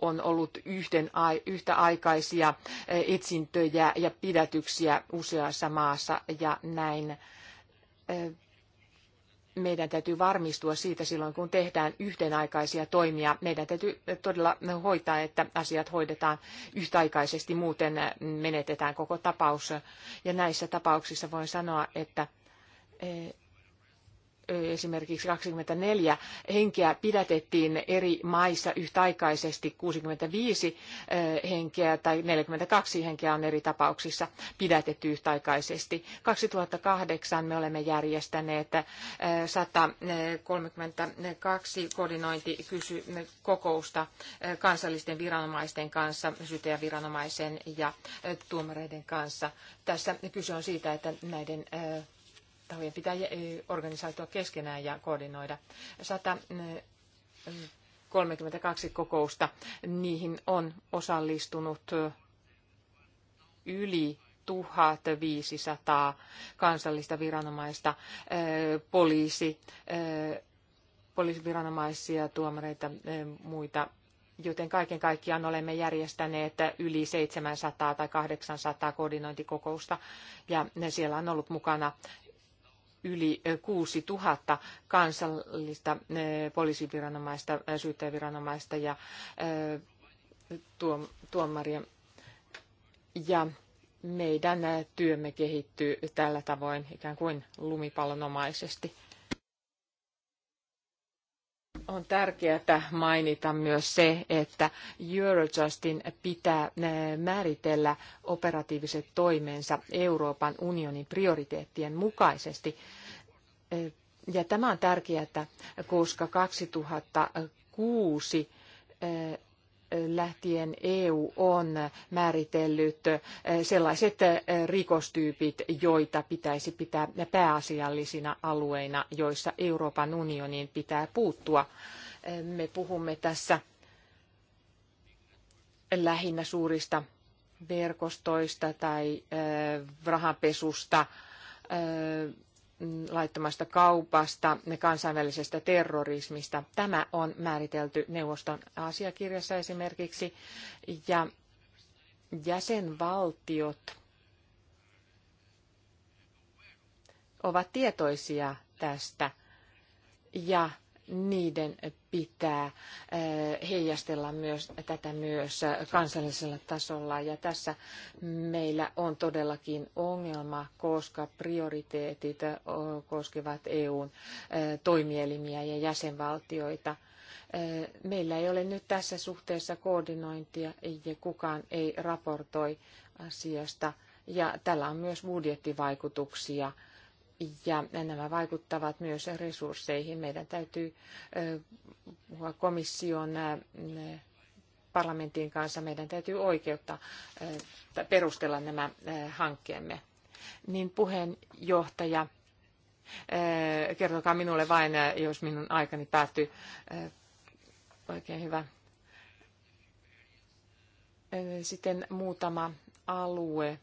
Speaker 1: on ollut yhden, yhtäaikaisia etsintöjä ja pidätyksiä useassa maassa ja näin meidän täytyy varmistua siitä silloin, kun tehdään yhtenaikaisia toimia. Meidän täytyy todella hoitaa, että asiat hoidetaan yhtäaikaisesti, muuten menetetään koko tapaus. Ja näissä tapauksissa voin sanoa, että eh, esimerkiksi 24 henkeä pidätettiin eri maissa yhtäaikaisesti, 65 eh, henkeä tai 42 henkeä on eri tapauksissa pidätetty yhtäaikaisesti. 2008 me olemme järjestäneet 132 eh, koordinointikokousta eh, kansallisten viranomaisten kanssa, syyttäjäviranomaisen ja tuomareiden kanssa. Tässä kyse on siitä, että näiden tahojen pitää organisoitua keskenään ja koordinoida. 132 kokousta, niihin on osallistunut yli 1500 kansallista viranomaista, eh, poliisi, eh, poliisiviranomaisia, tuomareita, eh, muita joten kaiken kaikkiaan olemme järjestäneet yli 700 tai 800 koordinointikokousta ja siellä on ollut mukana yli 6000 kansallista poliisiviranomaista, syyttäjäviranomaista ja tuomaria. Ja meidän työmme kehittyy tällä tavoin ikään kuin lumipallonomaisesti on tärkeää mainita myös se, että Eurojustin pitää eh, määritellä operatiiviset toimensa Euroopan unionin prioriteettien mukaisesti. Eh, ja tämä on tärkeää, koska 2006 lähtien EU on määritellyt eh, sellaiset eh, rikostyypit, joita pitäisi pitää pääasiallisina alueina, joissa Euroopan unionin pitää puuttua. Eh, me puhumme tässä lähinnä suurista verkostoista tai rahanpesusta, laittomasta kaupasta, kansainvälisestä terrorismista. Tämä on määritelty neuvoston asiakirjassa esimerkiksi, ja jäsenvaltiot ovat tietoisia tästä, ja niiden pitää eh, heijastella myös, tätä myös kansallisella tasolla. Ja tässä meillä on todellakin ongelma, koska prioriteetit eh, koskevat EUn eh, toimielimiä ja jäsenvaltioita. Meillä ei ole nyt tässä suhteessa koordinointia ja kukaan ei raportoi asiasta. Ja tällä on myös budjettivaikutuksia ja nämä vaikuttavat myös resursseihin. Meidän täytyy komission parlamentin kanssa, meidän täytyy oikeutta perustella nämä hankkeemme. Niin puheenjohtaja, kertokaa minulle vain, jos minun aikani päättyy. Oikein hyvä. Sitten muutama alue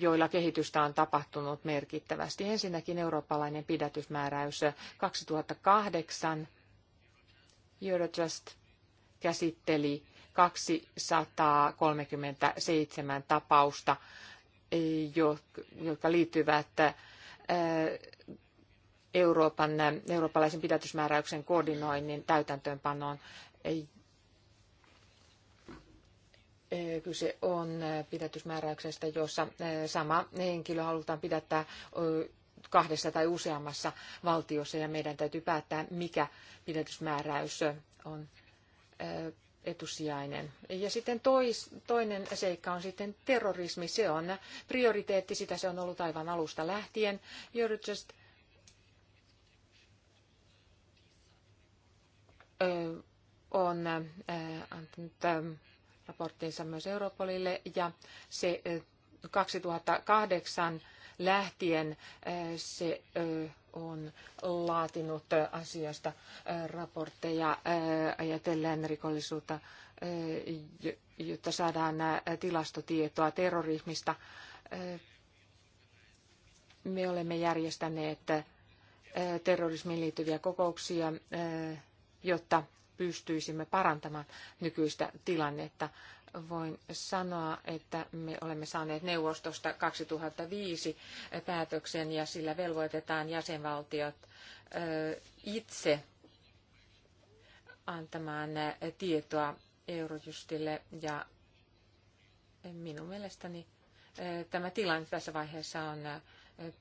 Speaker 1: joilla kehitystä on tapahtunut merkittävästi. Ensinnäkin eurooppalainen pidätysmääräys 2008 Eurojust käsitteli 237 tapausta, jotka liittyvät äh, Euroopan, eurooppalaisen pidätysmääräyksen koordinoinnin täytäntöönpanoon kyse on pidätysmääräyksestä, jossa sama henkilö halutaan pidättää kahdessa tai useammassa valtiossa ja meidän täytyy päättää, mikä pidätysmääräys on etusijainen. Ja sitten tois, toinen seikka on sitten terrorismi. Se on prioriteetti, sitä se on ollut aivan alusta lähtien. You're just, on antanut raporttinsa myös Europolille ja se 2008 lähtien se on laatinut asiasta raportteja ajatellen rikollisuutta, jotta saadaan tilastotietoa terrorismista. Me olemme järjestäneet terrorismiin liittyviä kokouksia, jotta pystyisimme parantamaan nykyistä tilannetta. Voin sanoa, että me olemme saaneet neuvostosta 2005 päätöksen ja sillä velvoitetaan jäsenvaltiot itse antamaan tietoa Eurojustille ja minun mielestäni tämä tilanne tässä vaiheessa on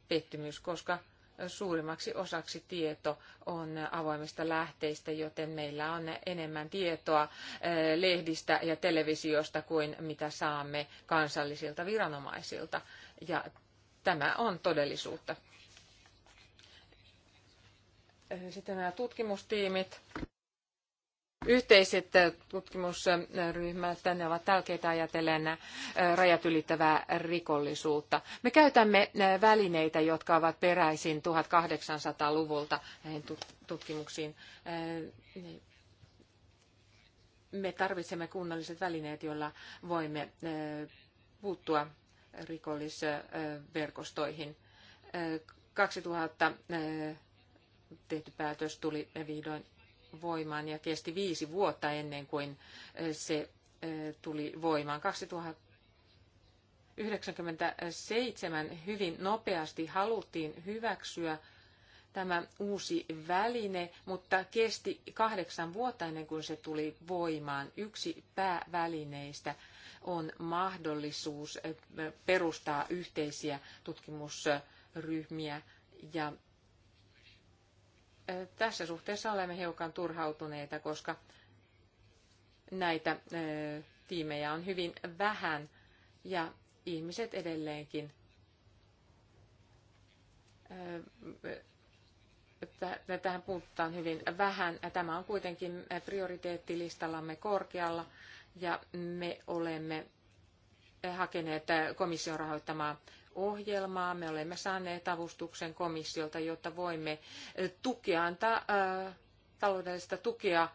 Speaker 1: pettymys, koska suurimmaksi osaksi tieto on avoimista lähteistä, joten meillä on enemmän tietoa eh, lehdistä ja televisiosta kuin mitä saamme kansallisilta viranomaisilta. Ja tämä on todellisuutta. Eh, sitten nämä tutkimustiimit. Yhteiset äh, tutkimusryhmät tänne ovat tärkeitä ajatellen äh, rajat ylittävää rikollisuutta. Me käytämme äh, välineitä, jotka ovat peräisin 1800-luvulta näihin tutkimuksiin. Me tarvitsemme kunnalliset välineet, joilla voimme puuttua rikollisverkostoihin. 2000 tehty päätös tuli vihdoin voimaan ja kesti viisi vuotta ennen kuin eh, se eh, tuli voimaan. Seitsemän hyvin nopeasti haluttiin hyväksyä tämä uusi väline, mutta kesti kahdeksan vuotta ennen kuin se tuli voimaan. Yksi päävälineistä on mahdollisuus eh, perustaa yhteisiä tutkimusryhmiä ja tässä suhteessa olemme hiukan turhautuneita, koska näitä tiimejä on hyvin vähän ja ihmiset edelleenkin tähän puututaan hyvin vähän. Tämä on kuitenkin prioriteettilistallamme korkealla ja me olemme hakeneet komission rahoittamaa ohjelmaa. Me olemme saaneet avustuksen komissiolta, jotta voimme eh, tukea, antaa eh, taloudellista tukea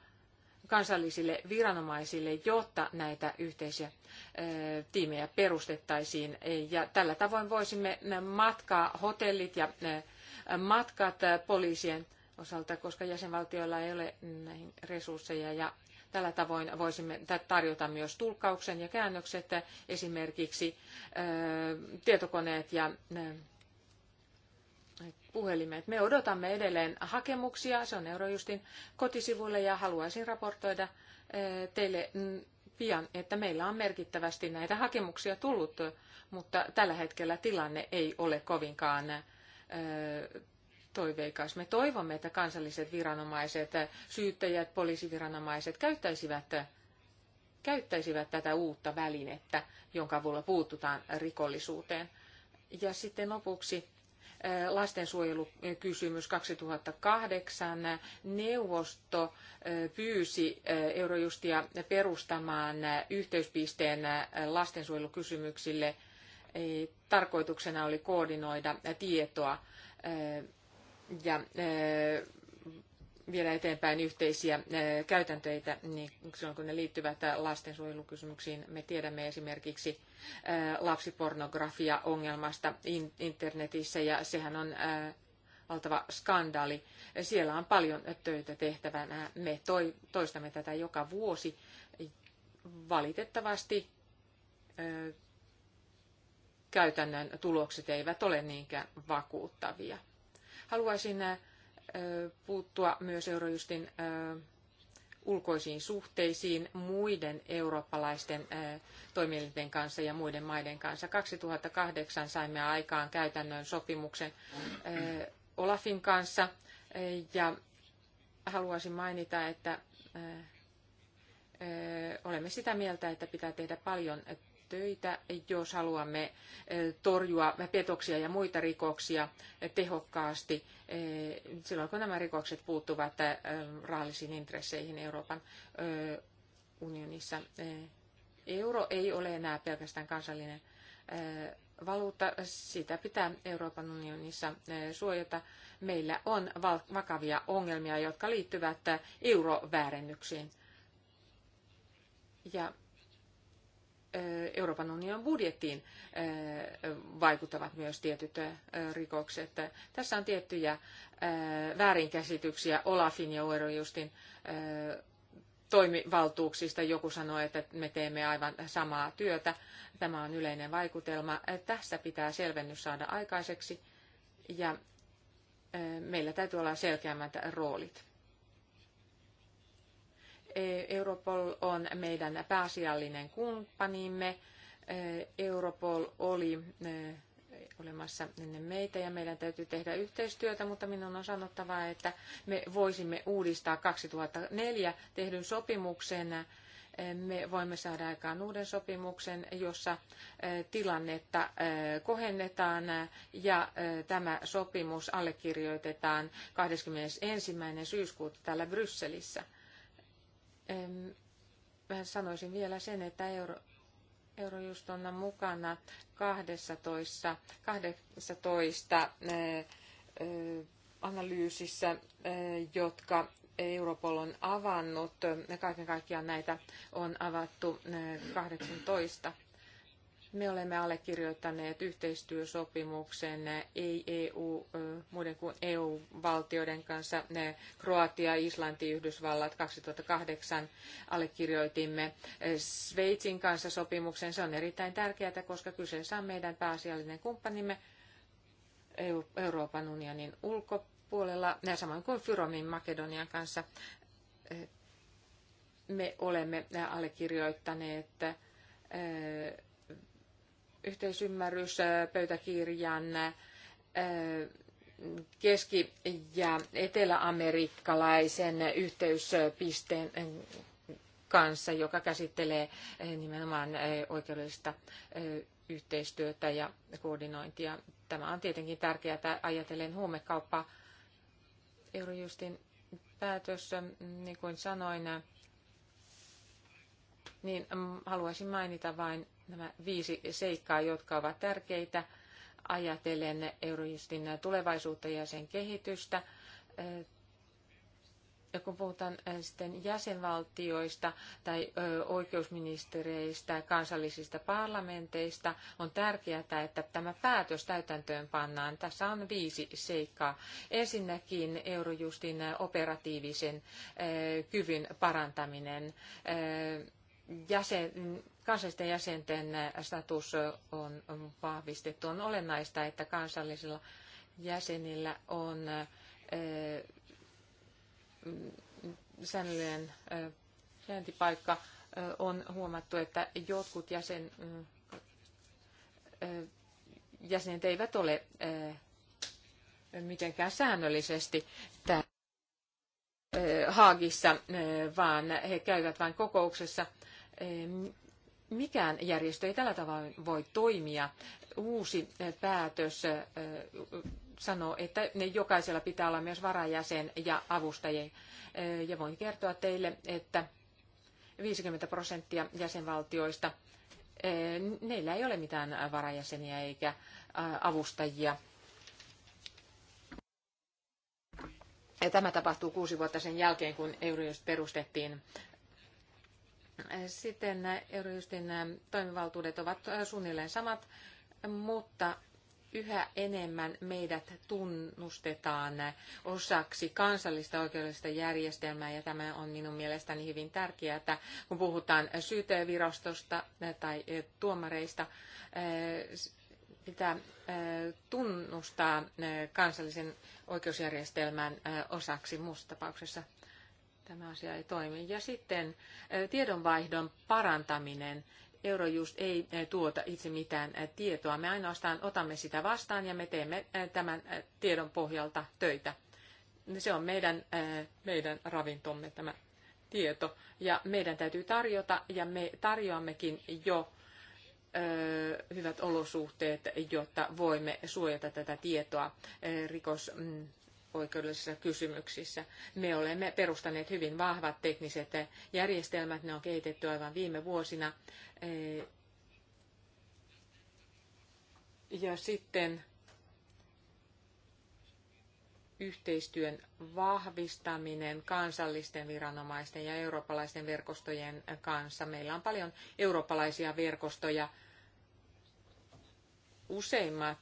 Speaker 1: kansallisille viranomaisille, jotta näitä yhteisiä eh, tiimejä perustettaisiin. Ja tällä tavoin voisimme matkaa hotellit ja matkat poliisien osalta, koska jäsenvaltioilla ei ole näihin resursseja ja Tällä tavoin voisimme tarjota myös tulkkauksen ja käännökset, esimerkiksi tietokoneet ja puhelimet. Me odotamme edelleen hakemuksia, se on Eurojustin kotisivuille ja haluaisin raportoida teille mm, pian, että meillä on merkittävästi näitä hakemuksia tullut, mutta tällä hetkellä tilanne ei ole kovinkaan toiveikas. Me toivomme, että kansalliset viranomaiset, syyttäjät, poliisiviranomaiset käyttäisivät, käyttäisivät tätä uutta välinettä, jonka avulla puututaan rikollisuuteen. Ja sitten lopuksi eh, lastensuojelukysymys 2008. Neuvosto eh, pyysi eh, Eurojustia perustamaan yhteyspisteen lastensuojelukysymyksille. Tarkoituksena oli koordinoida tietoa ja eh, viedä eteenpäin yhteisiä eh, käytänteitä, niin silloin kun ne liittyvät eh, lastensuojelukysymyksiin, me tiedämme esimerkiksi lapsipornografia-ongelmasta internetissä, ja sehän on valtava skandaali. Siellä on paljon töitä tehtävänä. Me toistamme tätä joka vuosi. Valitettavasti käytännön tulokset eivät ole niinkään vakuuttavia. Haluaisin äh, puuttua myös Eurojustin äh, ulkoisiin suhteisiin muiden eurooppalaisten äh, toimielinten kanssa ja muiden maiden kanssa. 2008 saimme aikaan käytännön sopimuksen Olafin kanssa ja haluaisin mainita, että olemme sitä mieltä, että pitää tehdä paljon töitä, jos haluamme eh, torjua petoksia ja muita rikoksia tehokkaasti eh, silloin, kun nämä rikokset puuttuvat eh, rahallisiin intresseihin Euroopan unionissa. Euro ei ole enää pelkästään kansallinen valuutta, sitä pitää Euroopan unionissa suojata. Meillä on vakavia ongelmia, jotka liittyvät euroväärennyksiin. Ja Euroopan unionin budjettiin vaikuttavat myös tietyt rikokset. Tässä on tiettyjä väärinkäsityksiä Olafin ja Eurojustin toimivaltuuksista. Joku sanoi, että me teemme aivan samaa työtä. Tämä on yleinen vaikutelma. Tässä pitää selvennys saada aikaiseksi ja meillä täytyy olla selkeämmät roolit. E, Europol on meidän pääasiallinen kumppanimme. E, Europol oli e, olemassa ennen meitä ja meidän täytyy tehdä yhteistyötä, mutta minun on sanottava, että me voisimme uudistaa 2004 tehdyn sopimuksen. Me voimme saada aikaan uuden sopimuksen, jossa tilannetta kohennetaan ja tämä sopimus allekirjoitetaan 21. syyskuuta täällä Brysselissä sanoisin vielä sen, että euro, Eurojust on mukana 12, 12 eh, eh, analyysissä, eh, jotka Europol on avannut. Kaiken kaikkiaan näitä on avattu 18. Me olemme allekirjoittaneet yhteistyösopimuksen eu e muiden kuin EU-valtioiden kanssa, ne Kroatia, Islanti, Yhdysvallat 2008 allekirjoitimme Sveitsin kanssa sopimuksen. Se on erittäin tärkeää, koska kyseessä on meidän pääasiallinen kumppanimme e Euroopan unionin ulkopuolella, ja samoin kuin Fyromin Makedonian kanssa. Me olemme allekirjoittaneet yhteisymmärrys äh, pöytäkirjan äh, keski- ja eteläamerikkalaisen yhteyspisteen äh, kanssa, joka käsittelee nimenomaan oikeudellista yhteistyötä ja koordinointia. Tämä on tietenkin tärkeää ajatellen huumekauppaa. Eurojustin päätös, niin kuin sanoin, niin mm, haluaisin mainita vain nämä viisi seikkaa, jotka ovat tärkeitä ajatellen Eurojustin tulevaisuutta ja sen kehitystä. Ja kun puhutaan sitten jäsenvaltioista tai oikeusministereistä, kansallisista parlamenteista, on tärkeää, että tämä päätös täytäntöön pannaan. Tässä on viisi seikkaa. Ensinnäkin Eurojustin operatiivisen kyvyn parantaminen jäsen, kansallisten jäsenten äh, status on vahvistettu. On olennaista, että kansallisilla jäsenillä on äh, äh, säännöllinen sijaintipaikka. On huomattu, että jotkut jäsen, jäsenet eivät ole mitenkään säännöllisesti Haagissa, vaan he käyvät vain kokouksessa Mikään järjestö ei tällä tavoin voi toimia. Uusi eh, päätös eh, sanoo, että jokaisella pitää olla myös varajäsen ja avustajia. Eh, ja voin kertoa teille, että 50 prosenttia jäsenvaltioista, neillä ei ole mitään varajäseniä eikä avustajia. Ja tämä tapahtuu kuusi vuotta sen jälkeen, kun Eurojust perustettiin. Sitten Eurojustin toimivaltuudet ovat suunnilleen samat, mutta yhä enemmän meidät tunnustetaan osaksi kansallista oikeudellista järjestelmää ja tämä on minun mielestäni hyvin tärkeää, kun puhutaan syytevirastosta tai tuomareista, pitää tunnustaa kansallisen oikeusjärjestelmän osaksi muussa tapauksessa tämä asia ei toimi. Ja sitten tiedonvaihdon parantaminen. Eurojust ei tuota itse mitään tietoa. Me ainoastaan otamme sitä vastaan ja me teemme tämän tiedon pohjalta töitä. Se on meidän, meidän ravintomme tämä tieto. Ja meidän täytyy tarjota ja me tarjoammekin jo hyvät olosuhteet, jotta voimme suojata tätä tietoa rikos mm, oikeudellisissa kysymyksissä. Me olemme perustaneet hyvin vahvat tekniset järjestelmät, ne on kehitetty aivan viime vuosina. Eh, ja sitten yhteistyön vahvistaminen kansallisten viranomaisten ja eurooppalaisten verkostojen kanssa. Meillä on paljon eurooppalaisia verkostoja. Useimmat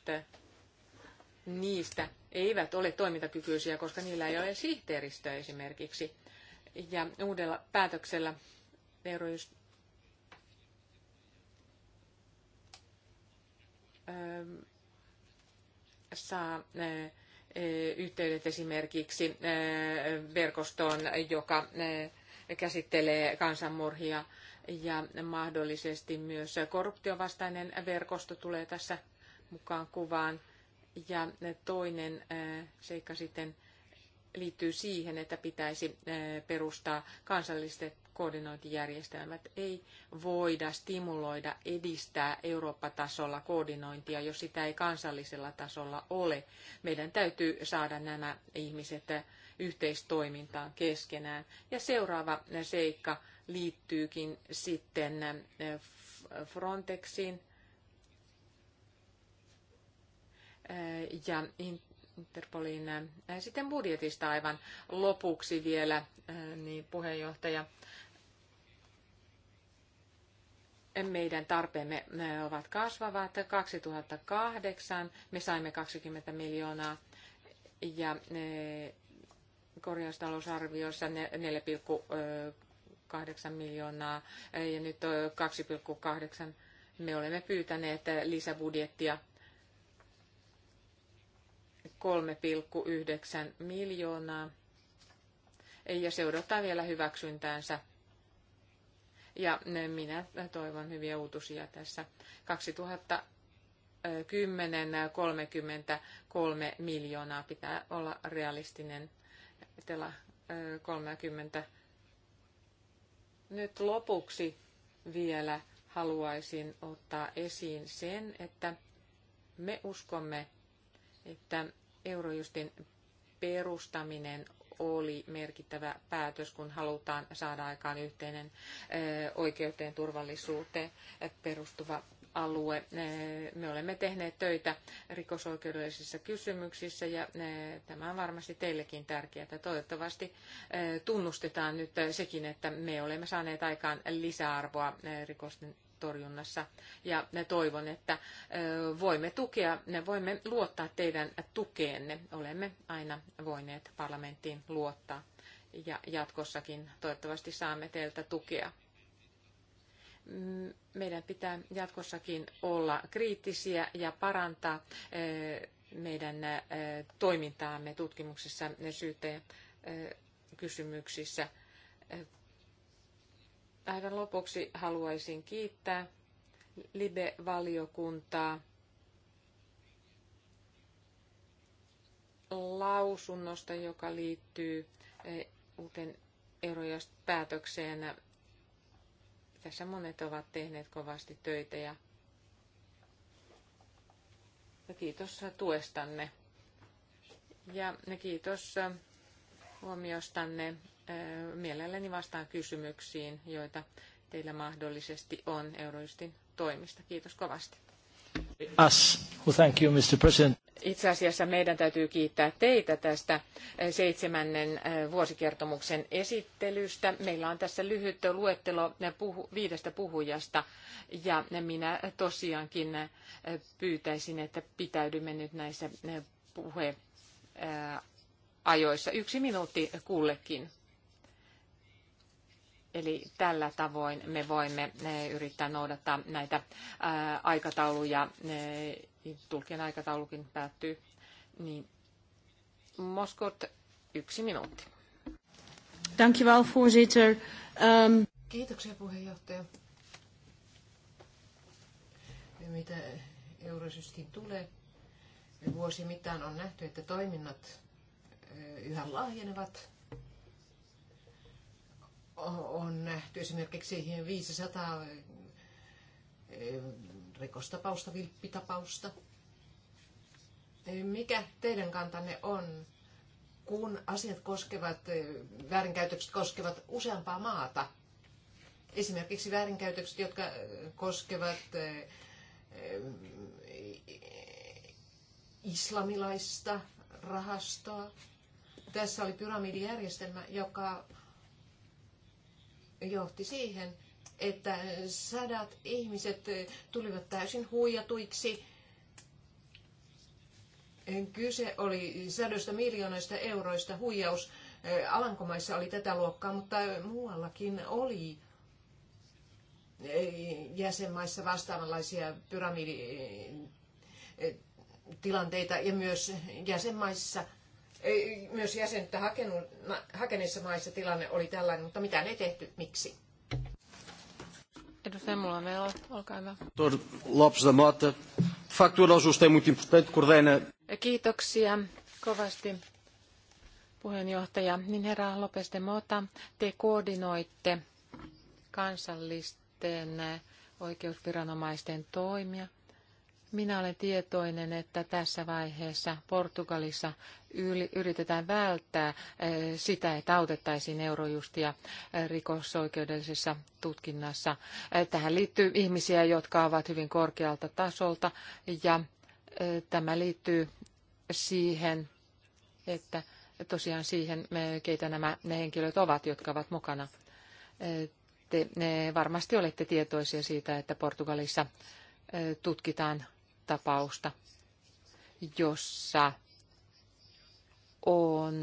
Speaker 1: niistä eivät ole toimintakykyisiä, koska niillä ei ole sihteeristöä esimerkiksi. Ja uudella päätöksellä Eurojust saa yhteydet esimerkiksi verkostoon, joka käsittelee kansanmurhia ja mahdollisesti myös korruptiovastainen verkosto tulee tässä mukaan kuvaan. Ja toinen äh, seikka sitten liittyy siihen, että pitäisi äh, perustaa kansalliset koordinointijärjestelmät. Ei voida stimuloida, edistää Eurooppa-tasolla koordinointia, jos sitä ei kansallisella tasolla ole. Meidän täytyy saada nämä ihmiset äh, yhteistoimintaan keskenään. Ja seuraava seikka liittyykin sitten Frontexin ja Interpolin. Sitten budjetista aivan lopuksi vielä, niin puheenjohtaja. Meidän tarpeemme ovat kasvavat. 2008 me saimme 20 miljoonaa ja korjaustalousarviossa 4,8 miljoonaa ja nyt 2,8 me olemme pyytäneet lisäbudjettia 3,9 miljoonaa. Ja se odottaa vielä hyväksyntäänsä. Ja minä toivon hyviä uutisia tässä. 2010 33 miljoonaa pitää olla realistinen. Tela 30. Nyt lopuksi vielä haluaisin ottaa esiin sen, että me uskomme että Eurojustin perustaminen oli merkittävä päätös, kun halutaan saada aikaan yhteinen oikeuteen turvallisuuteen perustuva alue. Me olemme tehneet töitä rikosoikeudellisissa kysymyksissä ja tämä on varmasti teillekin tärkeää. Toivottavasti tunnustetaan nyt sekin, että me olemme saaneet aikaan lisäarvoa rikosten torjunnassa. Ja toivon, että voimme tukea, voimme luottaa teidän tukeenne. Olemme aina voineet parlamenttiin luottaa ja jatkossakin toivottavasti saamme teiltä tukea. Mm, meidän pitää jatkossakin olla kriittisiä ja parantaa meidän toimintaamme tutkimuksessa ja syyttäjäkysymyksissä. kysymyksissä aivan lopuksi haluaisin kiittää Libe-valiokuntaa lausunnosta, joka liittyy e, uuteen eurojust-päätökseen. Tässä monet ovat tehneet kovasti töitä ja kiitos tuestanne. Ja kiitos huomiostanne mielelläni vastaan kysymyksiin, joita teillä mahdollisesti on Eurojustin toimista. Kiitos kovasti. Us.
Speaker 2: thank you, Mr. President.
Speaker 1: Itse asiassa meidän täytyy kiittää teitä tästä seitsemännen vuosikertomuksen esittelystä. Meillä on tässä lyhyt luettelo viidestä puhujasta ja minä tosiaankin pyytäisin, että pitäydymme nyt näissä puheajoissa. Yksi minuutti kullekin. Eli tällä tavoin me voimme eh, yrittää noudattaa näitä eh, aikatauluja. Eh, tulkien aikataulukin päättyy. Niin. Moskot, yksi minuutti.
Speaker 3: Ehm, Kiitoksia puheenjohtaja. Mitä eurosyskin tulee, niin vuosi mitään on nähty, että toiminnat yhä laajenevat on nähty esimerkiksi 500 eh, rikostapausta, vilppitapausta. Eh, mikä teidän kantanne on, kun asiat koskevat, eh, väärinkäytökset koskevat useampaa maata? Esimerkiksi väärinkäytökset, jotka koskevat islamilaista rahastoa. Tässä oli pyramidijärjestelmä, joka johti siihen, että sadat ihmiset tulivat täysin huijatuiksi. Kyse oli sadoista miljoonasta euroista huijaus. Eh, Alankomaissa oli tätä luokkaa, mutta muuallakin oli eh, jäsenmaissa vastaavanlaisia pyramiditilanteita eh, ja myös jäsenmaissa myös jäsenyyttä hakeneissa maissa tilanne oli tällainen, mutta mitä ei tehty, miksi?
Speaker 1: Edustaja meillä. olkaa hyvä. Dr. Lopes da Mota, factuuraosuus on Kiitoksia kovasti puheenjohtaja. Niin herra Lopes de Mota, te koordinoitte kansallisten oikeusviranomaisten toimia minä olen tietoinen, että tässä vaiheessa Portugalissa yritetään välttää eh, sitä, että autettaisiin eurojustia eh, rikosoikeudellisessa tutkinnassa. Eh, tähän liittyy ihmisiä, jotka ovat hyvin korkealta tasolta ja tämä liittyy siihen, että tosiaan siihen, keitä nämä ne henkilöt ovat, jotka ovat mukana. Te varmasti olette tietoisia siitä, että Portugalissa tutkitaan tapausta, jossa on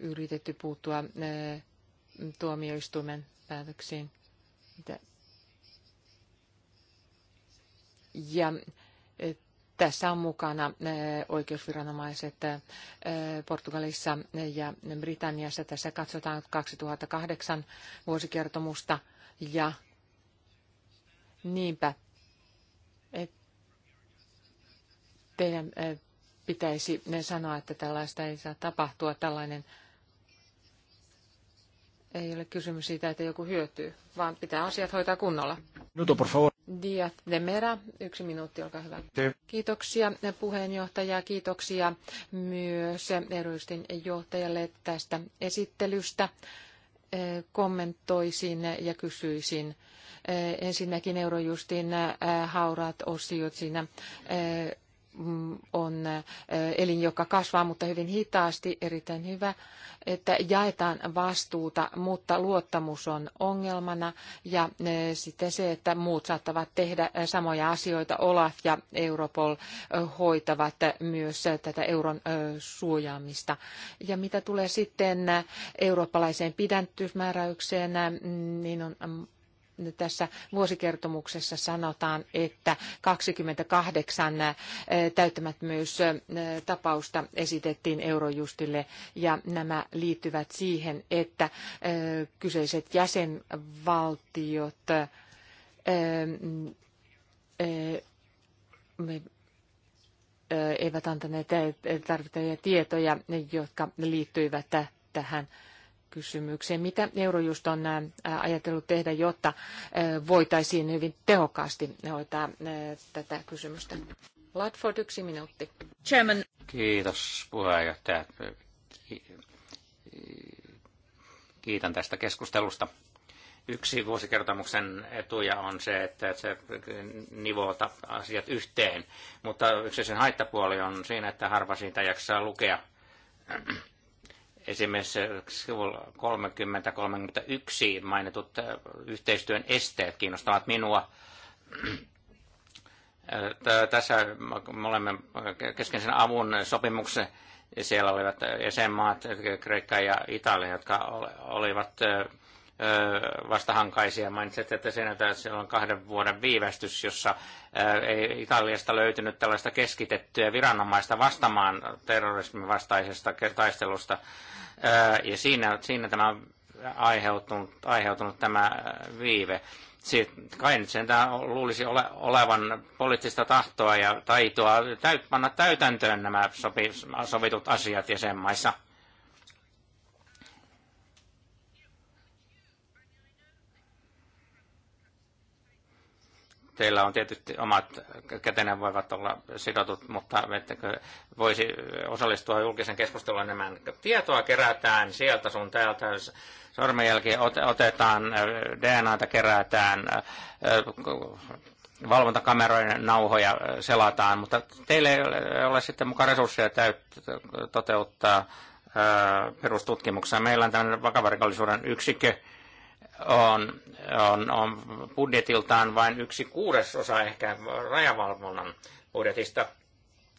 Speaker 1: yritetty puuttua tuomioistuimen päätöksiin. Ja tässä on mukana oikeusviranomaiset Portugalissa ja Britanniassa. Tässä katsotaan 2008 vuosikertomusta ja niinpä teidän pitäisi sanoa, että tällaista ei saa tapahtua. Tällainen ei ole kysymys siitä, että joku hyötyy, vaan pitää asiat hoitaa kunnolla. Nyt por favor. Diat de Mera, yksi minuutti, olkaa hyvä. Te. Kiitoksia eh, puheenjohtaja, kiitoksia myös eh, edustin johtajalle tästä esittelystä. Eh, kommentoisin ja kysyisin ensinnäkin Eurojustin hauraat osiot siinä Mm, on elin, joka kasvaa, mutta hyvin hitaasti, erittäin hyvä, että jaetaan vastuuta, mutta luottamus on ongelmana ja sitten se, että muut saattavat tehdä samoja asioita. Olaf ja Europol hoitavat myös tätä euron suojaamista. Ja mitä tulee sitten eurooppalaiseen pidätysmääräykseen, niin on mm, tässä vuosikertomuksessa sanotaan, että 28 täyttämättömyystapausta esitettiin Eurojustille ja nämä liittyvät siihen, että kyseiset jäsenvaltiot eivät antaneet tarvittavia tietoja, jotka liittyivät tähän kysymykseen. Mitä Eurojust on ajatellut tehdä, jotta voitaisiin hyvin tehokkaasti hoitaa tätä kysymystä? Ladford, yksi minuutti.
Speaker 4: Chairman. Kiitos puheenjohtaja. Kiitän tästä keskustelusta. Yksi vuosikertomuksen etuja on se, että se nivoo asiat yhteen, mutta yksi sen haittapuoli on siinä, että harva siitä jaksaa lukea esimerkiksi 30-31 mainitut äh, yhteistyön esteet kiinnostavat minua. Äh, tässä me olemme keskeisen avun sopimuksen. Siellä olivat jäsenmaat, Kreikka ja Italia, jotka olivat äh, vastahankaisia. Mainitsit, että siinä se on kahden vuoden viivästys, jossa ei Italiasta löytynyt tällaista keskitettyä viranomaista vastamaan terrorismin vastaisesta taistelusta. Ja siinä, siinä tämä on aiheutunut, aiheutunut tämä viive. siitä kai nyt sen luulisi ole, olevan poliittista tahtoa ja taitoa täyt, panna täytäntöön nämä sopi, sovitut asiat jäsenmaissa teillä on tietysti omat kätenen voivat olla sidotut, mutta ettekö voisi osallistua julkisen keskustelun enemmän. Tietoa kerätään sieltä sun täältä, sormenjälki otetaan, DNAta kerätään, valvontakameroiden nauhoja selataan, mutta teille ei ole sitten mukaan resursseja täyt- toteuttaa perustutkimuksia. Meillä on tämmöinen vakavarikollisuuden yksikkö, on, on, on budjetiltaan vain yksi kuudesosa ehkä rajavalvonnan budjetista,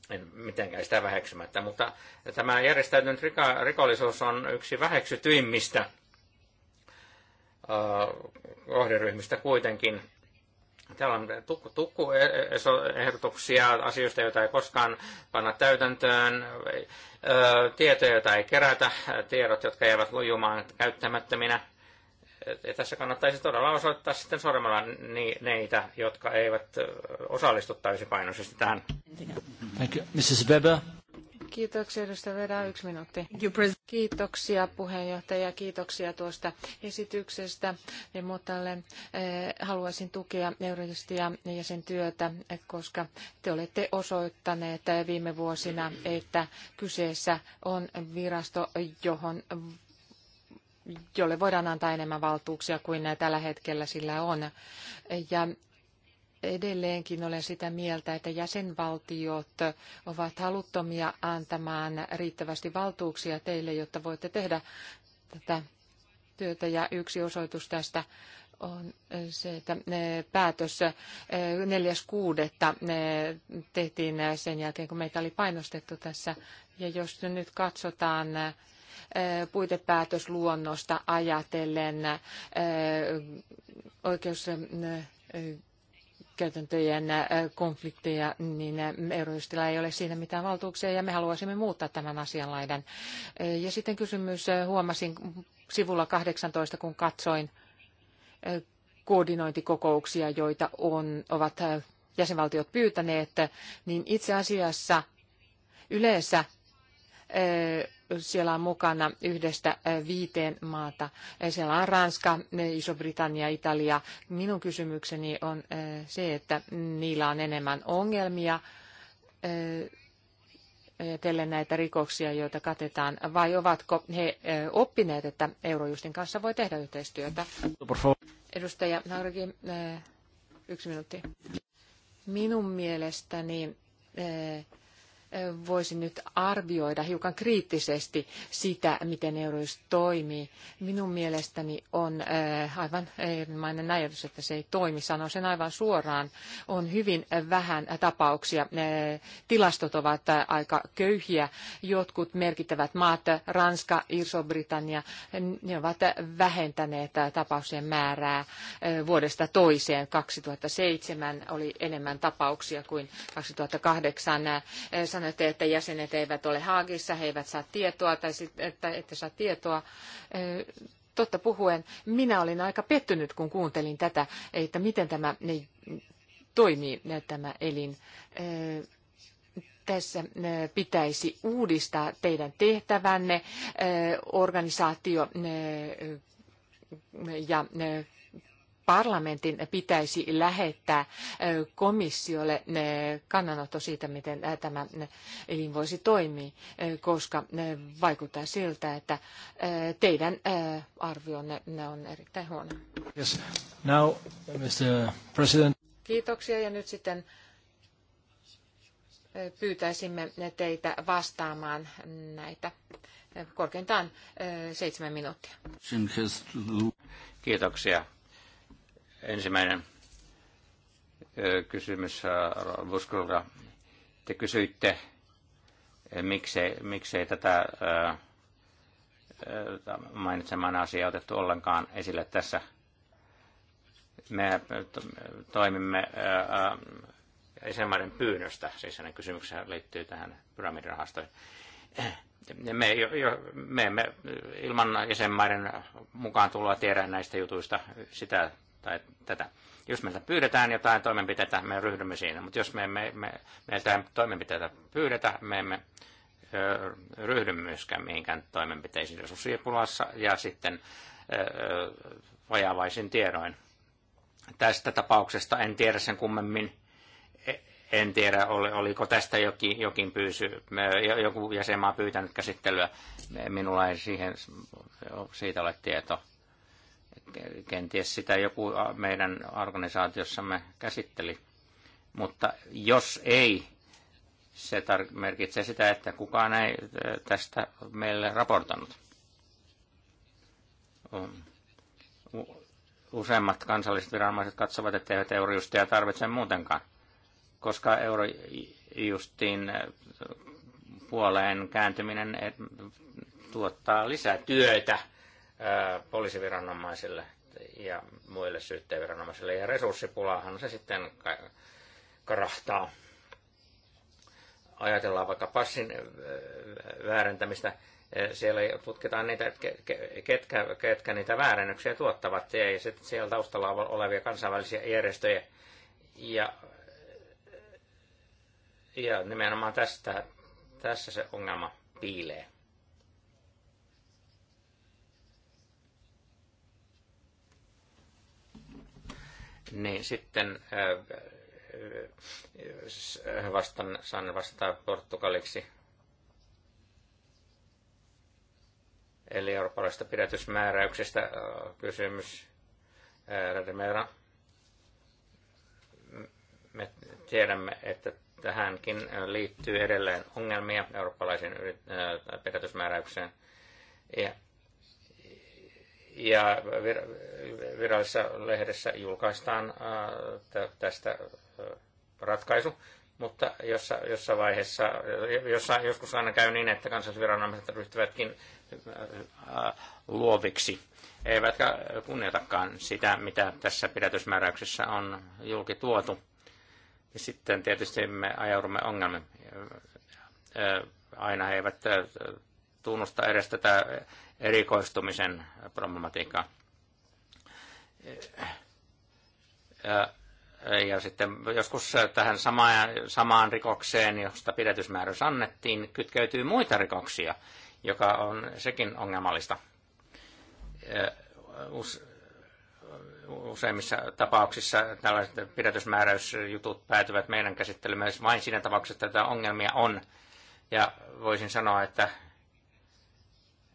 Speaker 4: en mitenkään sitä väheksymättä, mutta tämä järjestäytynyt rika, rikollisuus on yksi väheksytyimmistä kohderyhmistä kuitenkin. Täällä on tukkuehdotuksia e, e, asioista, joita ei koskaan panna täytäntöön, tietoja, joita ei kerätä, tiedot, jotka jäävät lujumaan käyttämättöminä – tässä kannattaisi todella osoittaa sitten sormella neitä, jotka eivät osallistu täysipainoisesti tähän.
Speaker 2: Thank you. Mrs. Weber.
Speaker 1: Kiitoksia edustaja Veda, yksi minuutti. Kiitoksia puheenjohtaja, kiitoksia tuosta esityksestä. Motalle haluaisin tukea Euristia ja sen työtä, koska te olette osoittaneet viime vuosina, että kyseessä on virasto, johon jolle voidaan antaa enemmän valtuuksia kuin tällä hetkellä sillä on. Ja edelleenkin olen sitä mieltä, että jäsenvaltiot ovat haluttomia antamaan riittävästi valtuuksia teille, jotta voitte tehdä tätä työtä. Ja yksi osoitus tästä on se, että eh, päätös 4.6. Eh, eh, tehtiin sen jälkeen, kun meitä oli painostettu tässä. Ja jos nyt katsotaan Eh, puitepäätösluonnosta ajatellen eh, oikeus eh, käytäntöjen konflikteja, niin Eurojustilla ei ole siinä mitään valtuuksia ja me haluaisimme muuttaa tämän asianlaidan. Ja sitten kysymys, huomasin sivulla 18, kun katsoin koordinointikokouksia, joita on, ovat jäsenvaltiot pyytäneet, niin itse asiassa yleensä siellä on mukana yhdestä viiteen maata. Siellä on Ranska, Iso-Britannia, Italia. Minun kysymykseni on se, että niillä on enemmän ongelmia ajatellen näitä rikoksia, joita katetaan, vai ovatko he oppineet, että Eurojustin kanssa voi tehdä yhteistyötä? Edustaja Naurikin, yksi minuutti. Minun mielestäni voisi nyt arvioida hiukan kriittisesti sitä, miten Eurojust toimii. Minun mielestäni on aivan erinomainen ajatus, että se ei toimi. Sanon sen aivan suoraan. On hyvin vähän tapauksia. Tilastot ovat aika köyhiä. Jotkut merkittävät maat, Ranska, Iso-Britannia, ne ovat vähentäneet tapauksien määrää vuodesta toiseen. 2007 oli enemmän tapauksia kuin 2008 sanoitte, että jäsenet eivät ole haagissa, he eivät saa tietoa tai että ette saa tietoa. Totta puhuen, minä olin aika pettynyt, kun kuuntelin tätä, että miten tämä toimii, tämä elin tässä pitäisi uudistaa teidän tehtävänne, organisaatio ja parlamentin pitäisi lähettää komissiolle kannanotto siitä, miten tämä elin voisi toimia, koska vaikuttaa siltä, että teidän arvionne on erittäin huono.
Speaker 3: Yes. Now, Mr. President.
Speaker 1: Kiitoksia ja nyt sitten pyytäisimme teitä vastaamaan näitä korkeintaan seitsemän minuuttia.
Speaker 4: Kiitoksia Ensimmäinen kysymys Buskulta. Te kysyitte, miksei, miksei tätä mainitsemaan asiaa otettu ollenkaan esille tässä. Me toimimme jäsenmaiden pyynnöstä, siis hänen kysymyksensä liittyy tähän pyramidirahastoihin. Me, me emme ilman jäsenmaiden mukaan tuloa tiedä näistä jutuista sitä tai tätä. Jos meiltä pyydetään jotain toimenpiteitä, me ryhdymme siinä, mutta jos me, me, me, meiltä toimenpiteitä pyydetä, me emme ö, ryhdy myöskään mihinkään toimenpiteisiin resurssipulassa ja sitten ö, vajavaisin tiedoin. Tästä tapauksesta en tiedä sen kummemmin e, en tiedä, oliko tästä jokin, jokin pyysy, joku jäsenmaa pyytänyt käsittelyä. Minulla ei siihen, siitä ole tietoa. Kenties sitä joku meidän organisaatiossamme käsitteli. Mutta jos ei, se tar- merkitsee sitä, että kukaan ei tästä meille raportannut. Useimmat kansalliset viranomaiset katsovat, että eivät eurojustia tarvitse muutenkaan, koska eurojustin puoleen kääntyminen tuottaa lisää työtä poliisiviranomaisille ja muille syyttäjäviranomaisille. Ja resurssipulahan se sitten karahtaa. Ajatellaan vaikka passin väärentämistä. Siellä tutkitaan niitä, ketkä, ketkä niitä väärennyksiä tuottavat. Ja sitten siellä taustalla olevia kansainvälisiä järjestöjä. Ja, ja nimenomaan tästä, tässä se ongelma piilee. Niin, sitten äh, äh, vastan saan vastata portugaliksi. Eli eurooppalaisesta pidätysmääräyksestä äh, kysymys. Rademera, me tiedämme, että tähänkin liittyy edelleen ongelmia eurooppalaisen pidätysmääräykseen. Ja ja virallisessa lehdessä julkaistaan äh, tästä äh, ratkaisu, mutta jossa, jossa vaiheessa, äh, jossa joskus aina käy niin, että kansallisviranomaiset ryhtyvätkin luoviksi, eivätkä kunnioitakaan sitä, mitä tässä pidätysmääräyksessä on julkituotu. Ja sitten tietysti me ajaudumme ongelmiin. Aina he eivät tunnusta edes tätä erikoistumisen problematiikkaa. Ja, ja sitten joskus tähän samaan, samaan rikokseen, josta pidätysmääräys annettiin, kytkeytyy muita rikoksia, joka on sekin ongelmallista. Useimmissa tapauksissa tällaiset pidätysmääräysjutut päätyvät meidän käsittelymme vain siinä tapauksessa, että ongelmia on. Ja voisin sanoa, että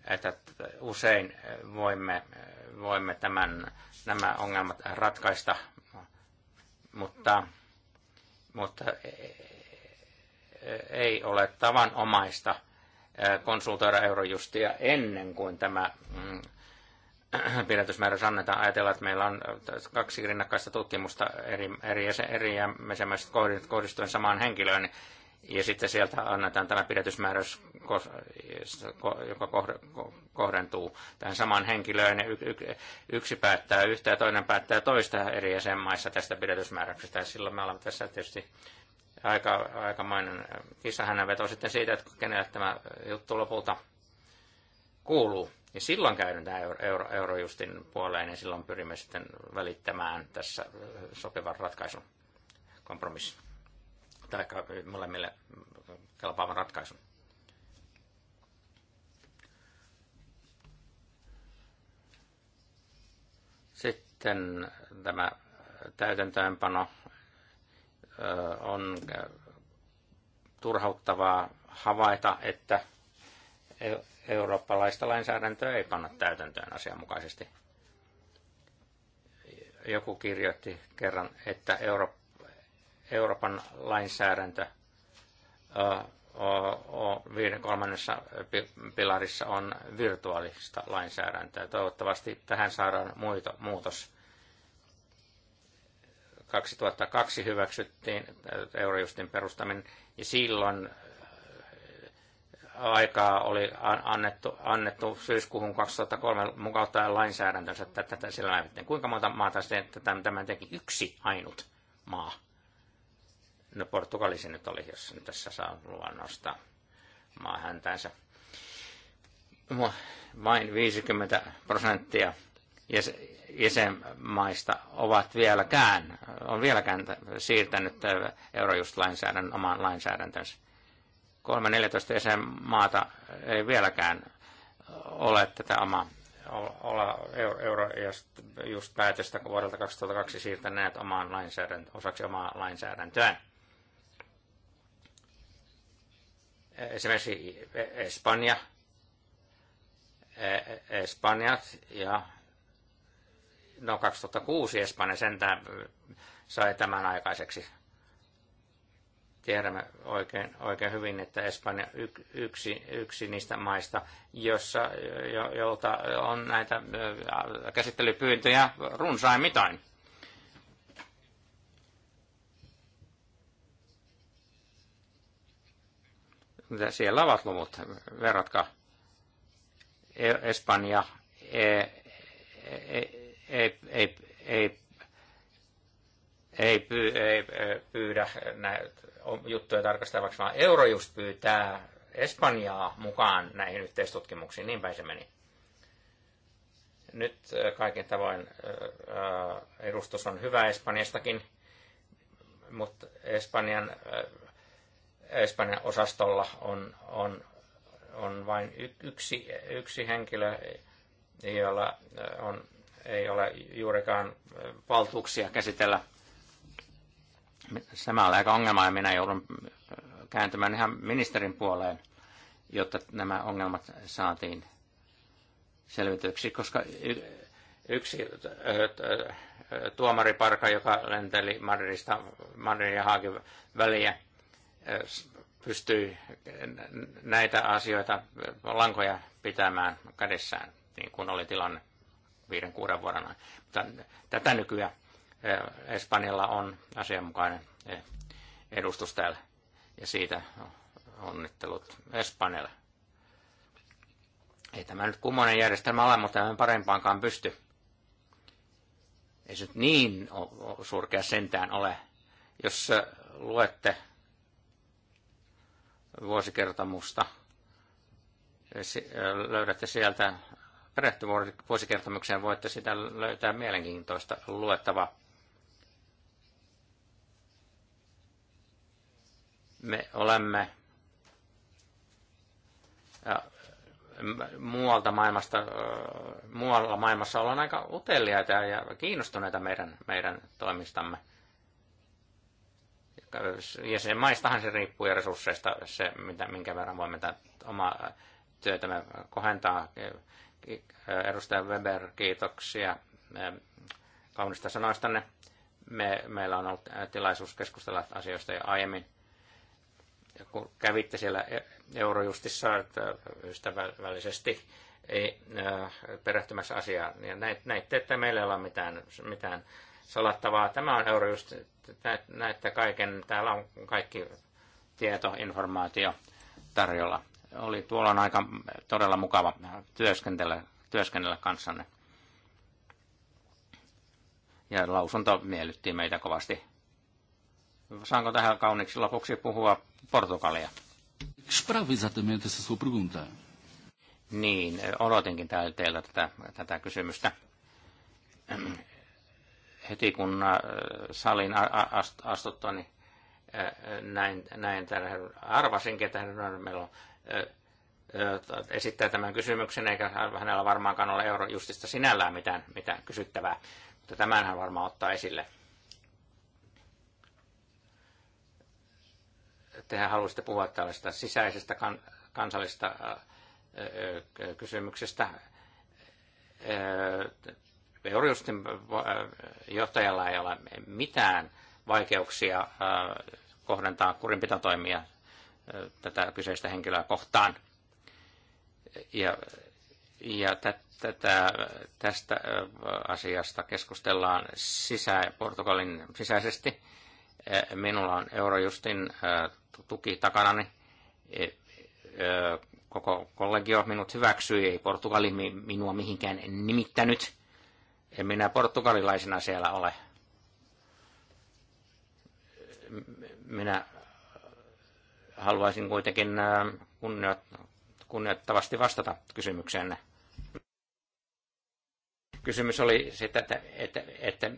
Speaker 4: että usein voimme, voimme tämän, nämä ongelmat ratkaista, mutta, mutta ei ole tavanomaista konsultoida eurojustia ennen kuin tämä mm, *clears throat* pidätysmääräys annetaan. Ajatellaan, että meillä on kaksi rinnakkaista tutkimusta eri, eri, eri jäsenmäiset kohdistuen samaan henkilöön, niin ja sitten sieltä annetaan tämä pidätysmääräys, joka kohdentuu tähän samaan henkilöön. Yksi päättää yhtä ja toinen päättää toista eri jäsenmaissa tästä pidätysmääräyksestä. Ja silloin me olemme tässä tietysti aika, äh, kissahännän veto sitten siitä, että kenelle tämä juttu lopulta kuuluu. Ja silloin käydään tämä euro, eurojustin puoleen ja silloin pyrimme sitten välittämään tässä sopivan ratkaisun kompromissin tai molemmille kelpaavan ratkaisun. Sitten tämä täytäntöönpano on turhauttavaa havaita, että e- eurooppalaista lainsäädäntöä ei panna täytäntöön asianmukaisesti. Joku kirjoitti kerran, että Eurooppa Euroopan lainsäädäntö viiden kolmannessa pilarissa on virtuaalista lainsäädäntöä. Toivottavasti tähän saadaan muito, muutos. 2002 hyväksyttiin Eurojustin perustaminen ja silloin aikaa oli annettu, annettu syyskuuhun 2003 mukauttaen lainsäädäntönsä tätä, tätä sillä Kuinka monta maata sitten tämän teki? Yksi ainut maa No Portugalisi nyt oli, jos nyt tässä saa luvan nostaa maa häntänsä. Vain 50 prosenttia jäsenmaista ovat vieläkään, on vieläkään siirtänyt eurojust-lainsäädännön omaan lainsäädäntönsä. 3-14 jäsenmaata ei vieläkään ole tätä omaa olla euro, just päätöstä vuodelta 2002 siirtäneet omaan lainsäädäntö, osaksi omaa lainsäädäntöään. Esimerkiksi Espanja, Espanjat ja no 2006 Espanja sentään sai tämän aikaiseksi. Tiedämme oikein, oikein hyvin, että Espanja yksi, yksi niistä maista, jossa, jo, jolta on näitä käsittelypyyntöjä runsain mitoin. Siellä ovat luvut, verratka e, Espanja e, e, ei, ei, ei, ei, ei, ei pyydä näitä juttuja tarkastavaksi, vaan Eurojust pyytää Espanjaa mukaan näihin yhteistutkimuksiin, niin päin se meni. Nyt kaiken tavoin edustus on hyvä Espanjastakin, mutta Espanjan Espanjan osastolla on, on, on vain yksi, yksi henkilö, jolla äh, on, ei ole juurikaan äh, valtuuksia käsitellä. Sama on aika ongelma ja minä joudun äh, kääntymään ihan ministerin puoleen, jotta nämä ongelmat saatiin selvityksi, koska yksi tuomariparka, joka lenteli Madridista, Madrid ja Haagin väliä, pystyy näitä asioita, lankoja pitämään kädessään, niin kuin oli tilanne viiden, kuuden vuoden ajan. Mutta tätä nykyään eh, Espanjalla on asianmukainen eh, edustus täällä, ja siitä onnittelut Espanjalle. Ei tämä nyt kummonen järjestelmä ole, mutta en parempaankaan pysty. Ei se nyt niin surkea sentään ole. Jos eh, luette vuosikertomusta. Löydätte sieltä perehtyvuosikertomukseen, voitte sitä löytää mielenkiintoista luettavaa. Me olemme muualta maailmasta, muualla maailmassa ollaan aika uteliaita ja kiinnostuneita meidän, meidän toimistamme – ja se riippuu ja resursseista se, mitä, minkä verran voimme tätä omaa työtämme kohentaa. Edustaja Weber, kiitoksia eh, kaunista sanoistanne. Me, meillä on ollut eh, tilaisuus keskustella asioista jo aiemmin. Kun kävitte siellä e-, Eurojustissa että eh, ystävällisesti ei, perehtymässä asiaa. niin näitte, että meillä ei ole mitään, mitään salattavaa. Tämä on euro just, näette kaiken, täällä on kaikki tieto, informaatio tarjolla. Oli tuolla on aika todella mukava työskentellä, työskennellä kanssanne. Ja lausunto miellytti meitä kovasti. Saanko tähän kauniksi lopuksi puhua Portugalia? Niin, odotinkin teiltä tätä, tätä kysymystä heti kun äh, salin astuttua, niin äh, näin, näin täällä arvasinkin, että meillä on äh, esittää tämän kysymyksen, eikä hänellä varmaankaan ole eurojustista sinällään mitään, mitään kysyttävää. Mutta tämän hän varmaan ottaa esille. Tehän haluaisitte puhua tällaista sisäisestä kan, kansallisesta kysymyksestä. Eurojustin äh, johtajalla ei ole mitään vaikeuksia äh, kohdentaa kurinpitotoimia äh, tätä kyseistä henkilöä kohtaan. Ja, ja tätä, tästä asiasta keskustellaan sisä, Portugalin sisäisesti. Minulla on Eurojustin tuki takanani. Koko kollegio minut hyväksyi, ei Portugali minua mihinkään nimittänyt en minä portugalilaisena siellä ole. Minä haluaisin kuitenkin äh, kunnioittavasti vastata kysymykseenne. Kysymys oli sitä, että, että, että,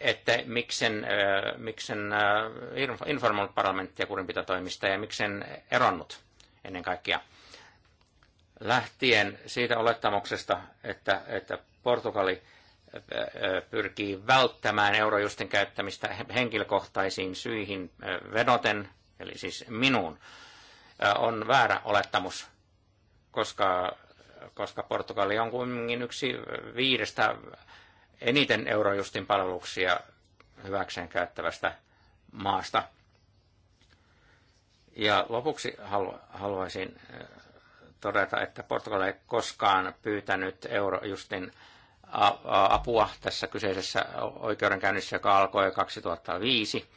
Speaker 4: että miksen, äh, miksen äh, informoinut parlamenttia kurinpitotoimista ja miksen eronnut ennen kaikkea. Lähtien siitä olettamuksesta, että, että Portugali – pyrkii välttämään eurojustin käyttämistä henkilökohtaisiin syihin vedoten, eli siis minuun, on väärä olettamus, koska, koska Portugali on kuitenkin yksi viidestä eniten eurojustin palveluksia hyväkseen käyttävästä maasta. Ja lopuksi haluaisin äh, todeta, että Portugali ei koskaan pyytänyt eurojustin apua tässä kyseisessä oikeudenkäynnissä, joka alkoi 2005.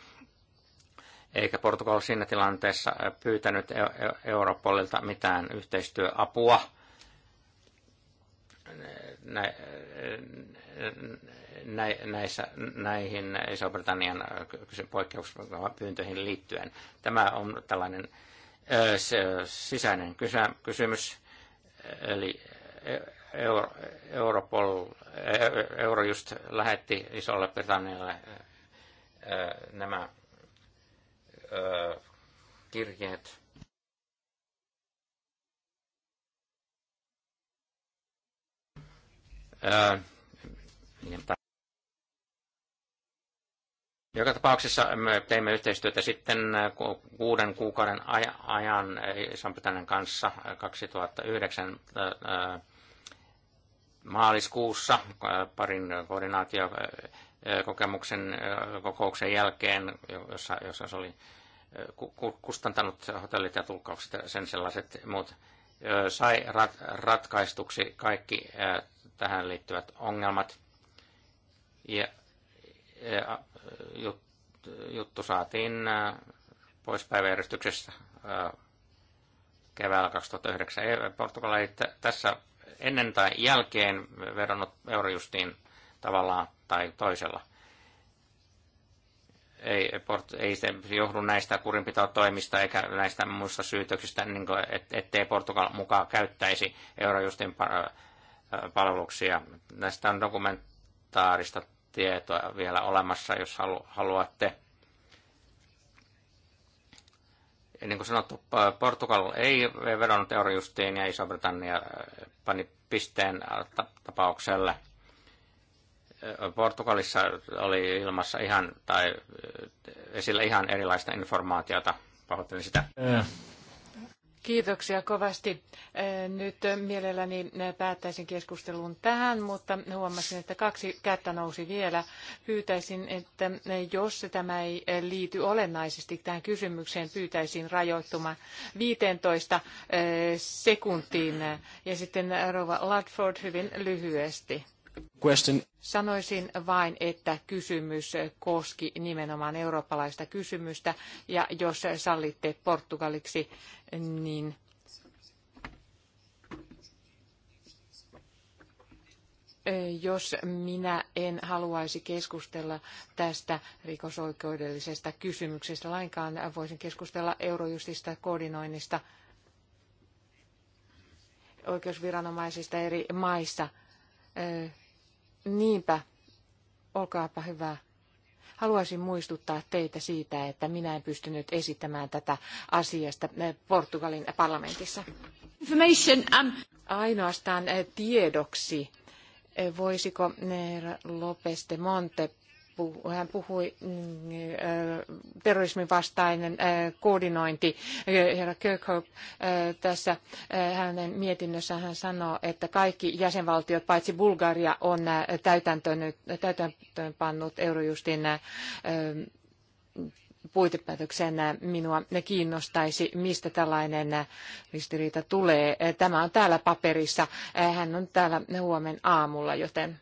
Speaker 4: Eikä Portugal siinä tilanteessa pyytänyt e-, e-, Europolilta mitään yhteistyöapua. Nä, näissä, näihin Iso-Britannian poikkeuspyyntöihin liittyen. Tämä on tällainen ö, sisäinen kysymys, eli Euro, Europol, e- Euro just lähetti Isolle Britannialle nämä kirjeet. Joka tapauksessa me teimme yhteistyötä sitten kuuden kuukauden ajan Iso-Britannian kanssa 2009 maaliskuussa äh, parin koordinaatiokokemuksen äh, kokouksen jälkeen, jossa, jossa se oli äh, kustantanut hotellit ja tulkkaukset ja sen sellaiset muut, sai rat, ratkaistuksi kaikki tähän liittyvät ongelmat. Ja, ja jut, juttu saatiin pois päiväjärjestyksessä keväällä 2009. Portugali tässä ennen tai jälkeen vedonnut Eurojustiin tavallaan tai toisella. Ei, ei se johdu näistä kurinpitotoimista eikä näistä muista syytöksistä, niin kuin, et, ettei Portugal mukaan käyttäisi Eurojustin palveluksia. Näistä on dokumentaarista tietoa vielä olemassa, jos halu, haluatte niin kuin sanottu, Portugal ei vedonnut eurojustiin ja Iso-Britannia äh, pani pisteen äh, tapaukselle. Äh, Portugalissa oli ilmassa ihan, tai esillä ihan erilaista informaatiota. Pahoittelen sitä.
Speaker 1: Kiitoksia kovasti. Äh, nyt mielelläni äh, päättäisin keskustelun tähän, mutta huomasin, että kaksi kättä nousi vielä. Pyytäisin, että äh, jos tämä ei liity olennaisesti tähän kysymykseen, pyytäisin rajoittumaan 15 sekuntiin. Ja sitten Rova Ladford hyvin lyhyesti. Question. Sanoisin vain, että kysymys koski nimenomaan eurooppalaista kysymystä, ja jos sallitte portugaliksi, niin jos minä en haluaisi keskustella tästä rikosoikeudellisesta kysymyksestä lainkaan, voisin keskustella eurojustista koordinoinnista oikeusviranomaisista eri maissa Niinpä, olkaapa hyvä. Haluaisin muistuttaa teitä siitä, että minä en pystynyt esittämään tätä asiasta eh, Portugalin parlamentissa. Um, Ainoastaan eh, tiedoksi eh, voisiko Neera Lopes de Monte hän puhui mm, äh, terrorismin vastainen äh, koordinointi. Äh, herra Kirkhope tässä hänen mietinnössään hän sanoo, että kaikki jäsenvaltiot paitsi Bulgaria on täytäntöön pannut Eurojustin puitepäätöksen minua kiinnostaisi, mistä tällainen ristiriita tulee. Tämä on täällä paperissa. Hän on täällä huomen aamulla, joten...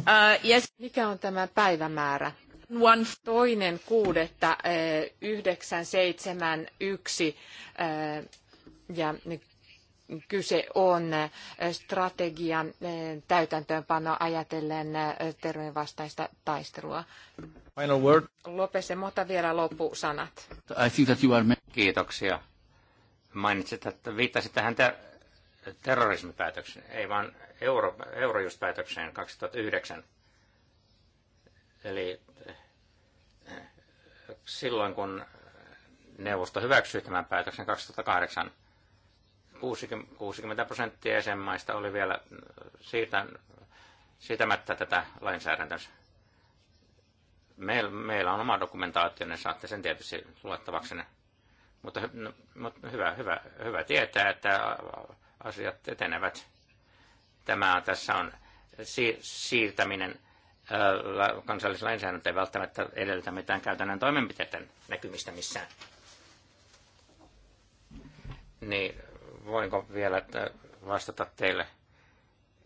Speaker 2: Uh,
Speaker 1: Mikä on tämä päivämäärä? One. Toinen kuudetta eh, yhdeksän seitsemän yksi eh, ja kyse on eh, strategian täytäntöönpanoa ajatellen terrorin vastaista taistelua. Final word. Lopese, mutta vielä loppusanat.
Speaker 4: I think that you are... Kiitoksia. Mainitsit, että viittasit tähän te- terrorismipäätöksen, ei vaan euro, eurojust 2009. Eli eh, silloin kun neuvosto hyväksyi tämän päätöksen 2008, 60 prosenttia jäsenmaista oli vielä siitä, siitämättä tätä lainsäädäntöä. Meillä, meillä on oma dokumentaatio, ne saatte sen tietysti luettavaksenne. Mutta, no, mutta hyvä, hyvä, hyvä tietää, että asiat etenevät. Tämä tässä on siirtäminen kansallislainsäädäntöön ei välttämättä edellytä mitään käytännön toimenpiteiden näkymistä missään. Niin voinko vielä vastata teille?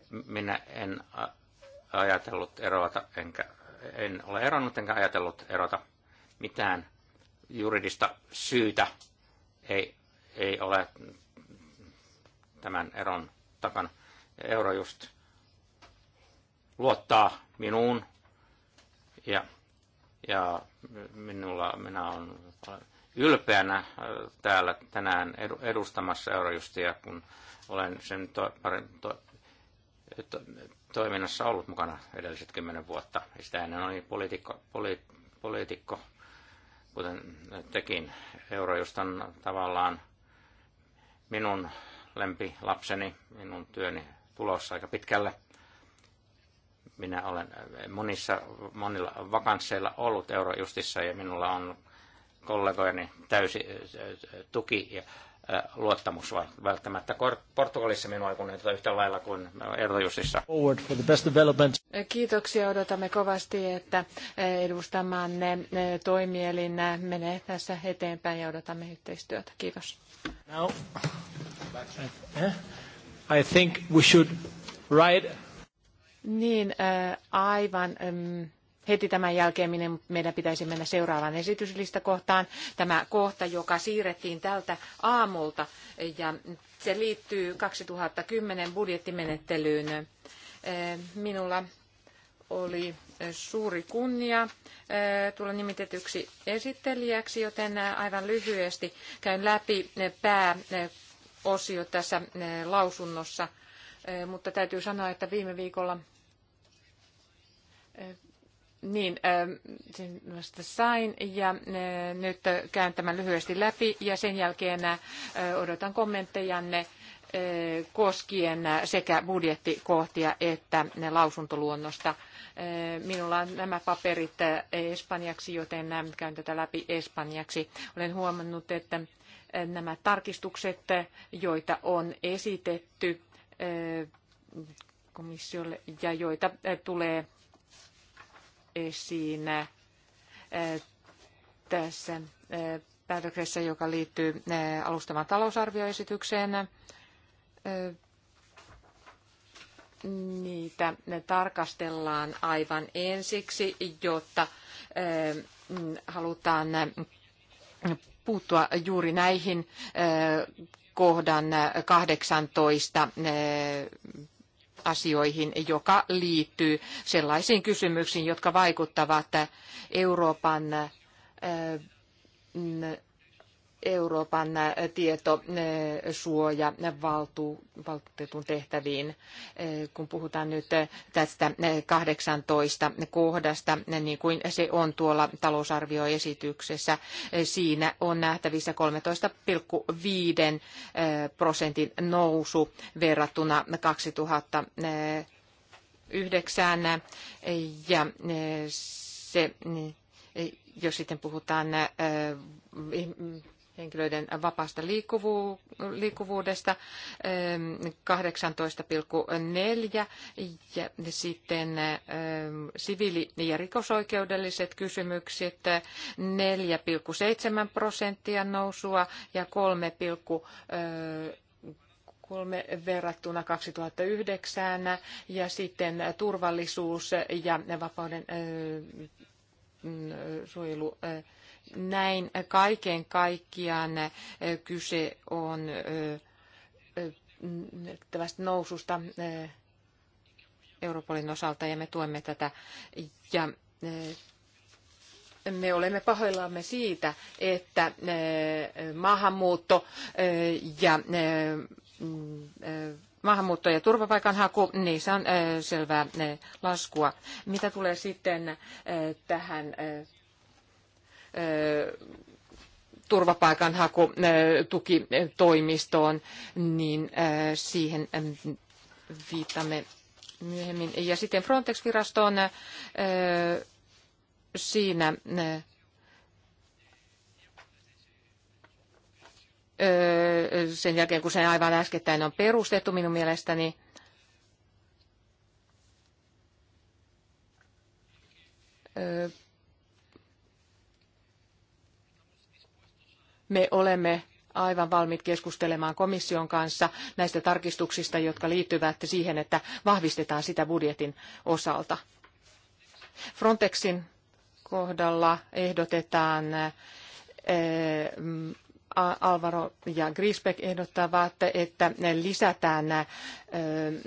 Speaker 4: Minä en ajatellut erota, enkä, en ole eronnut enkä ajatellut erota mitään juridista syytä. Ei, ei ole tämän eron takana. Ja Eurojust luottaa minuun ja, ja minulla, minä olen ylpeänä äh, täällä tänään edustamassa Eurojustia, kun olen sen to, pari, to, to, toiminnassa ollut mukana edelliset kymmenen vuotta. Sitä ennen oli poliitikko, poli, poliitikko kuten tekin. Eurojust on tavallaan minun lempi lapseni, minun työni tulossa aika pitkälle. Minä olen monissa, monilla vakansseilla ollut Eurojustissa ja minulla on kollegojeni täysi tuki ja luottamus välttämättä. Portugalissa minua kunnioitetaan yhtä lailla kuin Eurojustissa.
Speaker 1: Kiitoksia, odotamme kovasti, että edustamanne toimielin menee tässä eteenpäin ja odotamme yhteistyötä. Kiitos.
Speaker 3: Now, eh?
Speaker 2: I think we should write.
Speaker 1: Niin, aivan. Mm, heti tämän jälkeen meidän pitäisi mennä seuraavaan esityslistakohtaan. Tämä kohta, joka siirrettiin tältä aamulta ja se liittyy 2010 budjettimenettelyyn. Minulla oli suuri kunnia eh, tulla nimitetyksi esittelijäksi, joten eh, aivan lyhyesti käyn läpi eh, pääosio tässä lausunnossa. Mutta täytyy sanoa, että viime viikolla niin, ähm, sen vasta sain ja äh, nyt käyn tämän lyhyesti läpi ja sen jälkeen äh, odotan kommenttejanne äh, koskien sekä budjettikohtia että lausuntoluonnosta. Minulla on nämä paperit espanjaksi, joten käyn tätä läpi espanjaksi. Olen huomannut, että nämä tarkistukset, joita on esitetty komissiolle ja joita tulee esiin tässä päätöksessä, joka liittyy alustavan talousarvioesitykseen. Niitä tarkastellaan aivan ensiksi, jotta mm, halutaan puuttua juuri näihin kohdan 18 asioihin, joka liittyy sellaisiin kysymyksiin, jotka vaikuttavat Euroopan äh, Euroopan tietosuoja valtuutetun tehtäviin, kun puhutaan nyt tästä 18 kohdasta, niin kuin se on tuolla talousarvioesityksessä. Siinä on nähtävissä 13,5 prosentin nousu verrattuna 2009 ja se jos sitten puhutaan henkilöiden vapaasta liikkuvuudesta 18,4 eh, ja sitten eh, siviili- ja rikosoikeudelliset kysymykset 4,7 prosenttia nousua ja 3, eh, kolme verrattuna 2009 ja sitten turvallisuus ja vapauden suojelu näin kaiken kaikkiaan eh, kyse on tästä eh, eh, noususta Europolin osalta ja me tuemme tätä. Ja me olemme pahoillamme siitä, että maahanmuutto ja mm, maahanmuutto ja turvapaikanhaku, niissä on selvää laskua. Mitä tulee sitten tähän turvapaikanhakutukitoimistoon, niin siihen viittamme myöhemmin. Ja sitten Frontex-virastoon siinä sen jälkeen, kun se aivan äskettäin on perustettu minun mielestäni, Me olemme aivan valmiit keskustelemaan komission kanssa näistä tarkistuksista, jotka liittyvät siihen, että vahvistetaan sitä budjetin osalta. Frontexin kohdalla ehdotetaan eh, Alvaro ja Grisbeck ehdottavat, että lisätään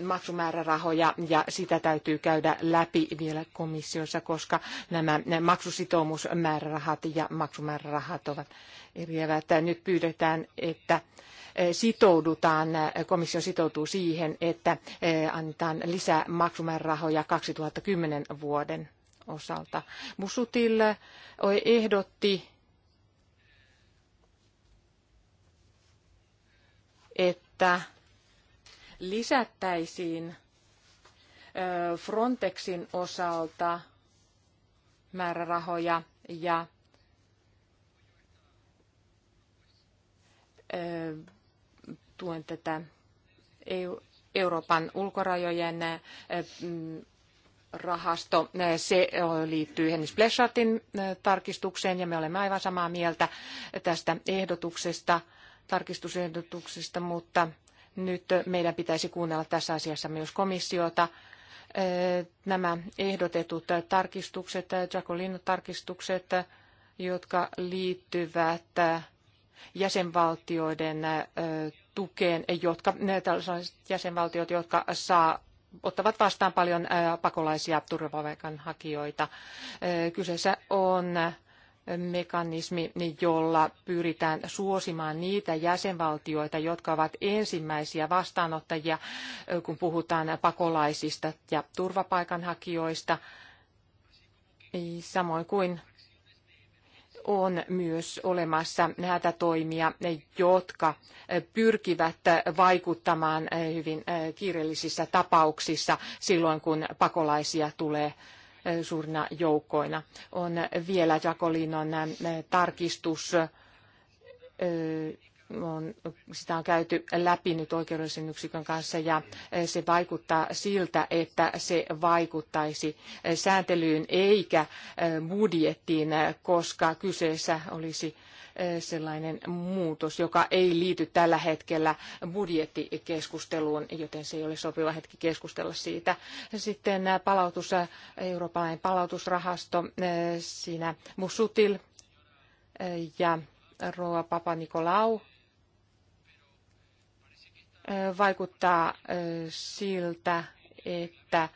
Speaker 1: maksumäärärahoja ja sitä täytyy käydä läpi vielä komissiossa, koska nämä maksusitoumusmäärärahat ja maksumäärärahat ovat eriävät. Nyt pyydetään, että sitoudutaan, komissio sitoutuu siihen, että annetaan lisää maksumäärärahoja 2010 vuoden osalta. Musutil ehdotti että lisättäisiin Frontexin osalta määrärahoja ja tuen tätä Euroopan ulkorajojen mm, rahasto. Se liittyy Hennis Bleschatin tarkistukseen ja me olemme aivan samaa mieltä tästä ehdotuksesta tarkistusehdotuksista, mutta nyt meidän pitäisi kuunnella tässä asiassa myös komissiota. Nämä ehdotetut tarkistukset, Jacolin tarkistukset, jotka liittyvät jäsenvaltioiden tukeen, jotka, tällaiset jäsenvaltiot, jotka saa, ottavat vastaan paljon pakolaisia turvapaikanhakijoita. Kyseessä on mekanismi, jolla pyritään suosimaan niitä jäsenvaltioita, jotka ovat ensimmäisiä vastaanottajia, kun puhutaan pakolaisista ja turvapaikanhakijoista, samoin kuin on myös olemassa hätätoimia, jotka pyrkivät vaikuttamaan hyvin kiireellisissä tapauksissa silloin, kun pakolaisia tulee suurina joukkoina. On vielä Jakolinon tarkistus, on, sitä on käyty läpi nyt oikeudellisen yksikön kanssa ja se vaikuttaa siltä, että se vaikuttaisi sääntelyyn eikä budjettiin, koska kyseessä olisi sellainen muutos, joka ei liity tällä hetkellä budjettikeskusteluun, joten se ei ole sopiva hetki keskustella siitä. Sitten palautus, eurooppalainen palautusrahasto, siinä Musutil ja Roa Papa Nikolau vaikuttaa siltä, että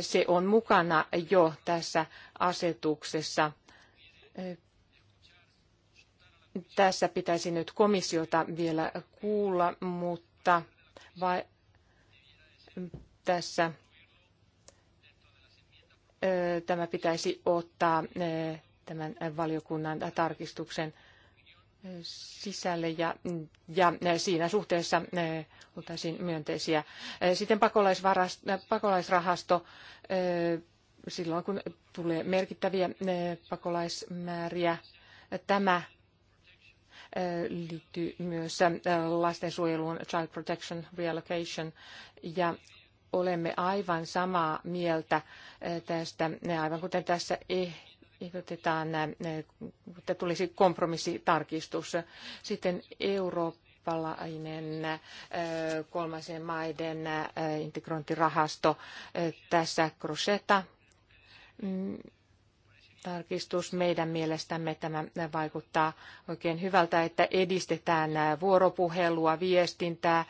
Speaker 1: se on mukana jo tässä asetuksessa tässä pitäisi nyt komissiota vielä kuulla, mutta vai tässä tämä pitäisi ottaa tämän valiokunnan tarkistuksen sisälle ja, ja siinä suhteessa oltaisiin myönteisiä. Sitten pakolaisrahasto, silloin kun tulee merkittäviä pakolaismääriä, tämä liittyy myös äh, lastensuojeluun, child protection, reallocation, ja olemme aivan samaa mieltä äh, tästä, aivan kuten tässä eh- ehdotetaan, äh, että tulisi kompromissitarkistus. Sitten eurooppalainen kolmansien maiden integrointirahasto, tässä Crosetta mm, tarkistus. Meidän mielestämme tämä vaikuttaa oikein hyvältä, että edistetään vuoropuhelua, viestintää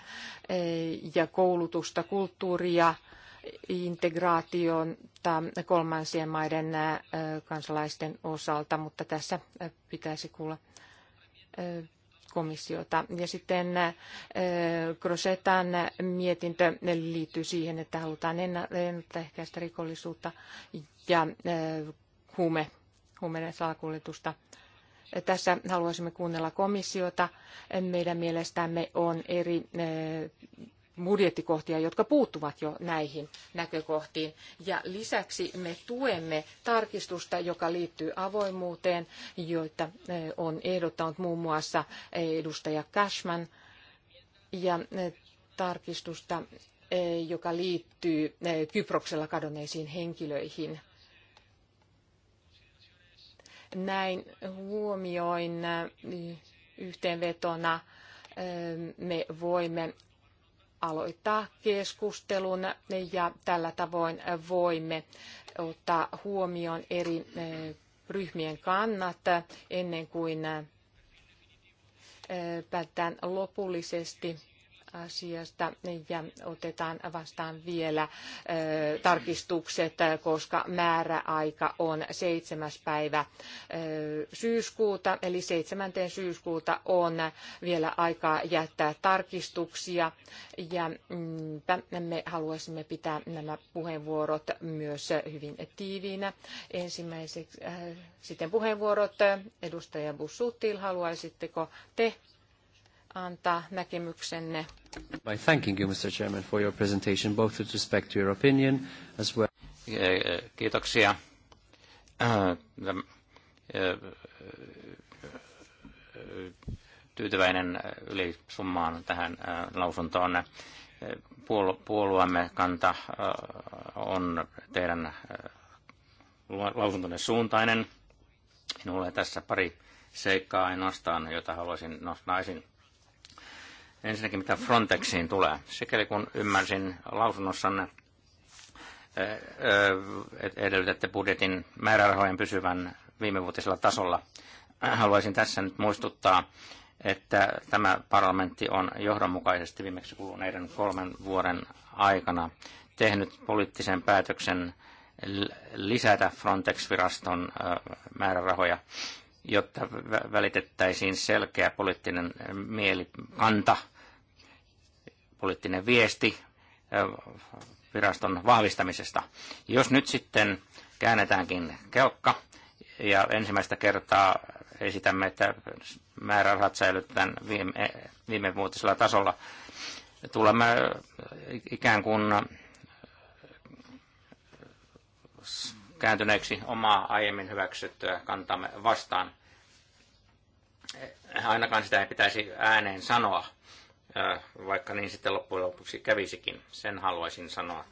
Speaker 1: eh, ja koulutusta, kulttuuria, integraatiota kolmansien maiden eh, kansalaisten osalta, mutta tässä eh, pitäisi kuulla komissiota. Ja sitten Grosetan mietintö liittyy siihen, että halutaan ennaltaehkäistä rikollisuutta ja huume, huumeiden salakuljetusta. Tässä haluaisimme kuunnella komissiota. Meidän mielestämme on eri eh, budjettikohtia, jotka puuttuvat jo näihin näkökohtiin. Ja lisäksi me tuemme tarkistusta, joka liittyy avoimuuteen, joita eh, on ehdottanut muun muassa edustaja Cashman. Ja eh, tarkistusta, joka liittyy Kyproksella kadonneisiin henkilöihin. Näin huomioin yhteenvetona me voimme aloittaa keskustelun ja tällä tavoin voimme ottaa huomioon eri ryhmien kannat ennen kuin päätetään lopullisesti asiasta ja otetaan vastaan vielä tarkistukset, koska määräaika on 7. päivä syyskuuta, eli 7. syyskuuta on vielä aikaa jättää tarkistuksia ja mm, me haluaisimme pitää nämä puheenvuorot myös hyvin tiiviinä. Ensimmäiseksi sitten puheenvuorot edustaja Bussutil, haluaisitteko te antaa näkemyksenne.
Speaker 4: By thanking you, Mr. Chairman, for your presentation, both with respect to your opinion as well. Kiitoksia. Äh, äh, tyytyväinen summaan tähän äh, lausuntoon. Puolueemme kanta on teidän lausuntonne suuntainen. Minulla on tässä pari seikkaa ainoastaan, jota haluaisin nostaa esiin. Ensinnäkin mitä Frontexiin tulee. Sikäli kun ymmärsin lausunnossanne, edellytätte budjetin määrärahojen pysyvän viimevuotisella tasolla. Haluaisin tässä nyt muistuttaa, että tämä parlamentti on johdonmukaisesti viimeksi kuluneiden kolmen vuoden aikana tehnyt poliittisen päätöksen lisätä Frontex-viraston määrärahoja jotta välitettäisiin selkeä poliittinen eh, mielikanta, poliittinen viesti eh, viraston vahvistamisesta. Jos nyt sitten käännetäänkin kelkka ja ensimmäistä kertaa esitämme, että määrärahat säilytetään viime, eh, viime vuotisella tasolla, tulemme ikään kuin kääntyneeksi omaa aiemmin hyväksyttyä kantamme vastaan. Eh, ainakaan sitä ei pitäisi ääneen sanoa, vaikka niin sitten loppujen lopuksi kävisikin. Sen haluaisin sanoa.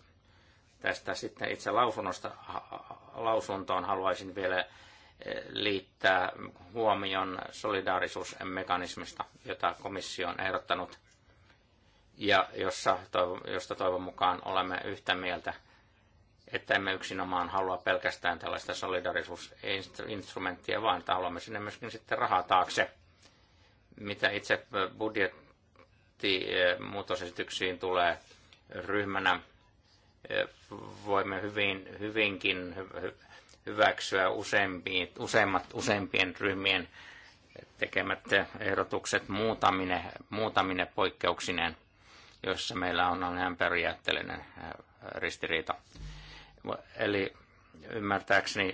Speaker 4: Tästä sitten itse lausunnosta, lausuntoon haluaisin vielä eh, liittää huomion solidaarisuusmekanismista, jota komissio on ehdottanut ja jossa, josta toivon mukaan olemme yhtä mieltä – että emme yksinomaan halua pelkästään tällaista solidarisuusinstrumenttia, vaan että haluamme sinne myöskin sitten rahaa taakse. Mitä itse eh, budjettimuutosesityksiin eh, tulee ryhmänä, eh, voimme hyvin, hyvinkin hyväksyä useimpien, useimmat, useimpien ryhmien tekemät ehdotukset muutamine, muutamine poikkeuksineen, joissa meillä on ihan periaatteellinen ristiriita. Eli ymmärtääkseni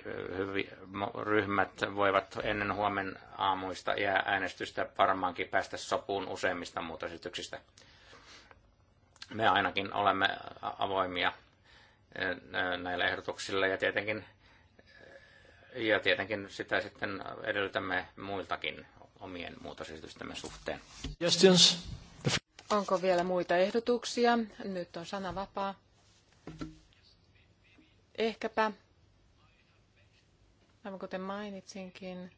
Speaker 4: ryhmät voivat ennen huomen aamuista ja äänestystä varmaankin päästä sopuun useimmista muutosyhtyksistä. Me ainakin olemme avoimia näille ehdotuksille ja tietenkin, ja tietenkin sitä sitten edellytämme muiltakin omien muutosesitystemme suhteen.
Speaker 1: Onko vielä muita ehdotuksia? Nyt on sana vapaa. Ehkäpä, aivan kuten mainitsinkin,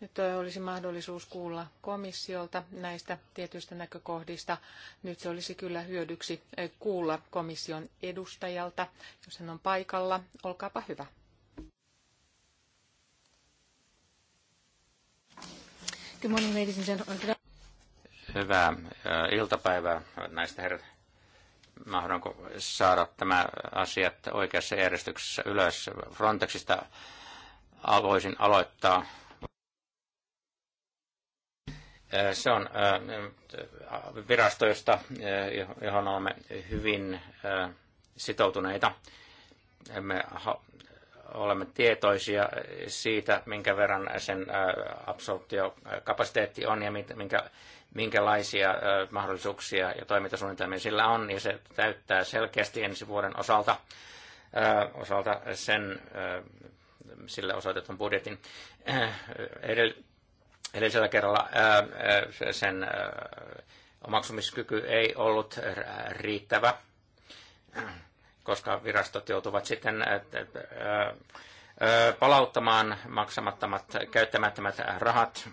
Speaker 1: nyt olisi mahdollisuus kuulla komissiolta näistä tietyistä näkökohdista. Nyt se olisi kyllä hyödyksi eh, kuulla komission edustajalta. Jos hän on paikalla, olkaapa hyvä. Good morning, ladies and gentlemen.
Speaker 4: Hyvää eh, iltapäivää, näistä herrat mahdanko saada tämä asiat oikeassa järjestyksessä ylös. Frontexista voisin aloittaa. Äh, se on äh, virastoista äh, johon olemme hyvin sitoutuneita. Me olemme tietoisia siitä, minkä verran sen absoluutiokapasiteetti on ja minkä, minkälaisia mahdollisuuksia ja toimintasuunnitelmia sillä on, ja se täyttää selkeästi ensi vuoden osalta, osalta sen sille osoitetun budjetin. Äh, edellisellä kerralla sen omaksumiskyky ei ollut riittävä koska virastot joutuvat sitten äh, äh, äh, palauttamaan maksamattomat, käyttämättömät rahat.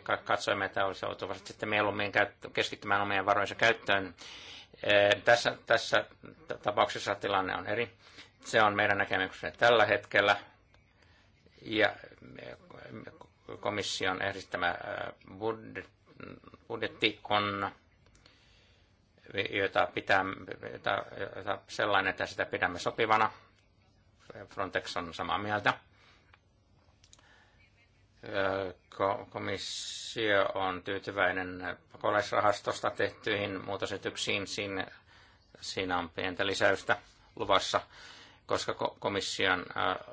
Speaker 4: Ja katsoimme, että olisi joutuvat sitten mieluummin keskittymään omien varojensa käyttöön. Tässä, tässä tapauksessa tilanne on eri. Se on meidän näkemyksemme tällä hetkellä. Ja komission ehdistämä budjetti on jota pitää, jota, jota sellainen, että sitä pidämme sopivana. Frontex on samaa mieltä. Komissio on tyytyväinen pakolaisrahastosta tehtyihin muutosetyksiin. Siinä, siinä on pientä lisäystä luvassa, koska komission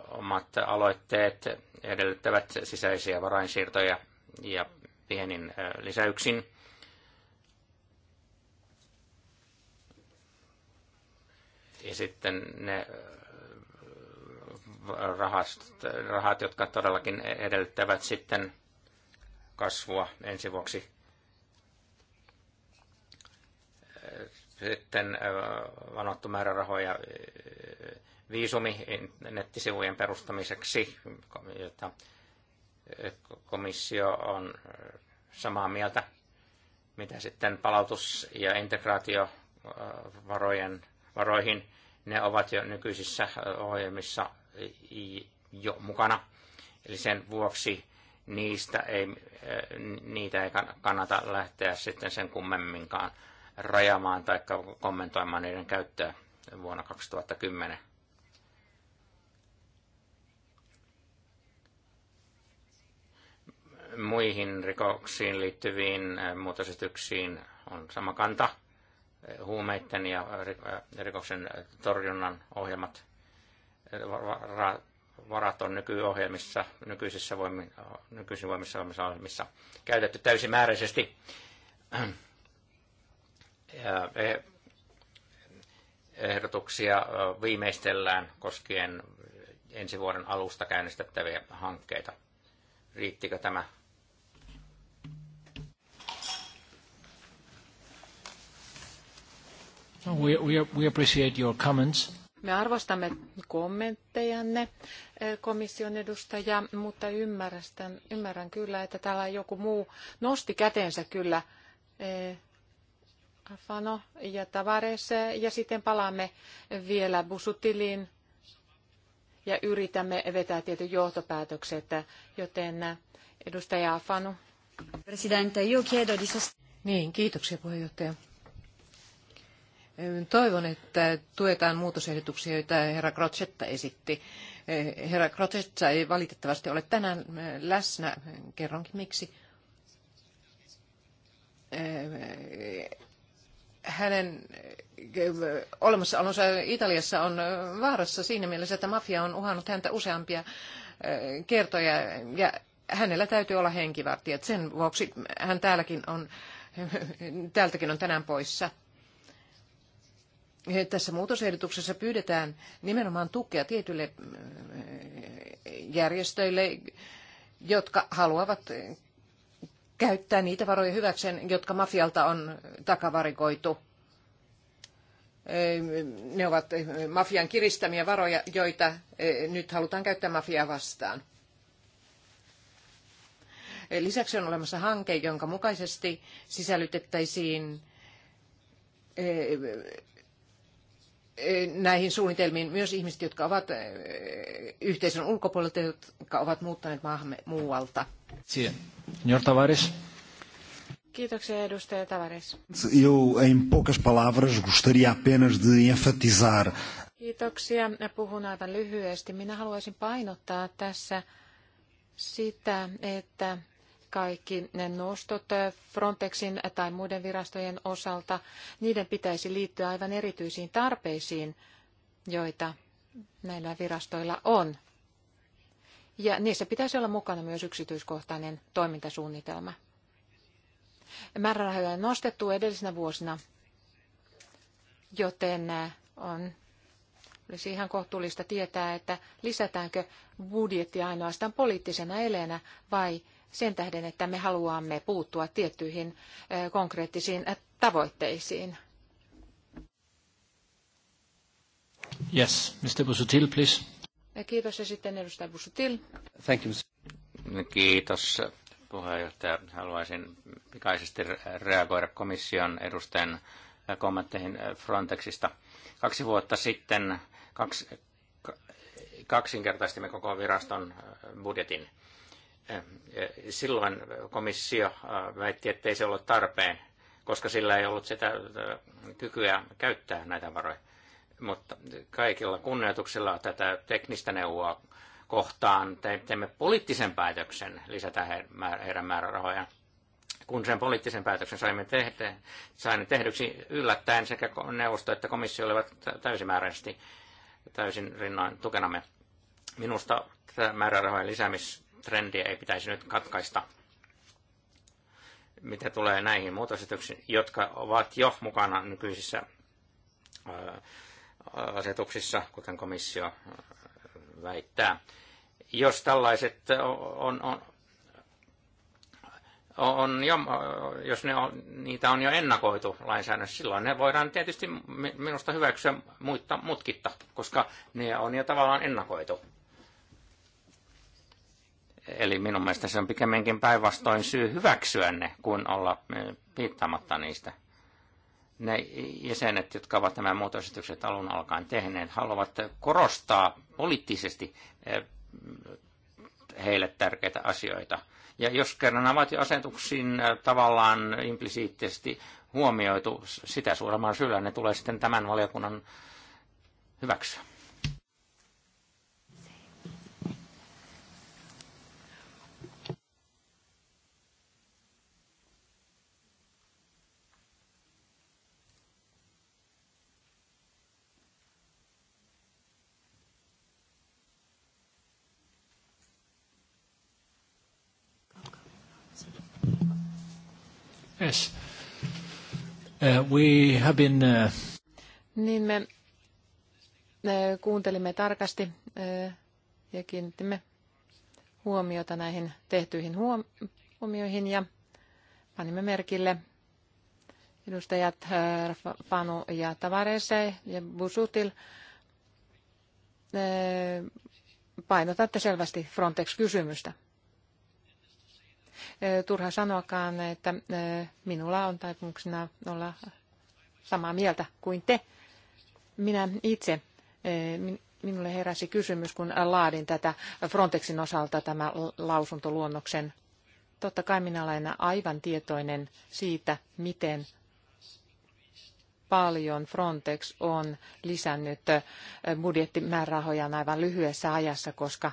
Speaker 4: omat aloitteet edellyttävät sisäisiä varainsiirtoja ja pienin lisäyksin Ja sitten ne äh, rahast, rahat, jotka todellakin e-, edellyttävät sitten kasvua ensi vuoksi. Äh, sitten äh, vanottu määrärahoja viisumi nettisivujen perustamiseksi, jota komissio on samaa mieltä, mitä sitten palautus- ja integraatiovarojen varoihin. Ne ovat jo nykyisissä ohjelmissa jo mukana. Eli sen vuoksi niistä ei, niitä ei kannata lähteä sitten sen kummemminkaan rajamaan tai kommentoimaan niiden käyttöä vuonna 2010. Muihin rikoksiin liittyviin muutosityksiin on sama kanta huumeiden ja rikoksen torjunnan ohjelmat, varat on nykyohjelmissa, nykyisissä voimin, nykyisin voimissa ohjelmissa käytetty täysimääräisesti. E- ehdotuksia viimeistellään koskien ensi vuoden alusta käynnistettäviä hankkeita. Riittikö tämä No, we, we, we appreciate your comments.
Speaker 1: Me arvostamme kommenttejanne, eh, komission edustaja, mutta ymmärrän, ymmärrän kyllä, että täällä joku muu nosti kätensä kyllä. Eh, Afano ja Tavares, eh, ja sitten palaamme vielä Busutiliin ja yritämme vetää tietyn johtopäätökset, joten edustaja Afano.
Speaker 3: Presidente, io chiedo di sost- Niin, kiitoksia puheenjohtaja. Toivon, että tuetaan muutosehdotuksia, joita herra Crocetta esitti. Herra Crocetta ei valitettavasti ole tänään läsnä. Kerronkin miksi. Hänen olemassaolonsa Italiassa on vaarassa siinä mielessä, että mafia on uhannut häntä useampia kertoja ja hänellä täytyy olla henkivartijat. Sen vuoksi hän täälläkin on, *laughs* täältäkin on tänään poissa. Tässä muutosehdotuksessa pyydetään nimenomaan tukea tietyille mm, järjestöille, jotka haluavat käyttää niitä varoja hyväkseen, jotka mafialta on takavarikoitu. Ne ovat mafian kiristämiä varoja, joita e, nyt halutaan käyttää mafiaa vastaan. E, lisäksi on olemassa hanke, jonka mukaisesti sisällytettäisiin e, Eh, näihin suunnitelmiin myös ihmiset, jotka ovat eh, yhteisön ulkopuolelta, jotka ovat muuttaneet maahamme muualta.
Speaker 2: Signor Tavares.
Speaker 3: Kiitoksia edustaja Tavares. Eu em poucas palavras gostaria apenas de enfatizar.
Speaker 1: Kiitoksia. Puhun aivan lyhyesti. Minä haluaisin painottaa tässä sitä, että kaikki ne nostot Frontexin tai muiden virastojen osalta, niiden pitäisi liittyä aivan erityisiin tarpeisiin, joita näillä virastoilla on. Ja niissä pitäisi olla mukana myös yksityiskohtainen toimintasuunnitelma. Määrärahoja on nostettu edellisinä vuosina, joten äh, on, olisi ihan kohtuullista tietää, että lisätäänkö budjetti ainoastaan poliittisena eleenä vai sen tähden, että me haluamme puuttua tiettyihin konkreettisiin tavoitteisiin.
Speaker 2: Yes, Mr. Busutil, please.
Speaker 1: Kiitos ja sitten edustaja Busutil.
Speaker 3: Thank you.
Speaker 4: Kiitos puheenjohtaja. Haluaisin pikaisesti reagoida komission edustajan kommentteihin Frontexista. Kaksi vuotta sitten kaksi, kaksinkertaistimme koko viraston budjetin Silloin komissio äh, väitti, ettei se ollut tarpeen, koska sillä ei ollut sitä äh, kykyä käyttää näitä varoja. Mutta kaikilla kunnioituksella tätä teknistä neuvoa kohtaan teemme poliittisen päätöksen lisätä heidän määrärahojaan kun sen poliittisen päätöksen saimme tehdä, saimme tehdyksi yllättäen sekä neuvosto että komissio olivat täysimääräisesti täysin rinnoin tukenamme. Minusta määrärahojen lisäämis, trendiä ei pitäisi nyt katkaista. Mitä tulee näihin muutosesityksiin, jotka ovat jo mukana nykyisissä asetuksissa, kuten komissio väittää. Jos tällaiset on, on, on jo, jos ne on, niitä on jo ennakoitu lainsäädännössä, silloin ne voidaan tietysti minusta hyväksyä muutta, mutkitta, koska ne on jo tavallaan ennakoitu. Eli minun mielestä se on pikemminkin päinvastoin syy hyväksyä ne, kuin olla mm, piittaamatta niistä. Ne jäsenet, jotka ovat nämä muutosesitykset alun alkaen tehneet, haluavat korostaa poliittisesti eh, heille tärkeitä asioita. Ja jos kerran ovat jo asetuksiin eh, tavallaan implisiittisesti huomioitu, sitä suuremman syyllä ne tulee sitten tämän valiokunnan hyväksyä.
Speaker 2: Yes. Uh, we have been, uh,
Speaker 1: Niin me kuuntelimme tarkasti uh, ja kiinnitimme huomiota näihin tehtyihin huomioihin ja panimme merkille edustajat Fanu ja Tavares ja Busutil. Painotatte selvästi Frontex-kysymystä turha sanoakaan, että minulla on taipumuksena olla samaa mieltä kuin te. Minä itse, minulle heräsi kysymys, kun laadin tätä Frontexin osalta tämä lausuntoluonnoksen. Totta kai minä olen aivan tietoinen siitä, miten paljon Frontex on lisännyt budjettimäärärahoja aivan lyhyessä ajassa, koska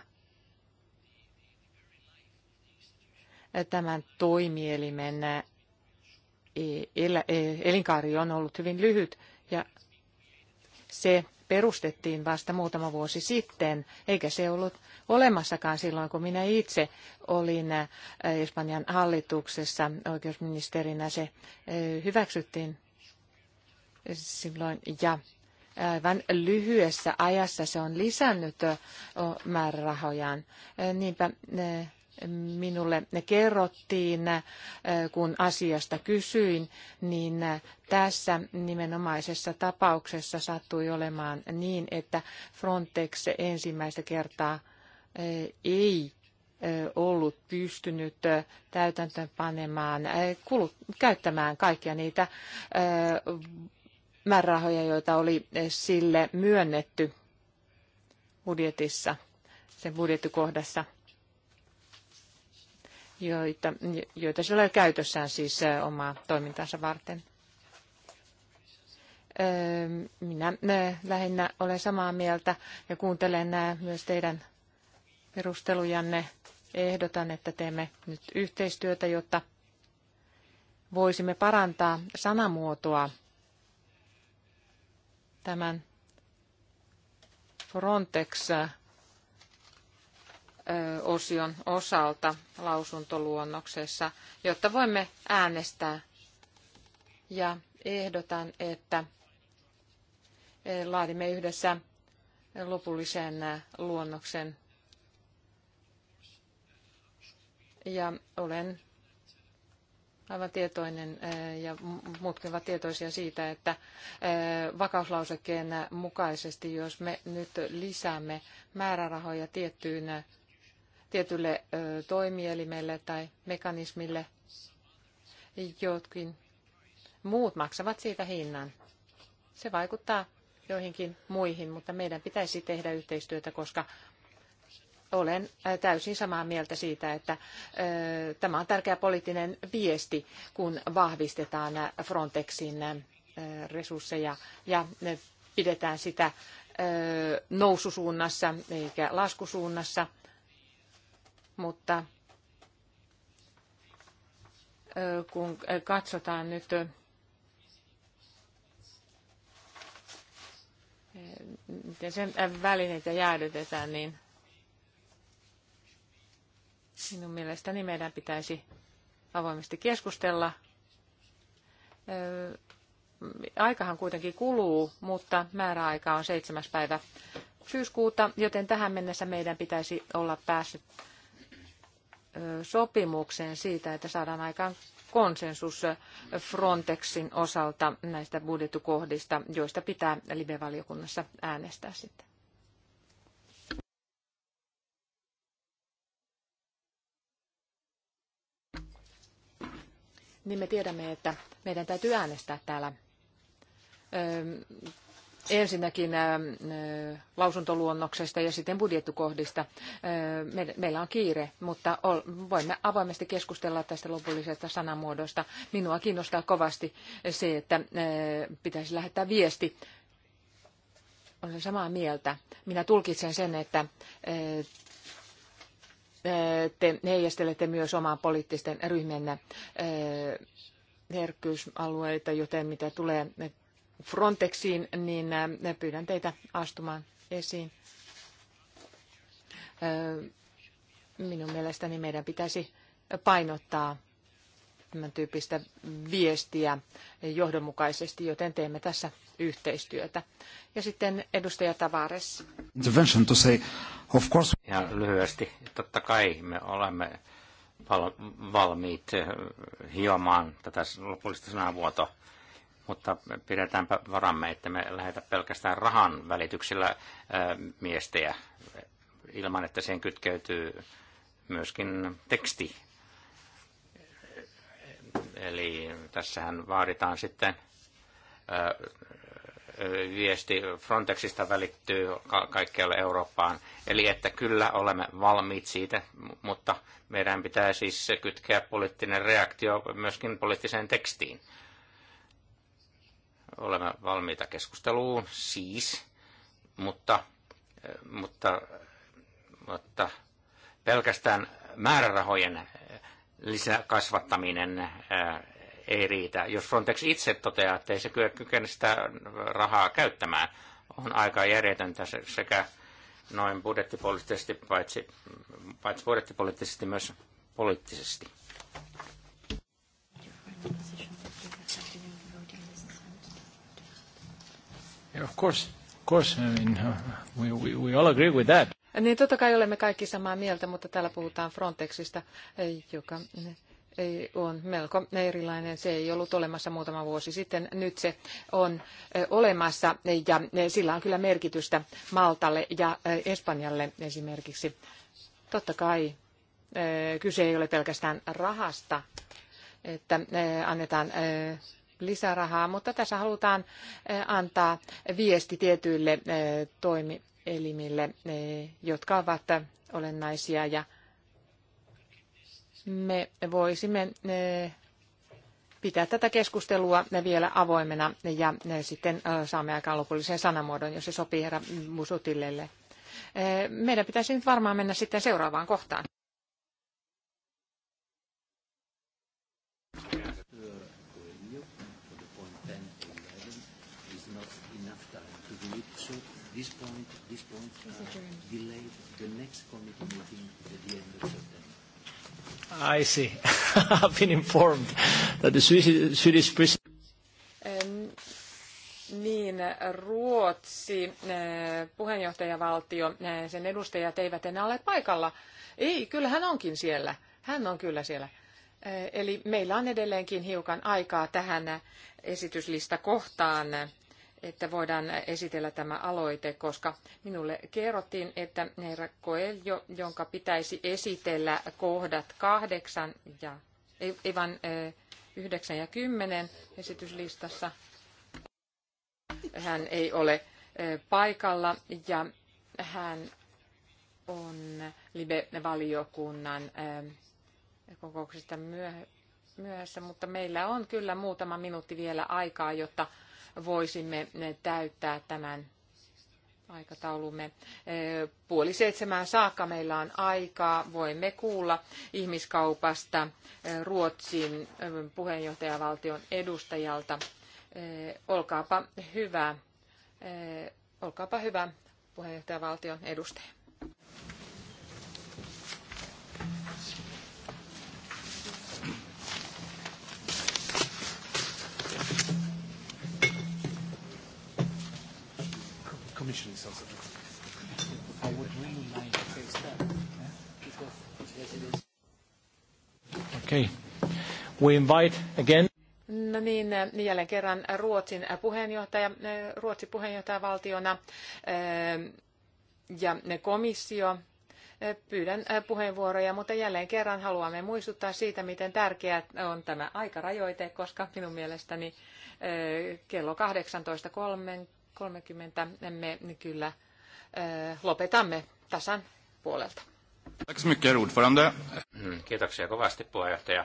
Speaker 1: tämän toimielimen e, e, elinkaari on ollut hyvin lyhyt ja se perustettiin vasta muutama vuosi sitten, eikä se ollut olemassakaan silloin, kun minä itse olin Espanjan hallituksessa oikeusministerinä. Se hyväksyttiin silloin ja aivan lyhyessä ajassa se on lisännyt määrärahojaan. Niinpä minulle kerrottiin, äh, kun asiasta kysyin, niin äh, tässä nimenomaisessa tapauksessa sattui olemaan niin, että Frontex ensimmäistä kertaa äh, ei ollut pystynyt täytäntöönpanemaan, käyttämään kaikkia niitä määrärahoja, joita oli sille myönnetty budjetissa, sen budjettikohdassa joita, joita sillä ei ole käytössään siis omaa toimintansa varten. Minä lähinnä olen samaa mieltä ja kuuntelen myös teidän perustelujanne. Ehdotan, että teemme nyt yhteistyötä, jotta voisimme parantaa sanamuotoa tämän Frontex osion osalta lausuntoluonnoksessa, jotta voimme äänestää. Ja ehdotan, että laadimme yhdessä lopullisen luonnoksen. Ja olen aivan tietoinen ja muutkin ovat tietoisia siitä, että vakauslausekkeen mukaisesti, jos me nyt lisäämme määrärahoja tiettyyn tietylle toimielimelle tai mekanismille. Jotkin muut maksavat siitä hinnan. Se vaikuttaa joihinkin muihin, mutta meidän pitäisi tehdä yhteistyötä, koska olen täysin samaa mieltä siitä, että tämä on tärkeä poliittinen viesti, kun vahvistetaan Frontexin resursseja ja pidetään sitä noususuunnassa eikä laskusuunnassa mutta kun katsotaan nyt miten sen välineitä jäädytetään, niin minun mielestäni meidän pitäisi avoimesti keskustella. Aikahan kuitenkin kuluu, mutta määräaika on 7. päivä syyskuuta, joten tähän mennessä meidän pitäisi olla päässyt sopimukseen siitä, että saadaan aikaan konsensus Frontexin osalta näistä budjettikohdista, joista pitää live-valiokunnassa äänestää sitten. Niin me tiedämme, että meidän täytyy äänestää täällä öö, ensinnäkin äh, äh, lausuntoluonnoksesta ja sitten budjettikohdista. Äh, meillä on kiire, mutta voimme avoimesti keskustella tästä lopullisesta sanamuodosta. Minua kiinnostaa kovasti se, että pitäisi lähettää viesti. Olen samaa mieltä. Minä tulkitsen sen, että te heijastelette myös omaa poliittisten ryhmänne herkkyysalueita, joten mitä tulee Frontexiin, niin äh, pyydän teitä astumaan esiin. Äh, minun mielestäni meidän pitäisi painottaa tämän tyyppistä viestiä johdonmukaisesti, joten teemme tässä yhteistyötä. Ja sitten edustaja Tavares.
Speaker 3: Intervention to say, of course. Ja
Speaker 4: lyhyesti, totta kai me olemme valmiit hiomaan tätä lopullista sanavuotoa mutta pidetäänpä varamme, että me lähetä pelkästään rahan välityksellä miestejä ilman, että siihen kytkeytyy myöskin teksti. Eli tässähän vaaditaan sitten viesti Frontexista välittyy kaikkialle Eurooppaan. Eli että kyllä olemme valmiit siitä, mutta meidän pitää siis kytkeä poliittinen reaktio myöskin poliittiseen tekstiin olemme valmiita keskusteluun, siis, mutta, mutta, mutta pelkästään määrärahojen lisäkasvattaminen äh, ei riitä. Jos Frontex itse toteaa, että ei se kykene sitä rahaa käyttämään, on aika järjetöntä sekä noin budjettipoliittisesti, paitsi, paitsi budjettipoliittisesti myös poliittisesti.
Speaker 3: Yeah, of course, of course. I mean, uh, we, we, we all agree with that.
Speaker 1: Niin totta kai olemme kaikki samaa mieltä, mutta täällä puhutaan Frontexista, eh, joka ei, eh, on melko erilainen. Se ei ollut olemassa muutama vuosi sitten. Nyt se on eh, olemassa ja sillä on kyllä merkitystä Maltalle ja Espanjalle esimerkiksi. Totta kai kyse ei ole pelkästään rahasta, että annetaan lisärahaa, mutta tässä halutaan eh, antaa viesti tietyille eh, toimielimille, eh, jotka ovat olennaisia ja me voisimme pitää tätä keskustelua vielä avoimena ja sitten saamme aikaan lopullisen sanamuodon, jos se sopii herra Musutillelle. Meidän pitäisi nyt varmaan mennä sitten seuraavaan kohtaan.
Speaker 3: this point, this point uh, delayed the next committee meeting at the end of
Speaker 4: September. I see. *laughs* I've been informed
Speaker 2: that the Swiss, Swedish prison...
Speaker 1: Niin, Ruotsi, eh, puheenjohtajavaltio, eh, sen edustajat eivät enää ole paikalla. Ei, kyllä hän onkin siellä. Hän on kyllä siellä. Eh, eli meillä on edelleenkin hiukan aikaa tähän esityslistakohtaan. kohtaan että voidaan esitellä tämä aloite, koska minulle kerrottiin, että herra Coelho, jonka pitäisi esitellä kohdat kahdeksan ja, ivan eh, yhdeksän ja kymmenen esityslistassa, hän ei ole eh, paikalla ja hän on Libe-valiokunnan eh, kokouksesta myöhässä, mutta meillä on kyllä muutama minuutti vielä aikaa, jotta voisimme täyttää tämän aikataulumme puoli seitsemään saakka. Meillä on aikaa. Voimme kuulla ihmiskaupasta Ruotsin puheenjohtajavaltion edustajalta. Olkaapa hyvä, olkaapa hyvä puheenjohtajavaltion edustaja.
Speaker 2: Commission is also I would really like to face that, yeah? because yes, it is. Okay. We invite again.
Speaker 1: No niin, jälleen kerran Ruotsin puheenjohtaja, Ruotsi puheenjohtajavaltiona eh, ja komissio pyydän puheenvuoroja, mutta jälleen kerran haluamme muistuttaa siitä, miten tärkeää on tämä aikarajoite, koska minun mielestäni eh, kello 30 me kyllä eh, lopetamme tasan puolelta.
Speaker 4: Mm, kiitoksia kovasti puheenjohtaja.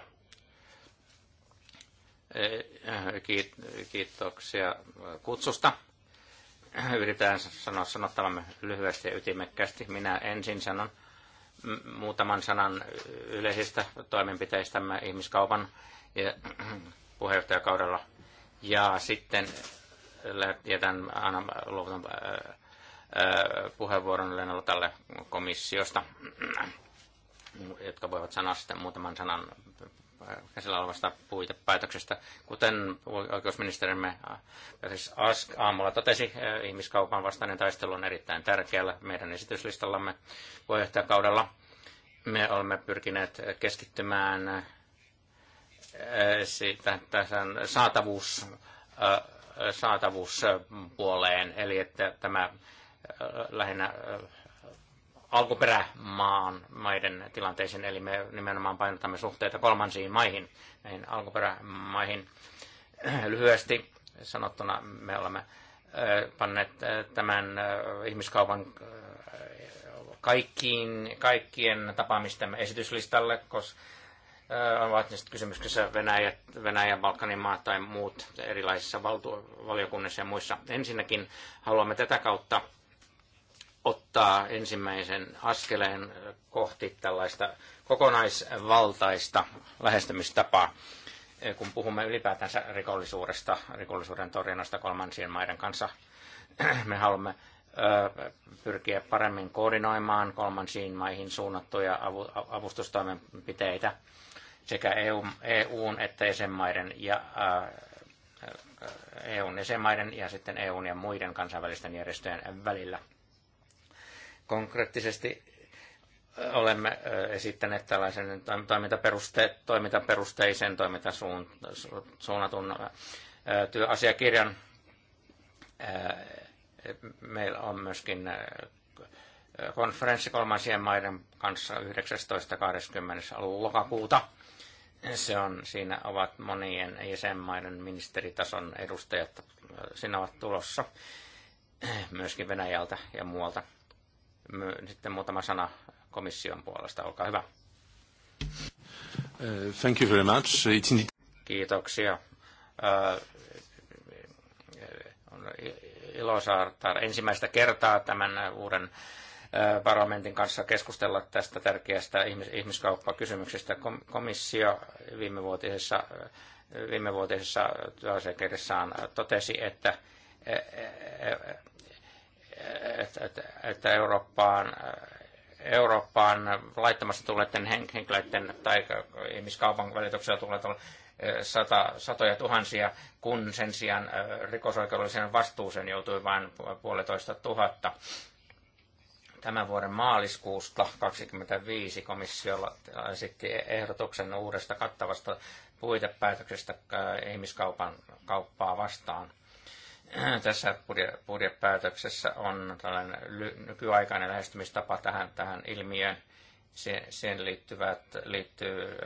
Speaker 4: Eh, eh, kiitoksia kutsusta. Yritetään sanoa sanottavamme lyhyesti ja ytimekkästi. Minä ensin sanon muutaman sanan yleisistä toimenpiteistämme ihmiskaupan ja *clears throat* puheenjohtajakaudella. Ja sitten jätän, aina luovutan äh, äh, puheenvuoron Lennolla tälle komissiosta, jotka voivat sanoa sitten muutaman sanan käsillä olevasta puitepäätöksestä. Kuten oikeusministerimme äh, siis Ask aamulla totesi, ihmiskaupan vastainen taistelu on erittäin tärkeällä meidän esityslistallamme puheenjohtajakaudella. Me olemme pyrkineet keskittymään tähän saatavuus saatavuuspuoleen, eli että tämä äh, lähinnä äh, alkuperämaan maiden tilanteeseen, eli me nimenomaan painotamme suhteita kolmansiin maihin, näihin alkuperämaihin. Lyhyesti sanottuna me olemme äh, panneet tämän ihmiskaupan kaikkiin, kaikkien tapaamistemme esityslistalle, koska ovat ne sitten kysymyksessä Venäjä, Venäjä, Balkanin maat tai muut erilaisissa valtu- valiokunnissa ja muissa. Ensinnäkin haluamme tätä kautta ottaa ensimmäisen askeleen kohti tällaista kokonaisvaltaista lähestymistapaa, kun puhumme ylipäätänsä rikollisuudesta, rikollisuuden torjunnasta kolmansien maiden kanssa. *clears throat* Me haluamme pyrkiä paremmin koordinoimaan kolmansiin maihin suunnattuja avustustoimenpiteitä sekä EU, EUn että jäsenmaiden ja EUn jäsenmaiden ja sitten EUn ja muiden kansainvälisten järjestöjen välillä. Konkreettisesti olemme esittäneet tällaisen toimintaperuste, toimintaperusteisen toimintasuunnatun työasiakirjan. Meillä on myöskin konferenssi kolmansien maiden kanssa 19.20. lokakuuta se on, siinä ovat monien jäsenmaiden ministeritason edustajat, siinä ovat tulossa myöskin Venäjältä ja muualta. Sitten muutama sana komission puolesta, olkaa hyvä.
Speaker 1: Uh, thank you very much. It's...
Speaker 4: Kiitoksia. Uh, on ilo saada ensimmäistä kertaa tämän uuden parlamentin kanssa keskustella tästä tärkeästä ihmis- ihmiskauppakysymyksestä. Komissio viimevuotisessa, viimevuotisessa työasiakirjassaan totesi, että, e, e, e, että, että Eurooppaan Eurooppaan laittamassa tulleiden henkilöiden tai ihmiskaupan välityksellä tulleet on sata, satoja tuhansia, kun sen sijaan rikosoikeudelliseen vastuuseen joutui vain puolitoista tuhatta tämän vuoden maaliskuusta 25 komissiolla esitti ehdotuksen uudesta kattavasta puitepäätöksestä äh, ihmiskaupan kauppaa vastaan. *clears throat* Tässä budjepäätöksessä on tällainen nykyaikainen lähestymistapa tähän, tähän ilmiöön. Siihen liittyvät, liittyy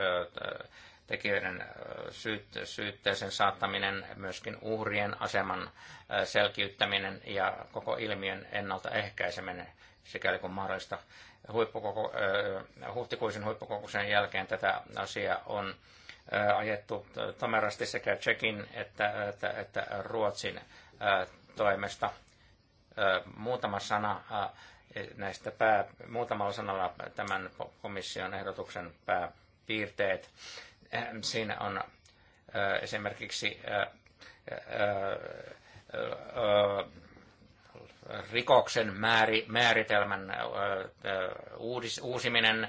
Speaker 4: tekijöiden syyt, syytteeseen saattaminen, myöskin uhrien aseman selkiyttäminen ja koko ilmiön ennaltaehkäiseminen sikäli kuin mahdollista. Huippukoko, huhtikuisen huippukokouksen jälkeen tätä asiaa on ajettu tomerasti sekä Tsekin että, että, että Ruotsin toimesta. Muutama sana näistä pää, muutamalla sanalla tämän komission ehdotuksen pääpiirteet. Ehm, siinä on esimerkiksi rikoksen määri määritelmän uusiminen,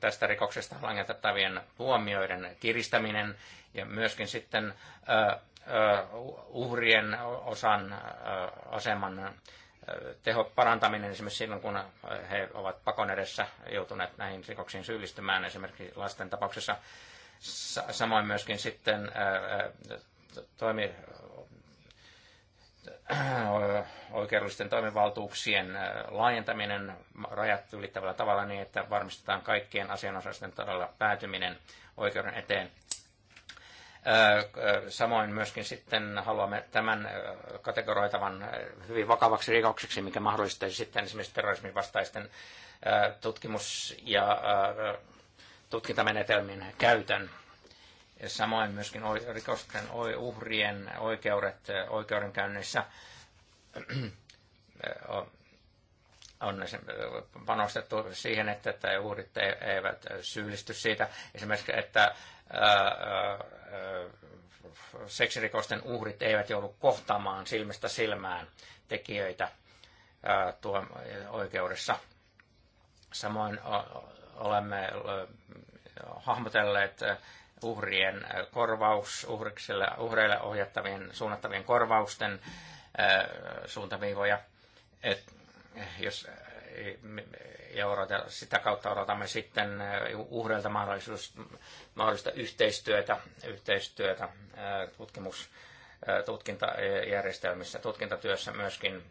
Speaker 4: tästä rikoksesta langetettavien tuomioiden kiristäminen ja myöskin sitten uhrien osan aseman teho parantaminen esimerkiksi silloin, kun he ovat pakon edessä joutuneet näihin rikoksiin syyllistymään esimerkiksi lasten tapauksessa. Samoin myöskin sitten toimi, oikeudellisten toimivaltuuksien laajentaminen rajat ylittävällä tavalla niin, että varmistetaan kaikkien asianosaisten todella päätyminen oikeuden eteen. Samoin myöskin sitten haluamme tämän kategoroitavan hyvin vakavaksi rikokseksi, mikä mahdollistaisi sitten esimerkiksi terrorismin vastaisten tutkimus- ja tutkintamenetelmien käytön Samoin myöskin rikosten uhrien oikeudet oikeudenkäynnissä on panostettu siihen, että, että uhrit e-, eivät syyllisty siitä. Esimerkiksi, että seksirikosten uhrit eivät joudu kohtaamaan silmistä silmään tekijöitä tuo oikeudessa. Samoin olemme hahmotelleet uhrien äh, korvaus, uhrikselle, uhreille ohjattavien, suunnattavien korvausten äh, suuntaviivoja. Et eh, jos eh, ja odota, sitä kautta odotamme sitten eh, uhreilta mahdollisuus, mahdollista yhteistyötä, yhteistyötä tutkimus, tutkintajärjestelmissä, tutkintatyössä myöskin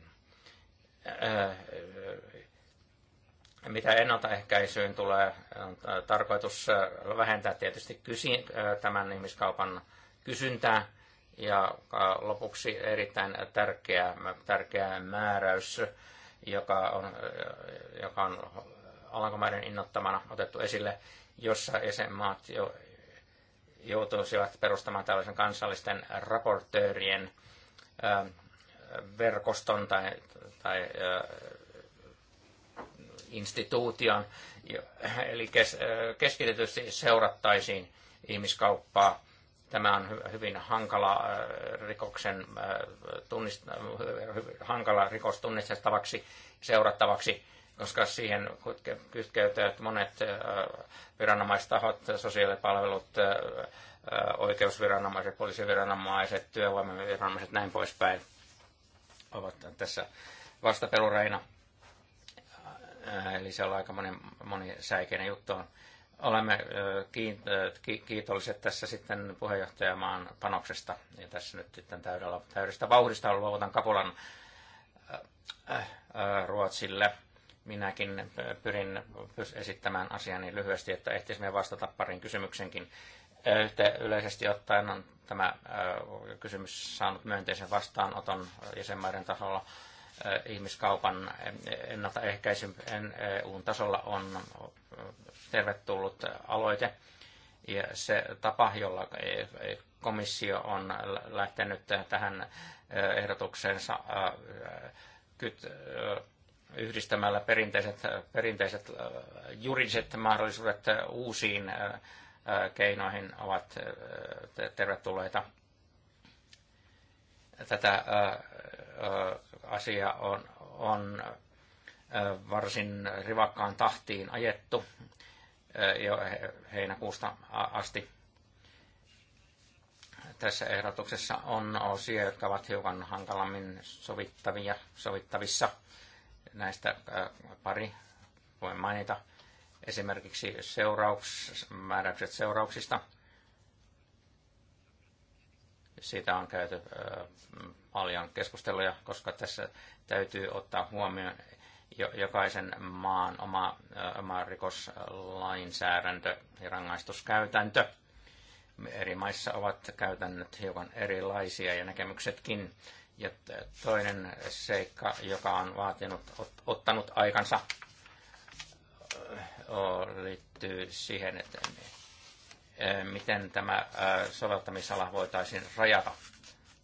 Speaker 4: mitä ennaltaehkäisyyn tulee, on äh, tarkoitus äh, vähentää tietysti kysin, äh, tämän ihmiskaupan kysyntää. Ja lopuksi erittäin tärkeä, tärkeä määräys, joka on, joka on Alankomaiden innottamana otettu esille, jossa jäsenmaat jo joutuisivat perustamaan tällaisen kansallisten raportöörien verkoston tai, tai instituution, eli keskitetysti seurattaisiin ihmiskauppaa. Tämä on hyvin hankala, rikoksen, tunnist, hankala rikos tunnistettavaksi seurattavaksi, koska siihen kytkeytyvät monet viranomaistahot, sosiaalipalvelut, oikeusviranomaiset, poliisiviranomaiset, työvoimaviranomaiset, näin poispäin, ovat tässä vastapelureina Äh, eli se on aika moni, monisäikeinen juttu. Olemme äh, äh, kiitolliset tässä sitten puheenjohtajamaan panoksesta. Ja tässä nyt sitten täydellä, täydestä vauhdista luovutan kapulan Ruotsille. Minäkin pyrin esittämään asiani lyhyesti, että ehtisimme vastata parin kysymyksenkin. Yleisesti ottaen on tämä kysymys saanut myönteisen vastaanoton jäsenmaiden tasolla ihmiskaupan ennaltaehkäisyn EUn tasolla on tervetullut aloite. Ja se tapa, jolla e, e, komissio on lähtenyt tähän ehdotukseensa yhdistämällä perinteiset, perinteiset juridiset mahdollisuudet uusiin keinoihin ovat tervetulleita. Tätä asia on, on varsin rivakkaan tahtiin ajettu jo heinäkuusta asti. Tässä ehdotuksessa on osia, jotka ovat hiukan hankalammin sovittavia, sovittavissa. Näistä pari voin mainita. Esimerkiksi seurauks, määräykset seurauksista. Siitä on käyty paljon keskusteluja, koska tässä täytyy ottaa huomioon jokaisen maan oma, oma rikoslainsäädäntö ja rangaistuskäytäntö. Eri maissa ovat käytännöt hiukan erilaisia ja näkemyksetkin. Ja toinen seikka, joka on vaatinut, ottanut aikansa, liittyy siihen, että miten tämä soveltamisala voitaisiin rajata,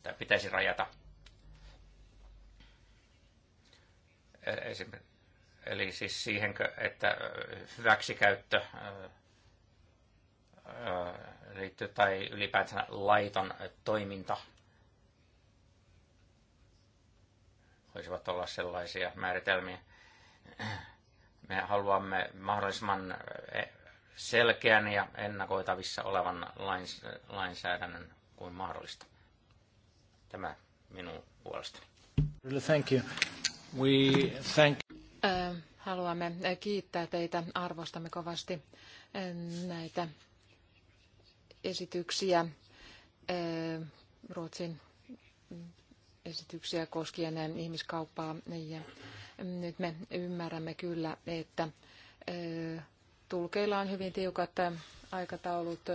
Speaker 4: tai pitäisi rajata Eli siis siihen, että hyväksikäyttö liittyy tai ylipäätään laiton toiminta voisivat olla sellaisia määritelmiä. Me haluamme mahdollisimman e, selkeän ja ennakoitavissa olevan lainsäädännön kuin mahdollista. Tämä minun puolestani.
Speaker 3: Thank you. We thank...
Speaker 1: Haluamme kiittää teitä, arvostamme kovasti näitä esityksiä, Ruotsin esityksiä koskien ihmiskauppaa. Ja nyt me ymmärrämme kyllä, että tulkeilla on hyvin tiukat aikataulut,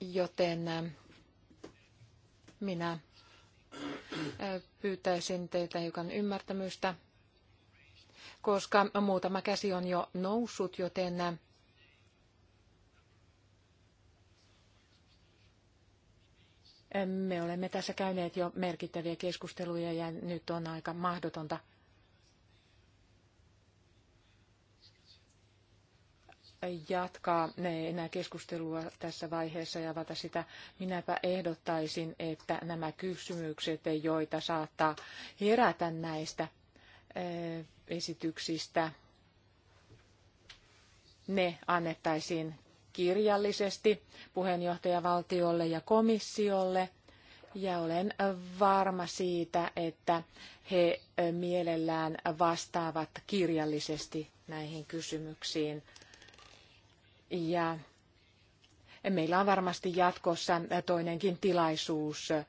Speaker 1: joten minä Pyytäisin teiltä hiukan ymmärtämystä, koska muutama käsi on jo noussut, joten me olemme tässä käyneet jo merkittäviä keskusteluja ja nyt on aika mahdotonta jatkaa enää keskustelua tässä vaiheessa ja avata sitä. Minäpä ehdottaisin, että nämä kysymykset, joita saattaa herätä näistä eh, esityksistä, ne annettaisiin kirjallisesti puheenjohtajavaltiolle ja komissiolle. Ja olen varma siitä, että he eh, mielellään vastaavat kirjallisesti näihin kysymyksiin ja meillä on varmasti jatkossa toinenkin tilaisuus eh,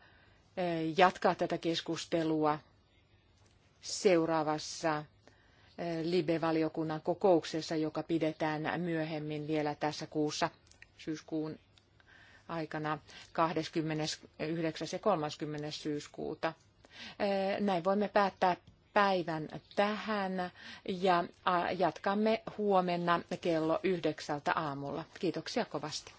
Speaker 1: jatkaa tätä keskustelua seuraavassa eh, LIBE-valiokunnan kokouksessa, joka pidetään myöhemmin vielä tässä kuussa, syyskuun aikana 29. ja 30. syyskuuta. Eh, näin voimme päättää päivän tähän ja jatkamme huomenna kello yhdeksältä aamulla. Kiitoksia kovasti.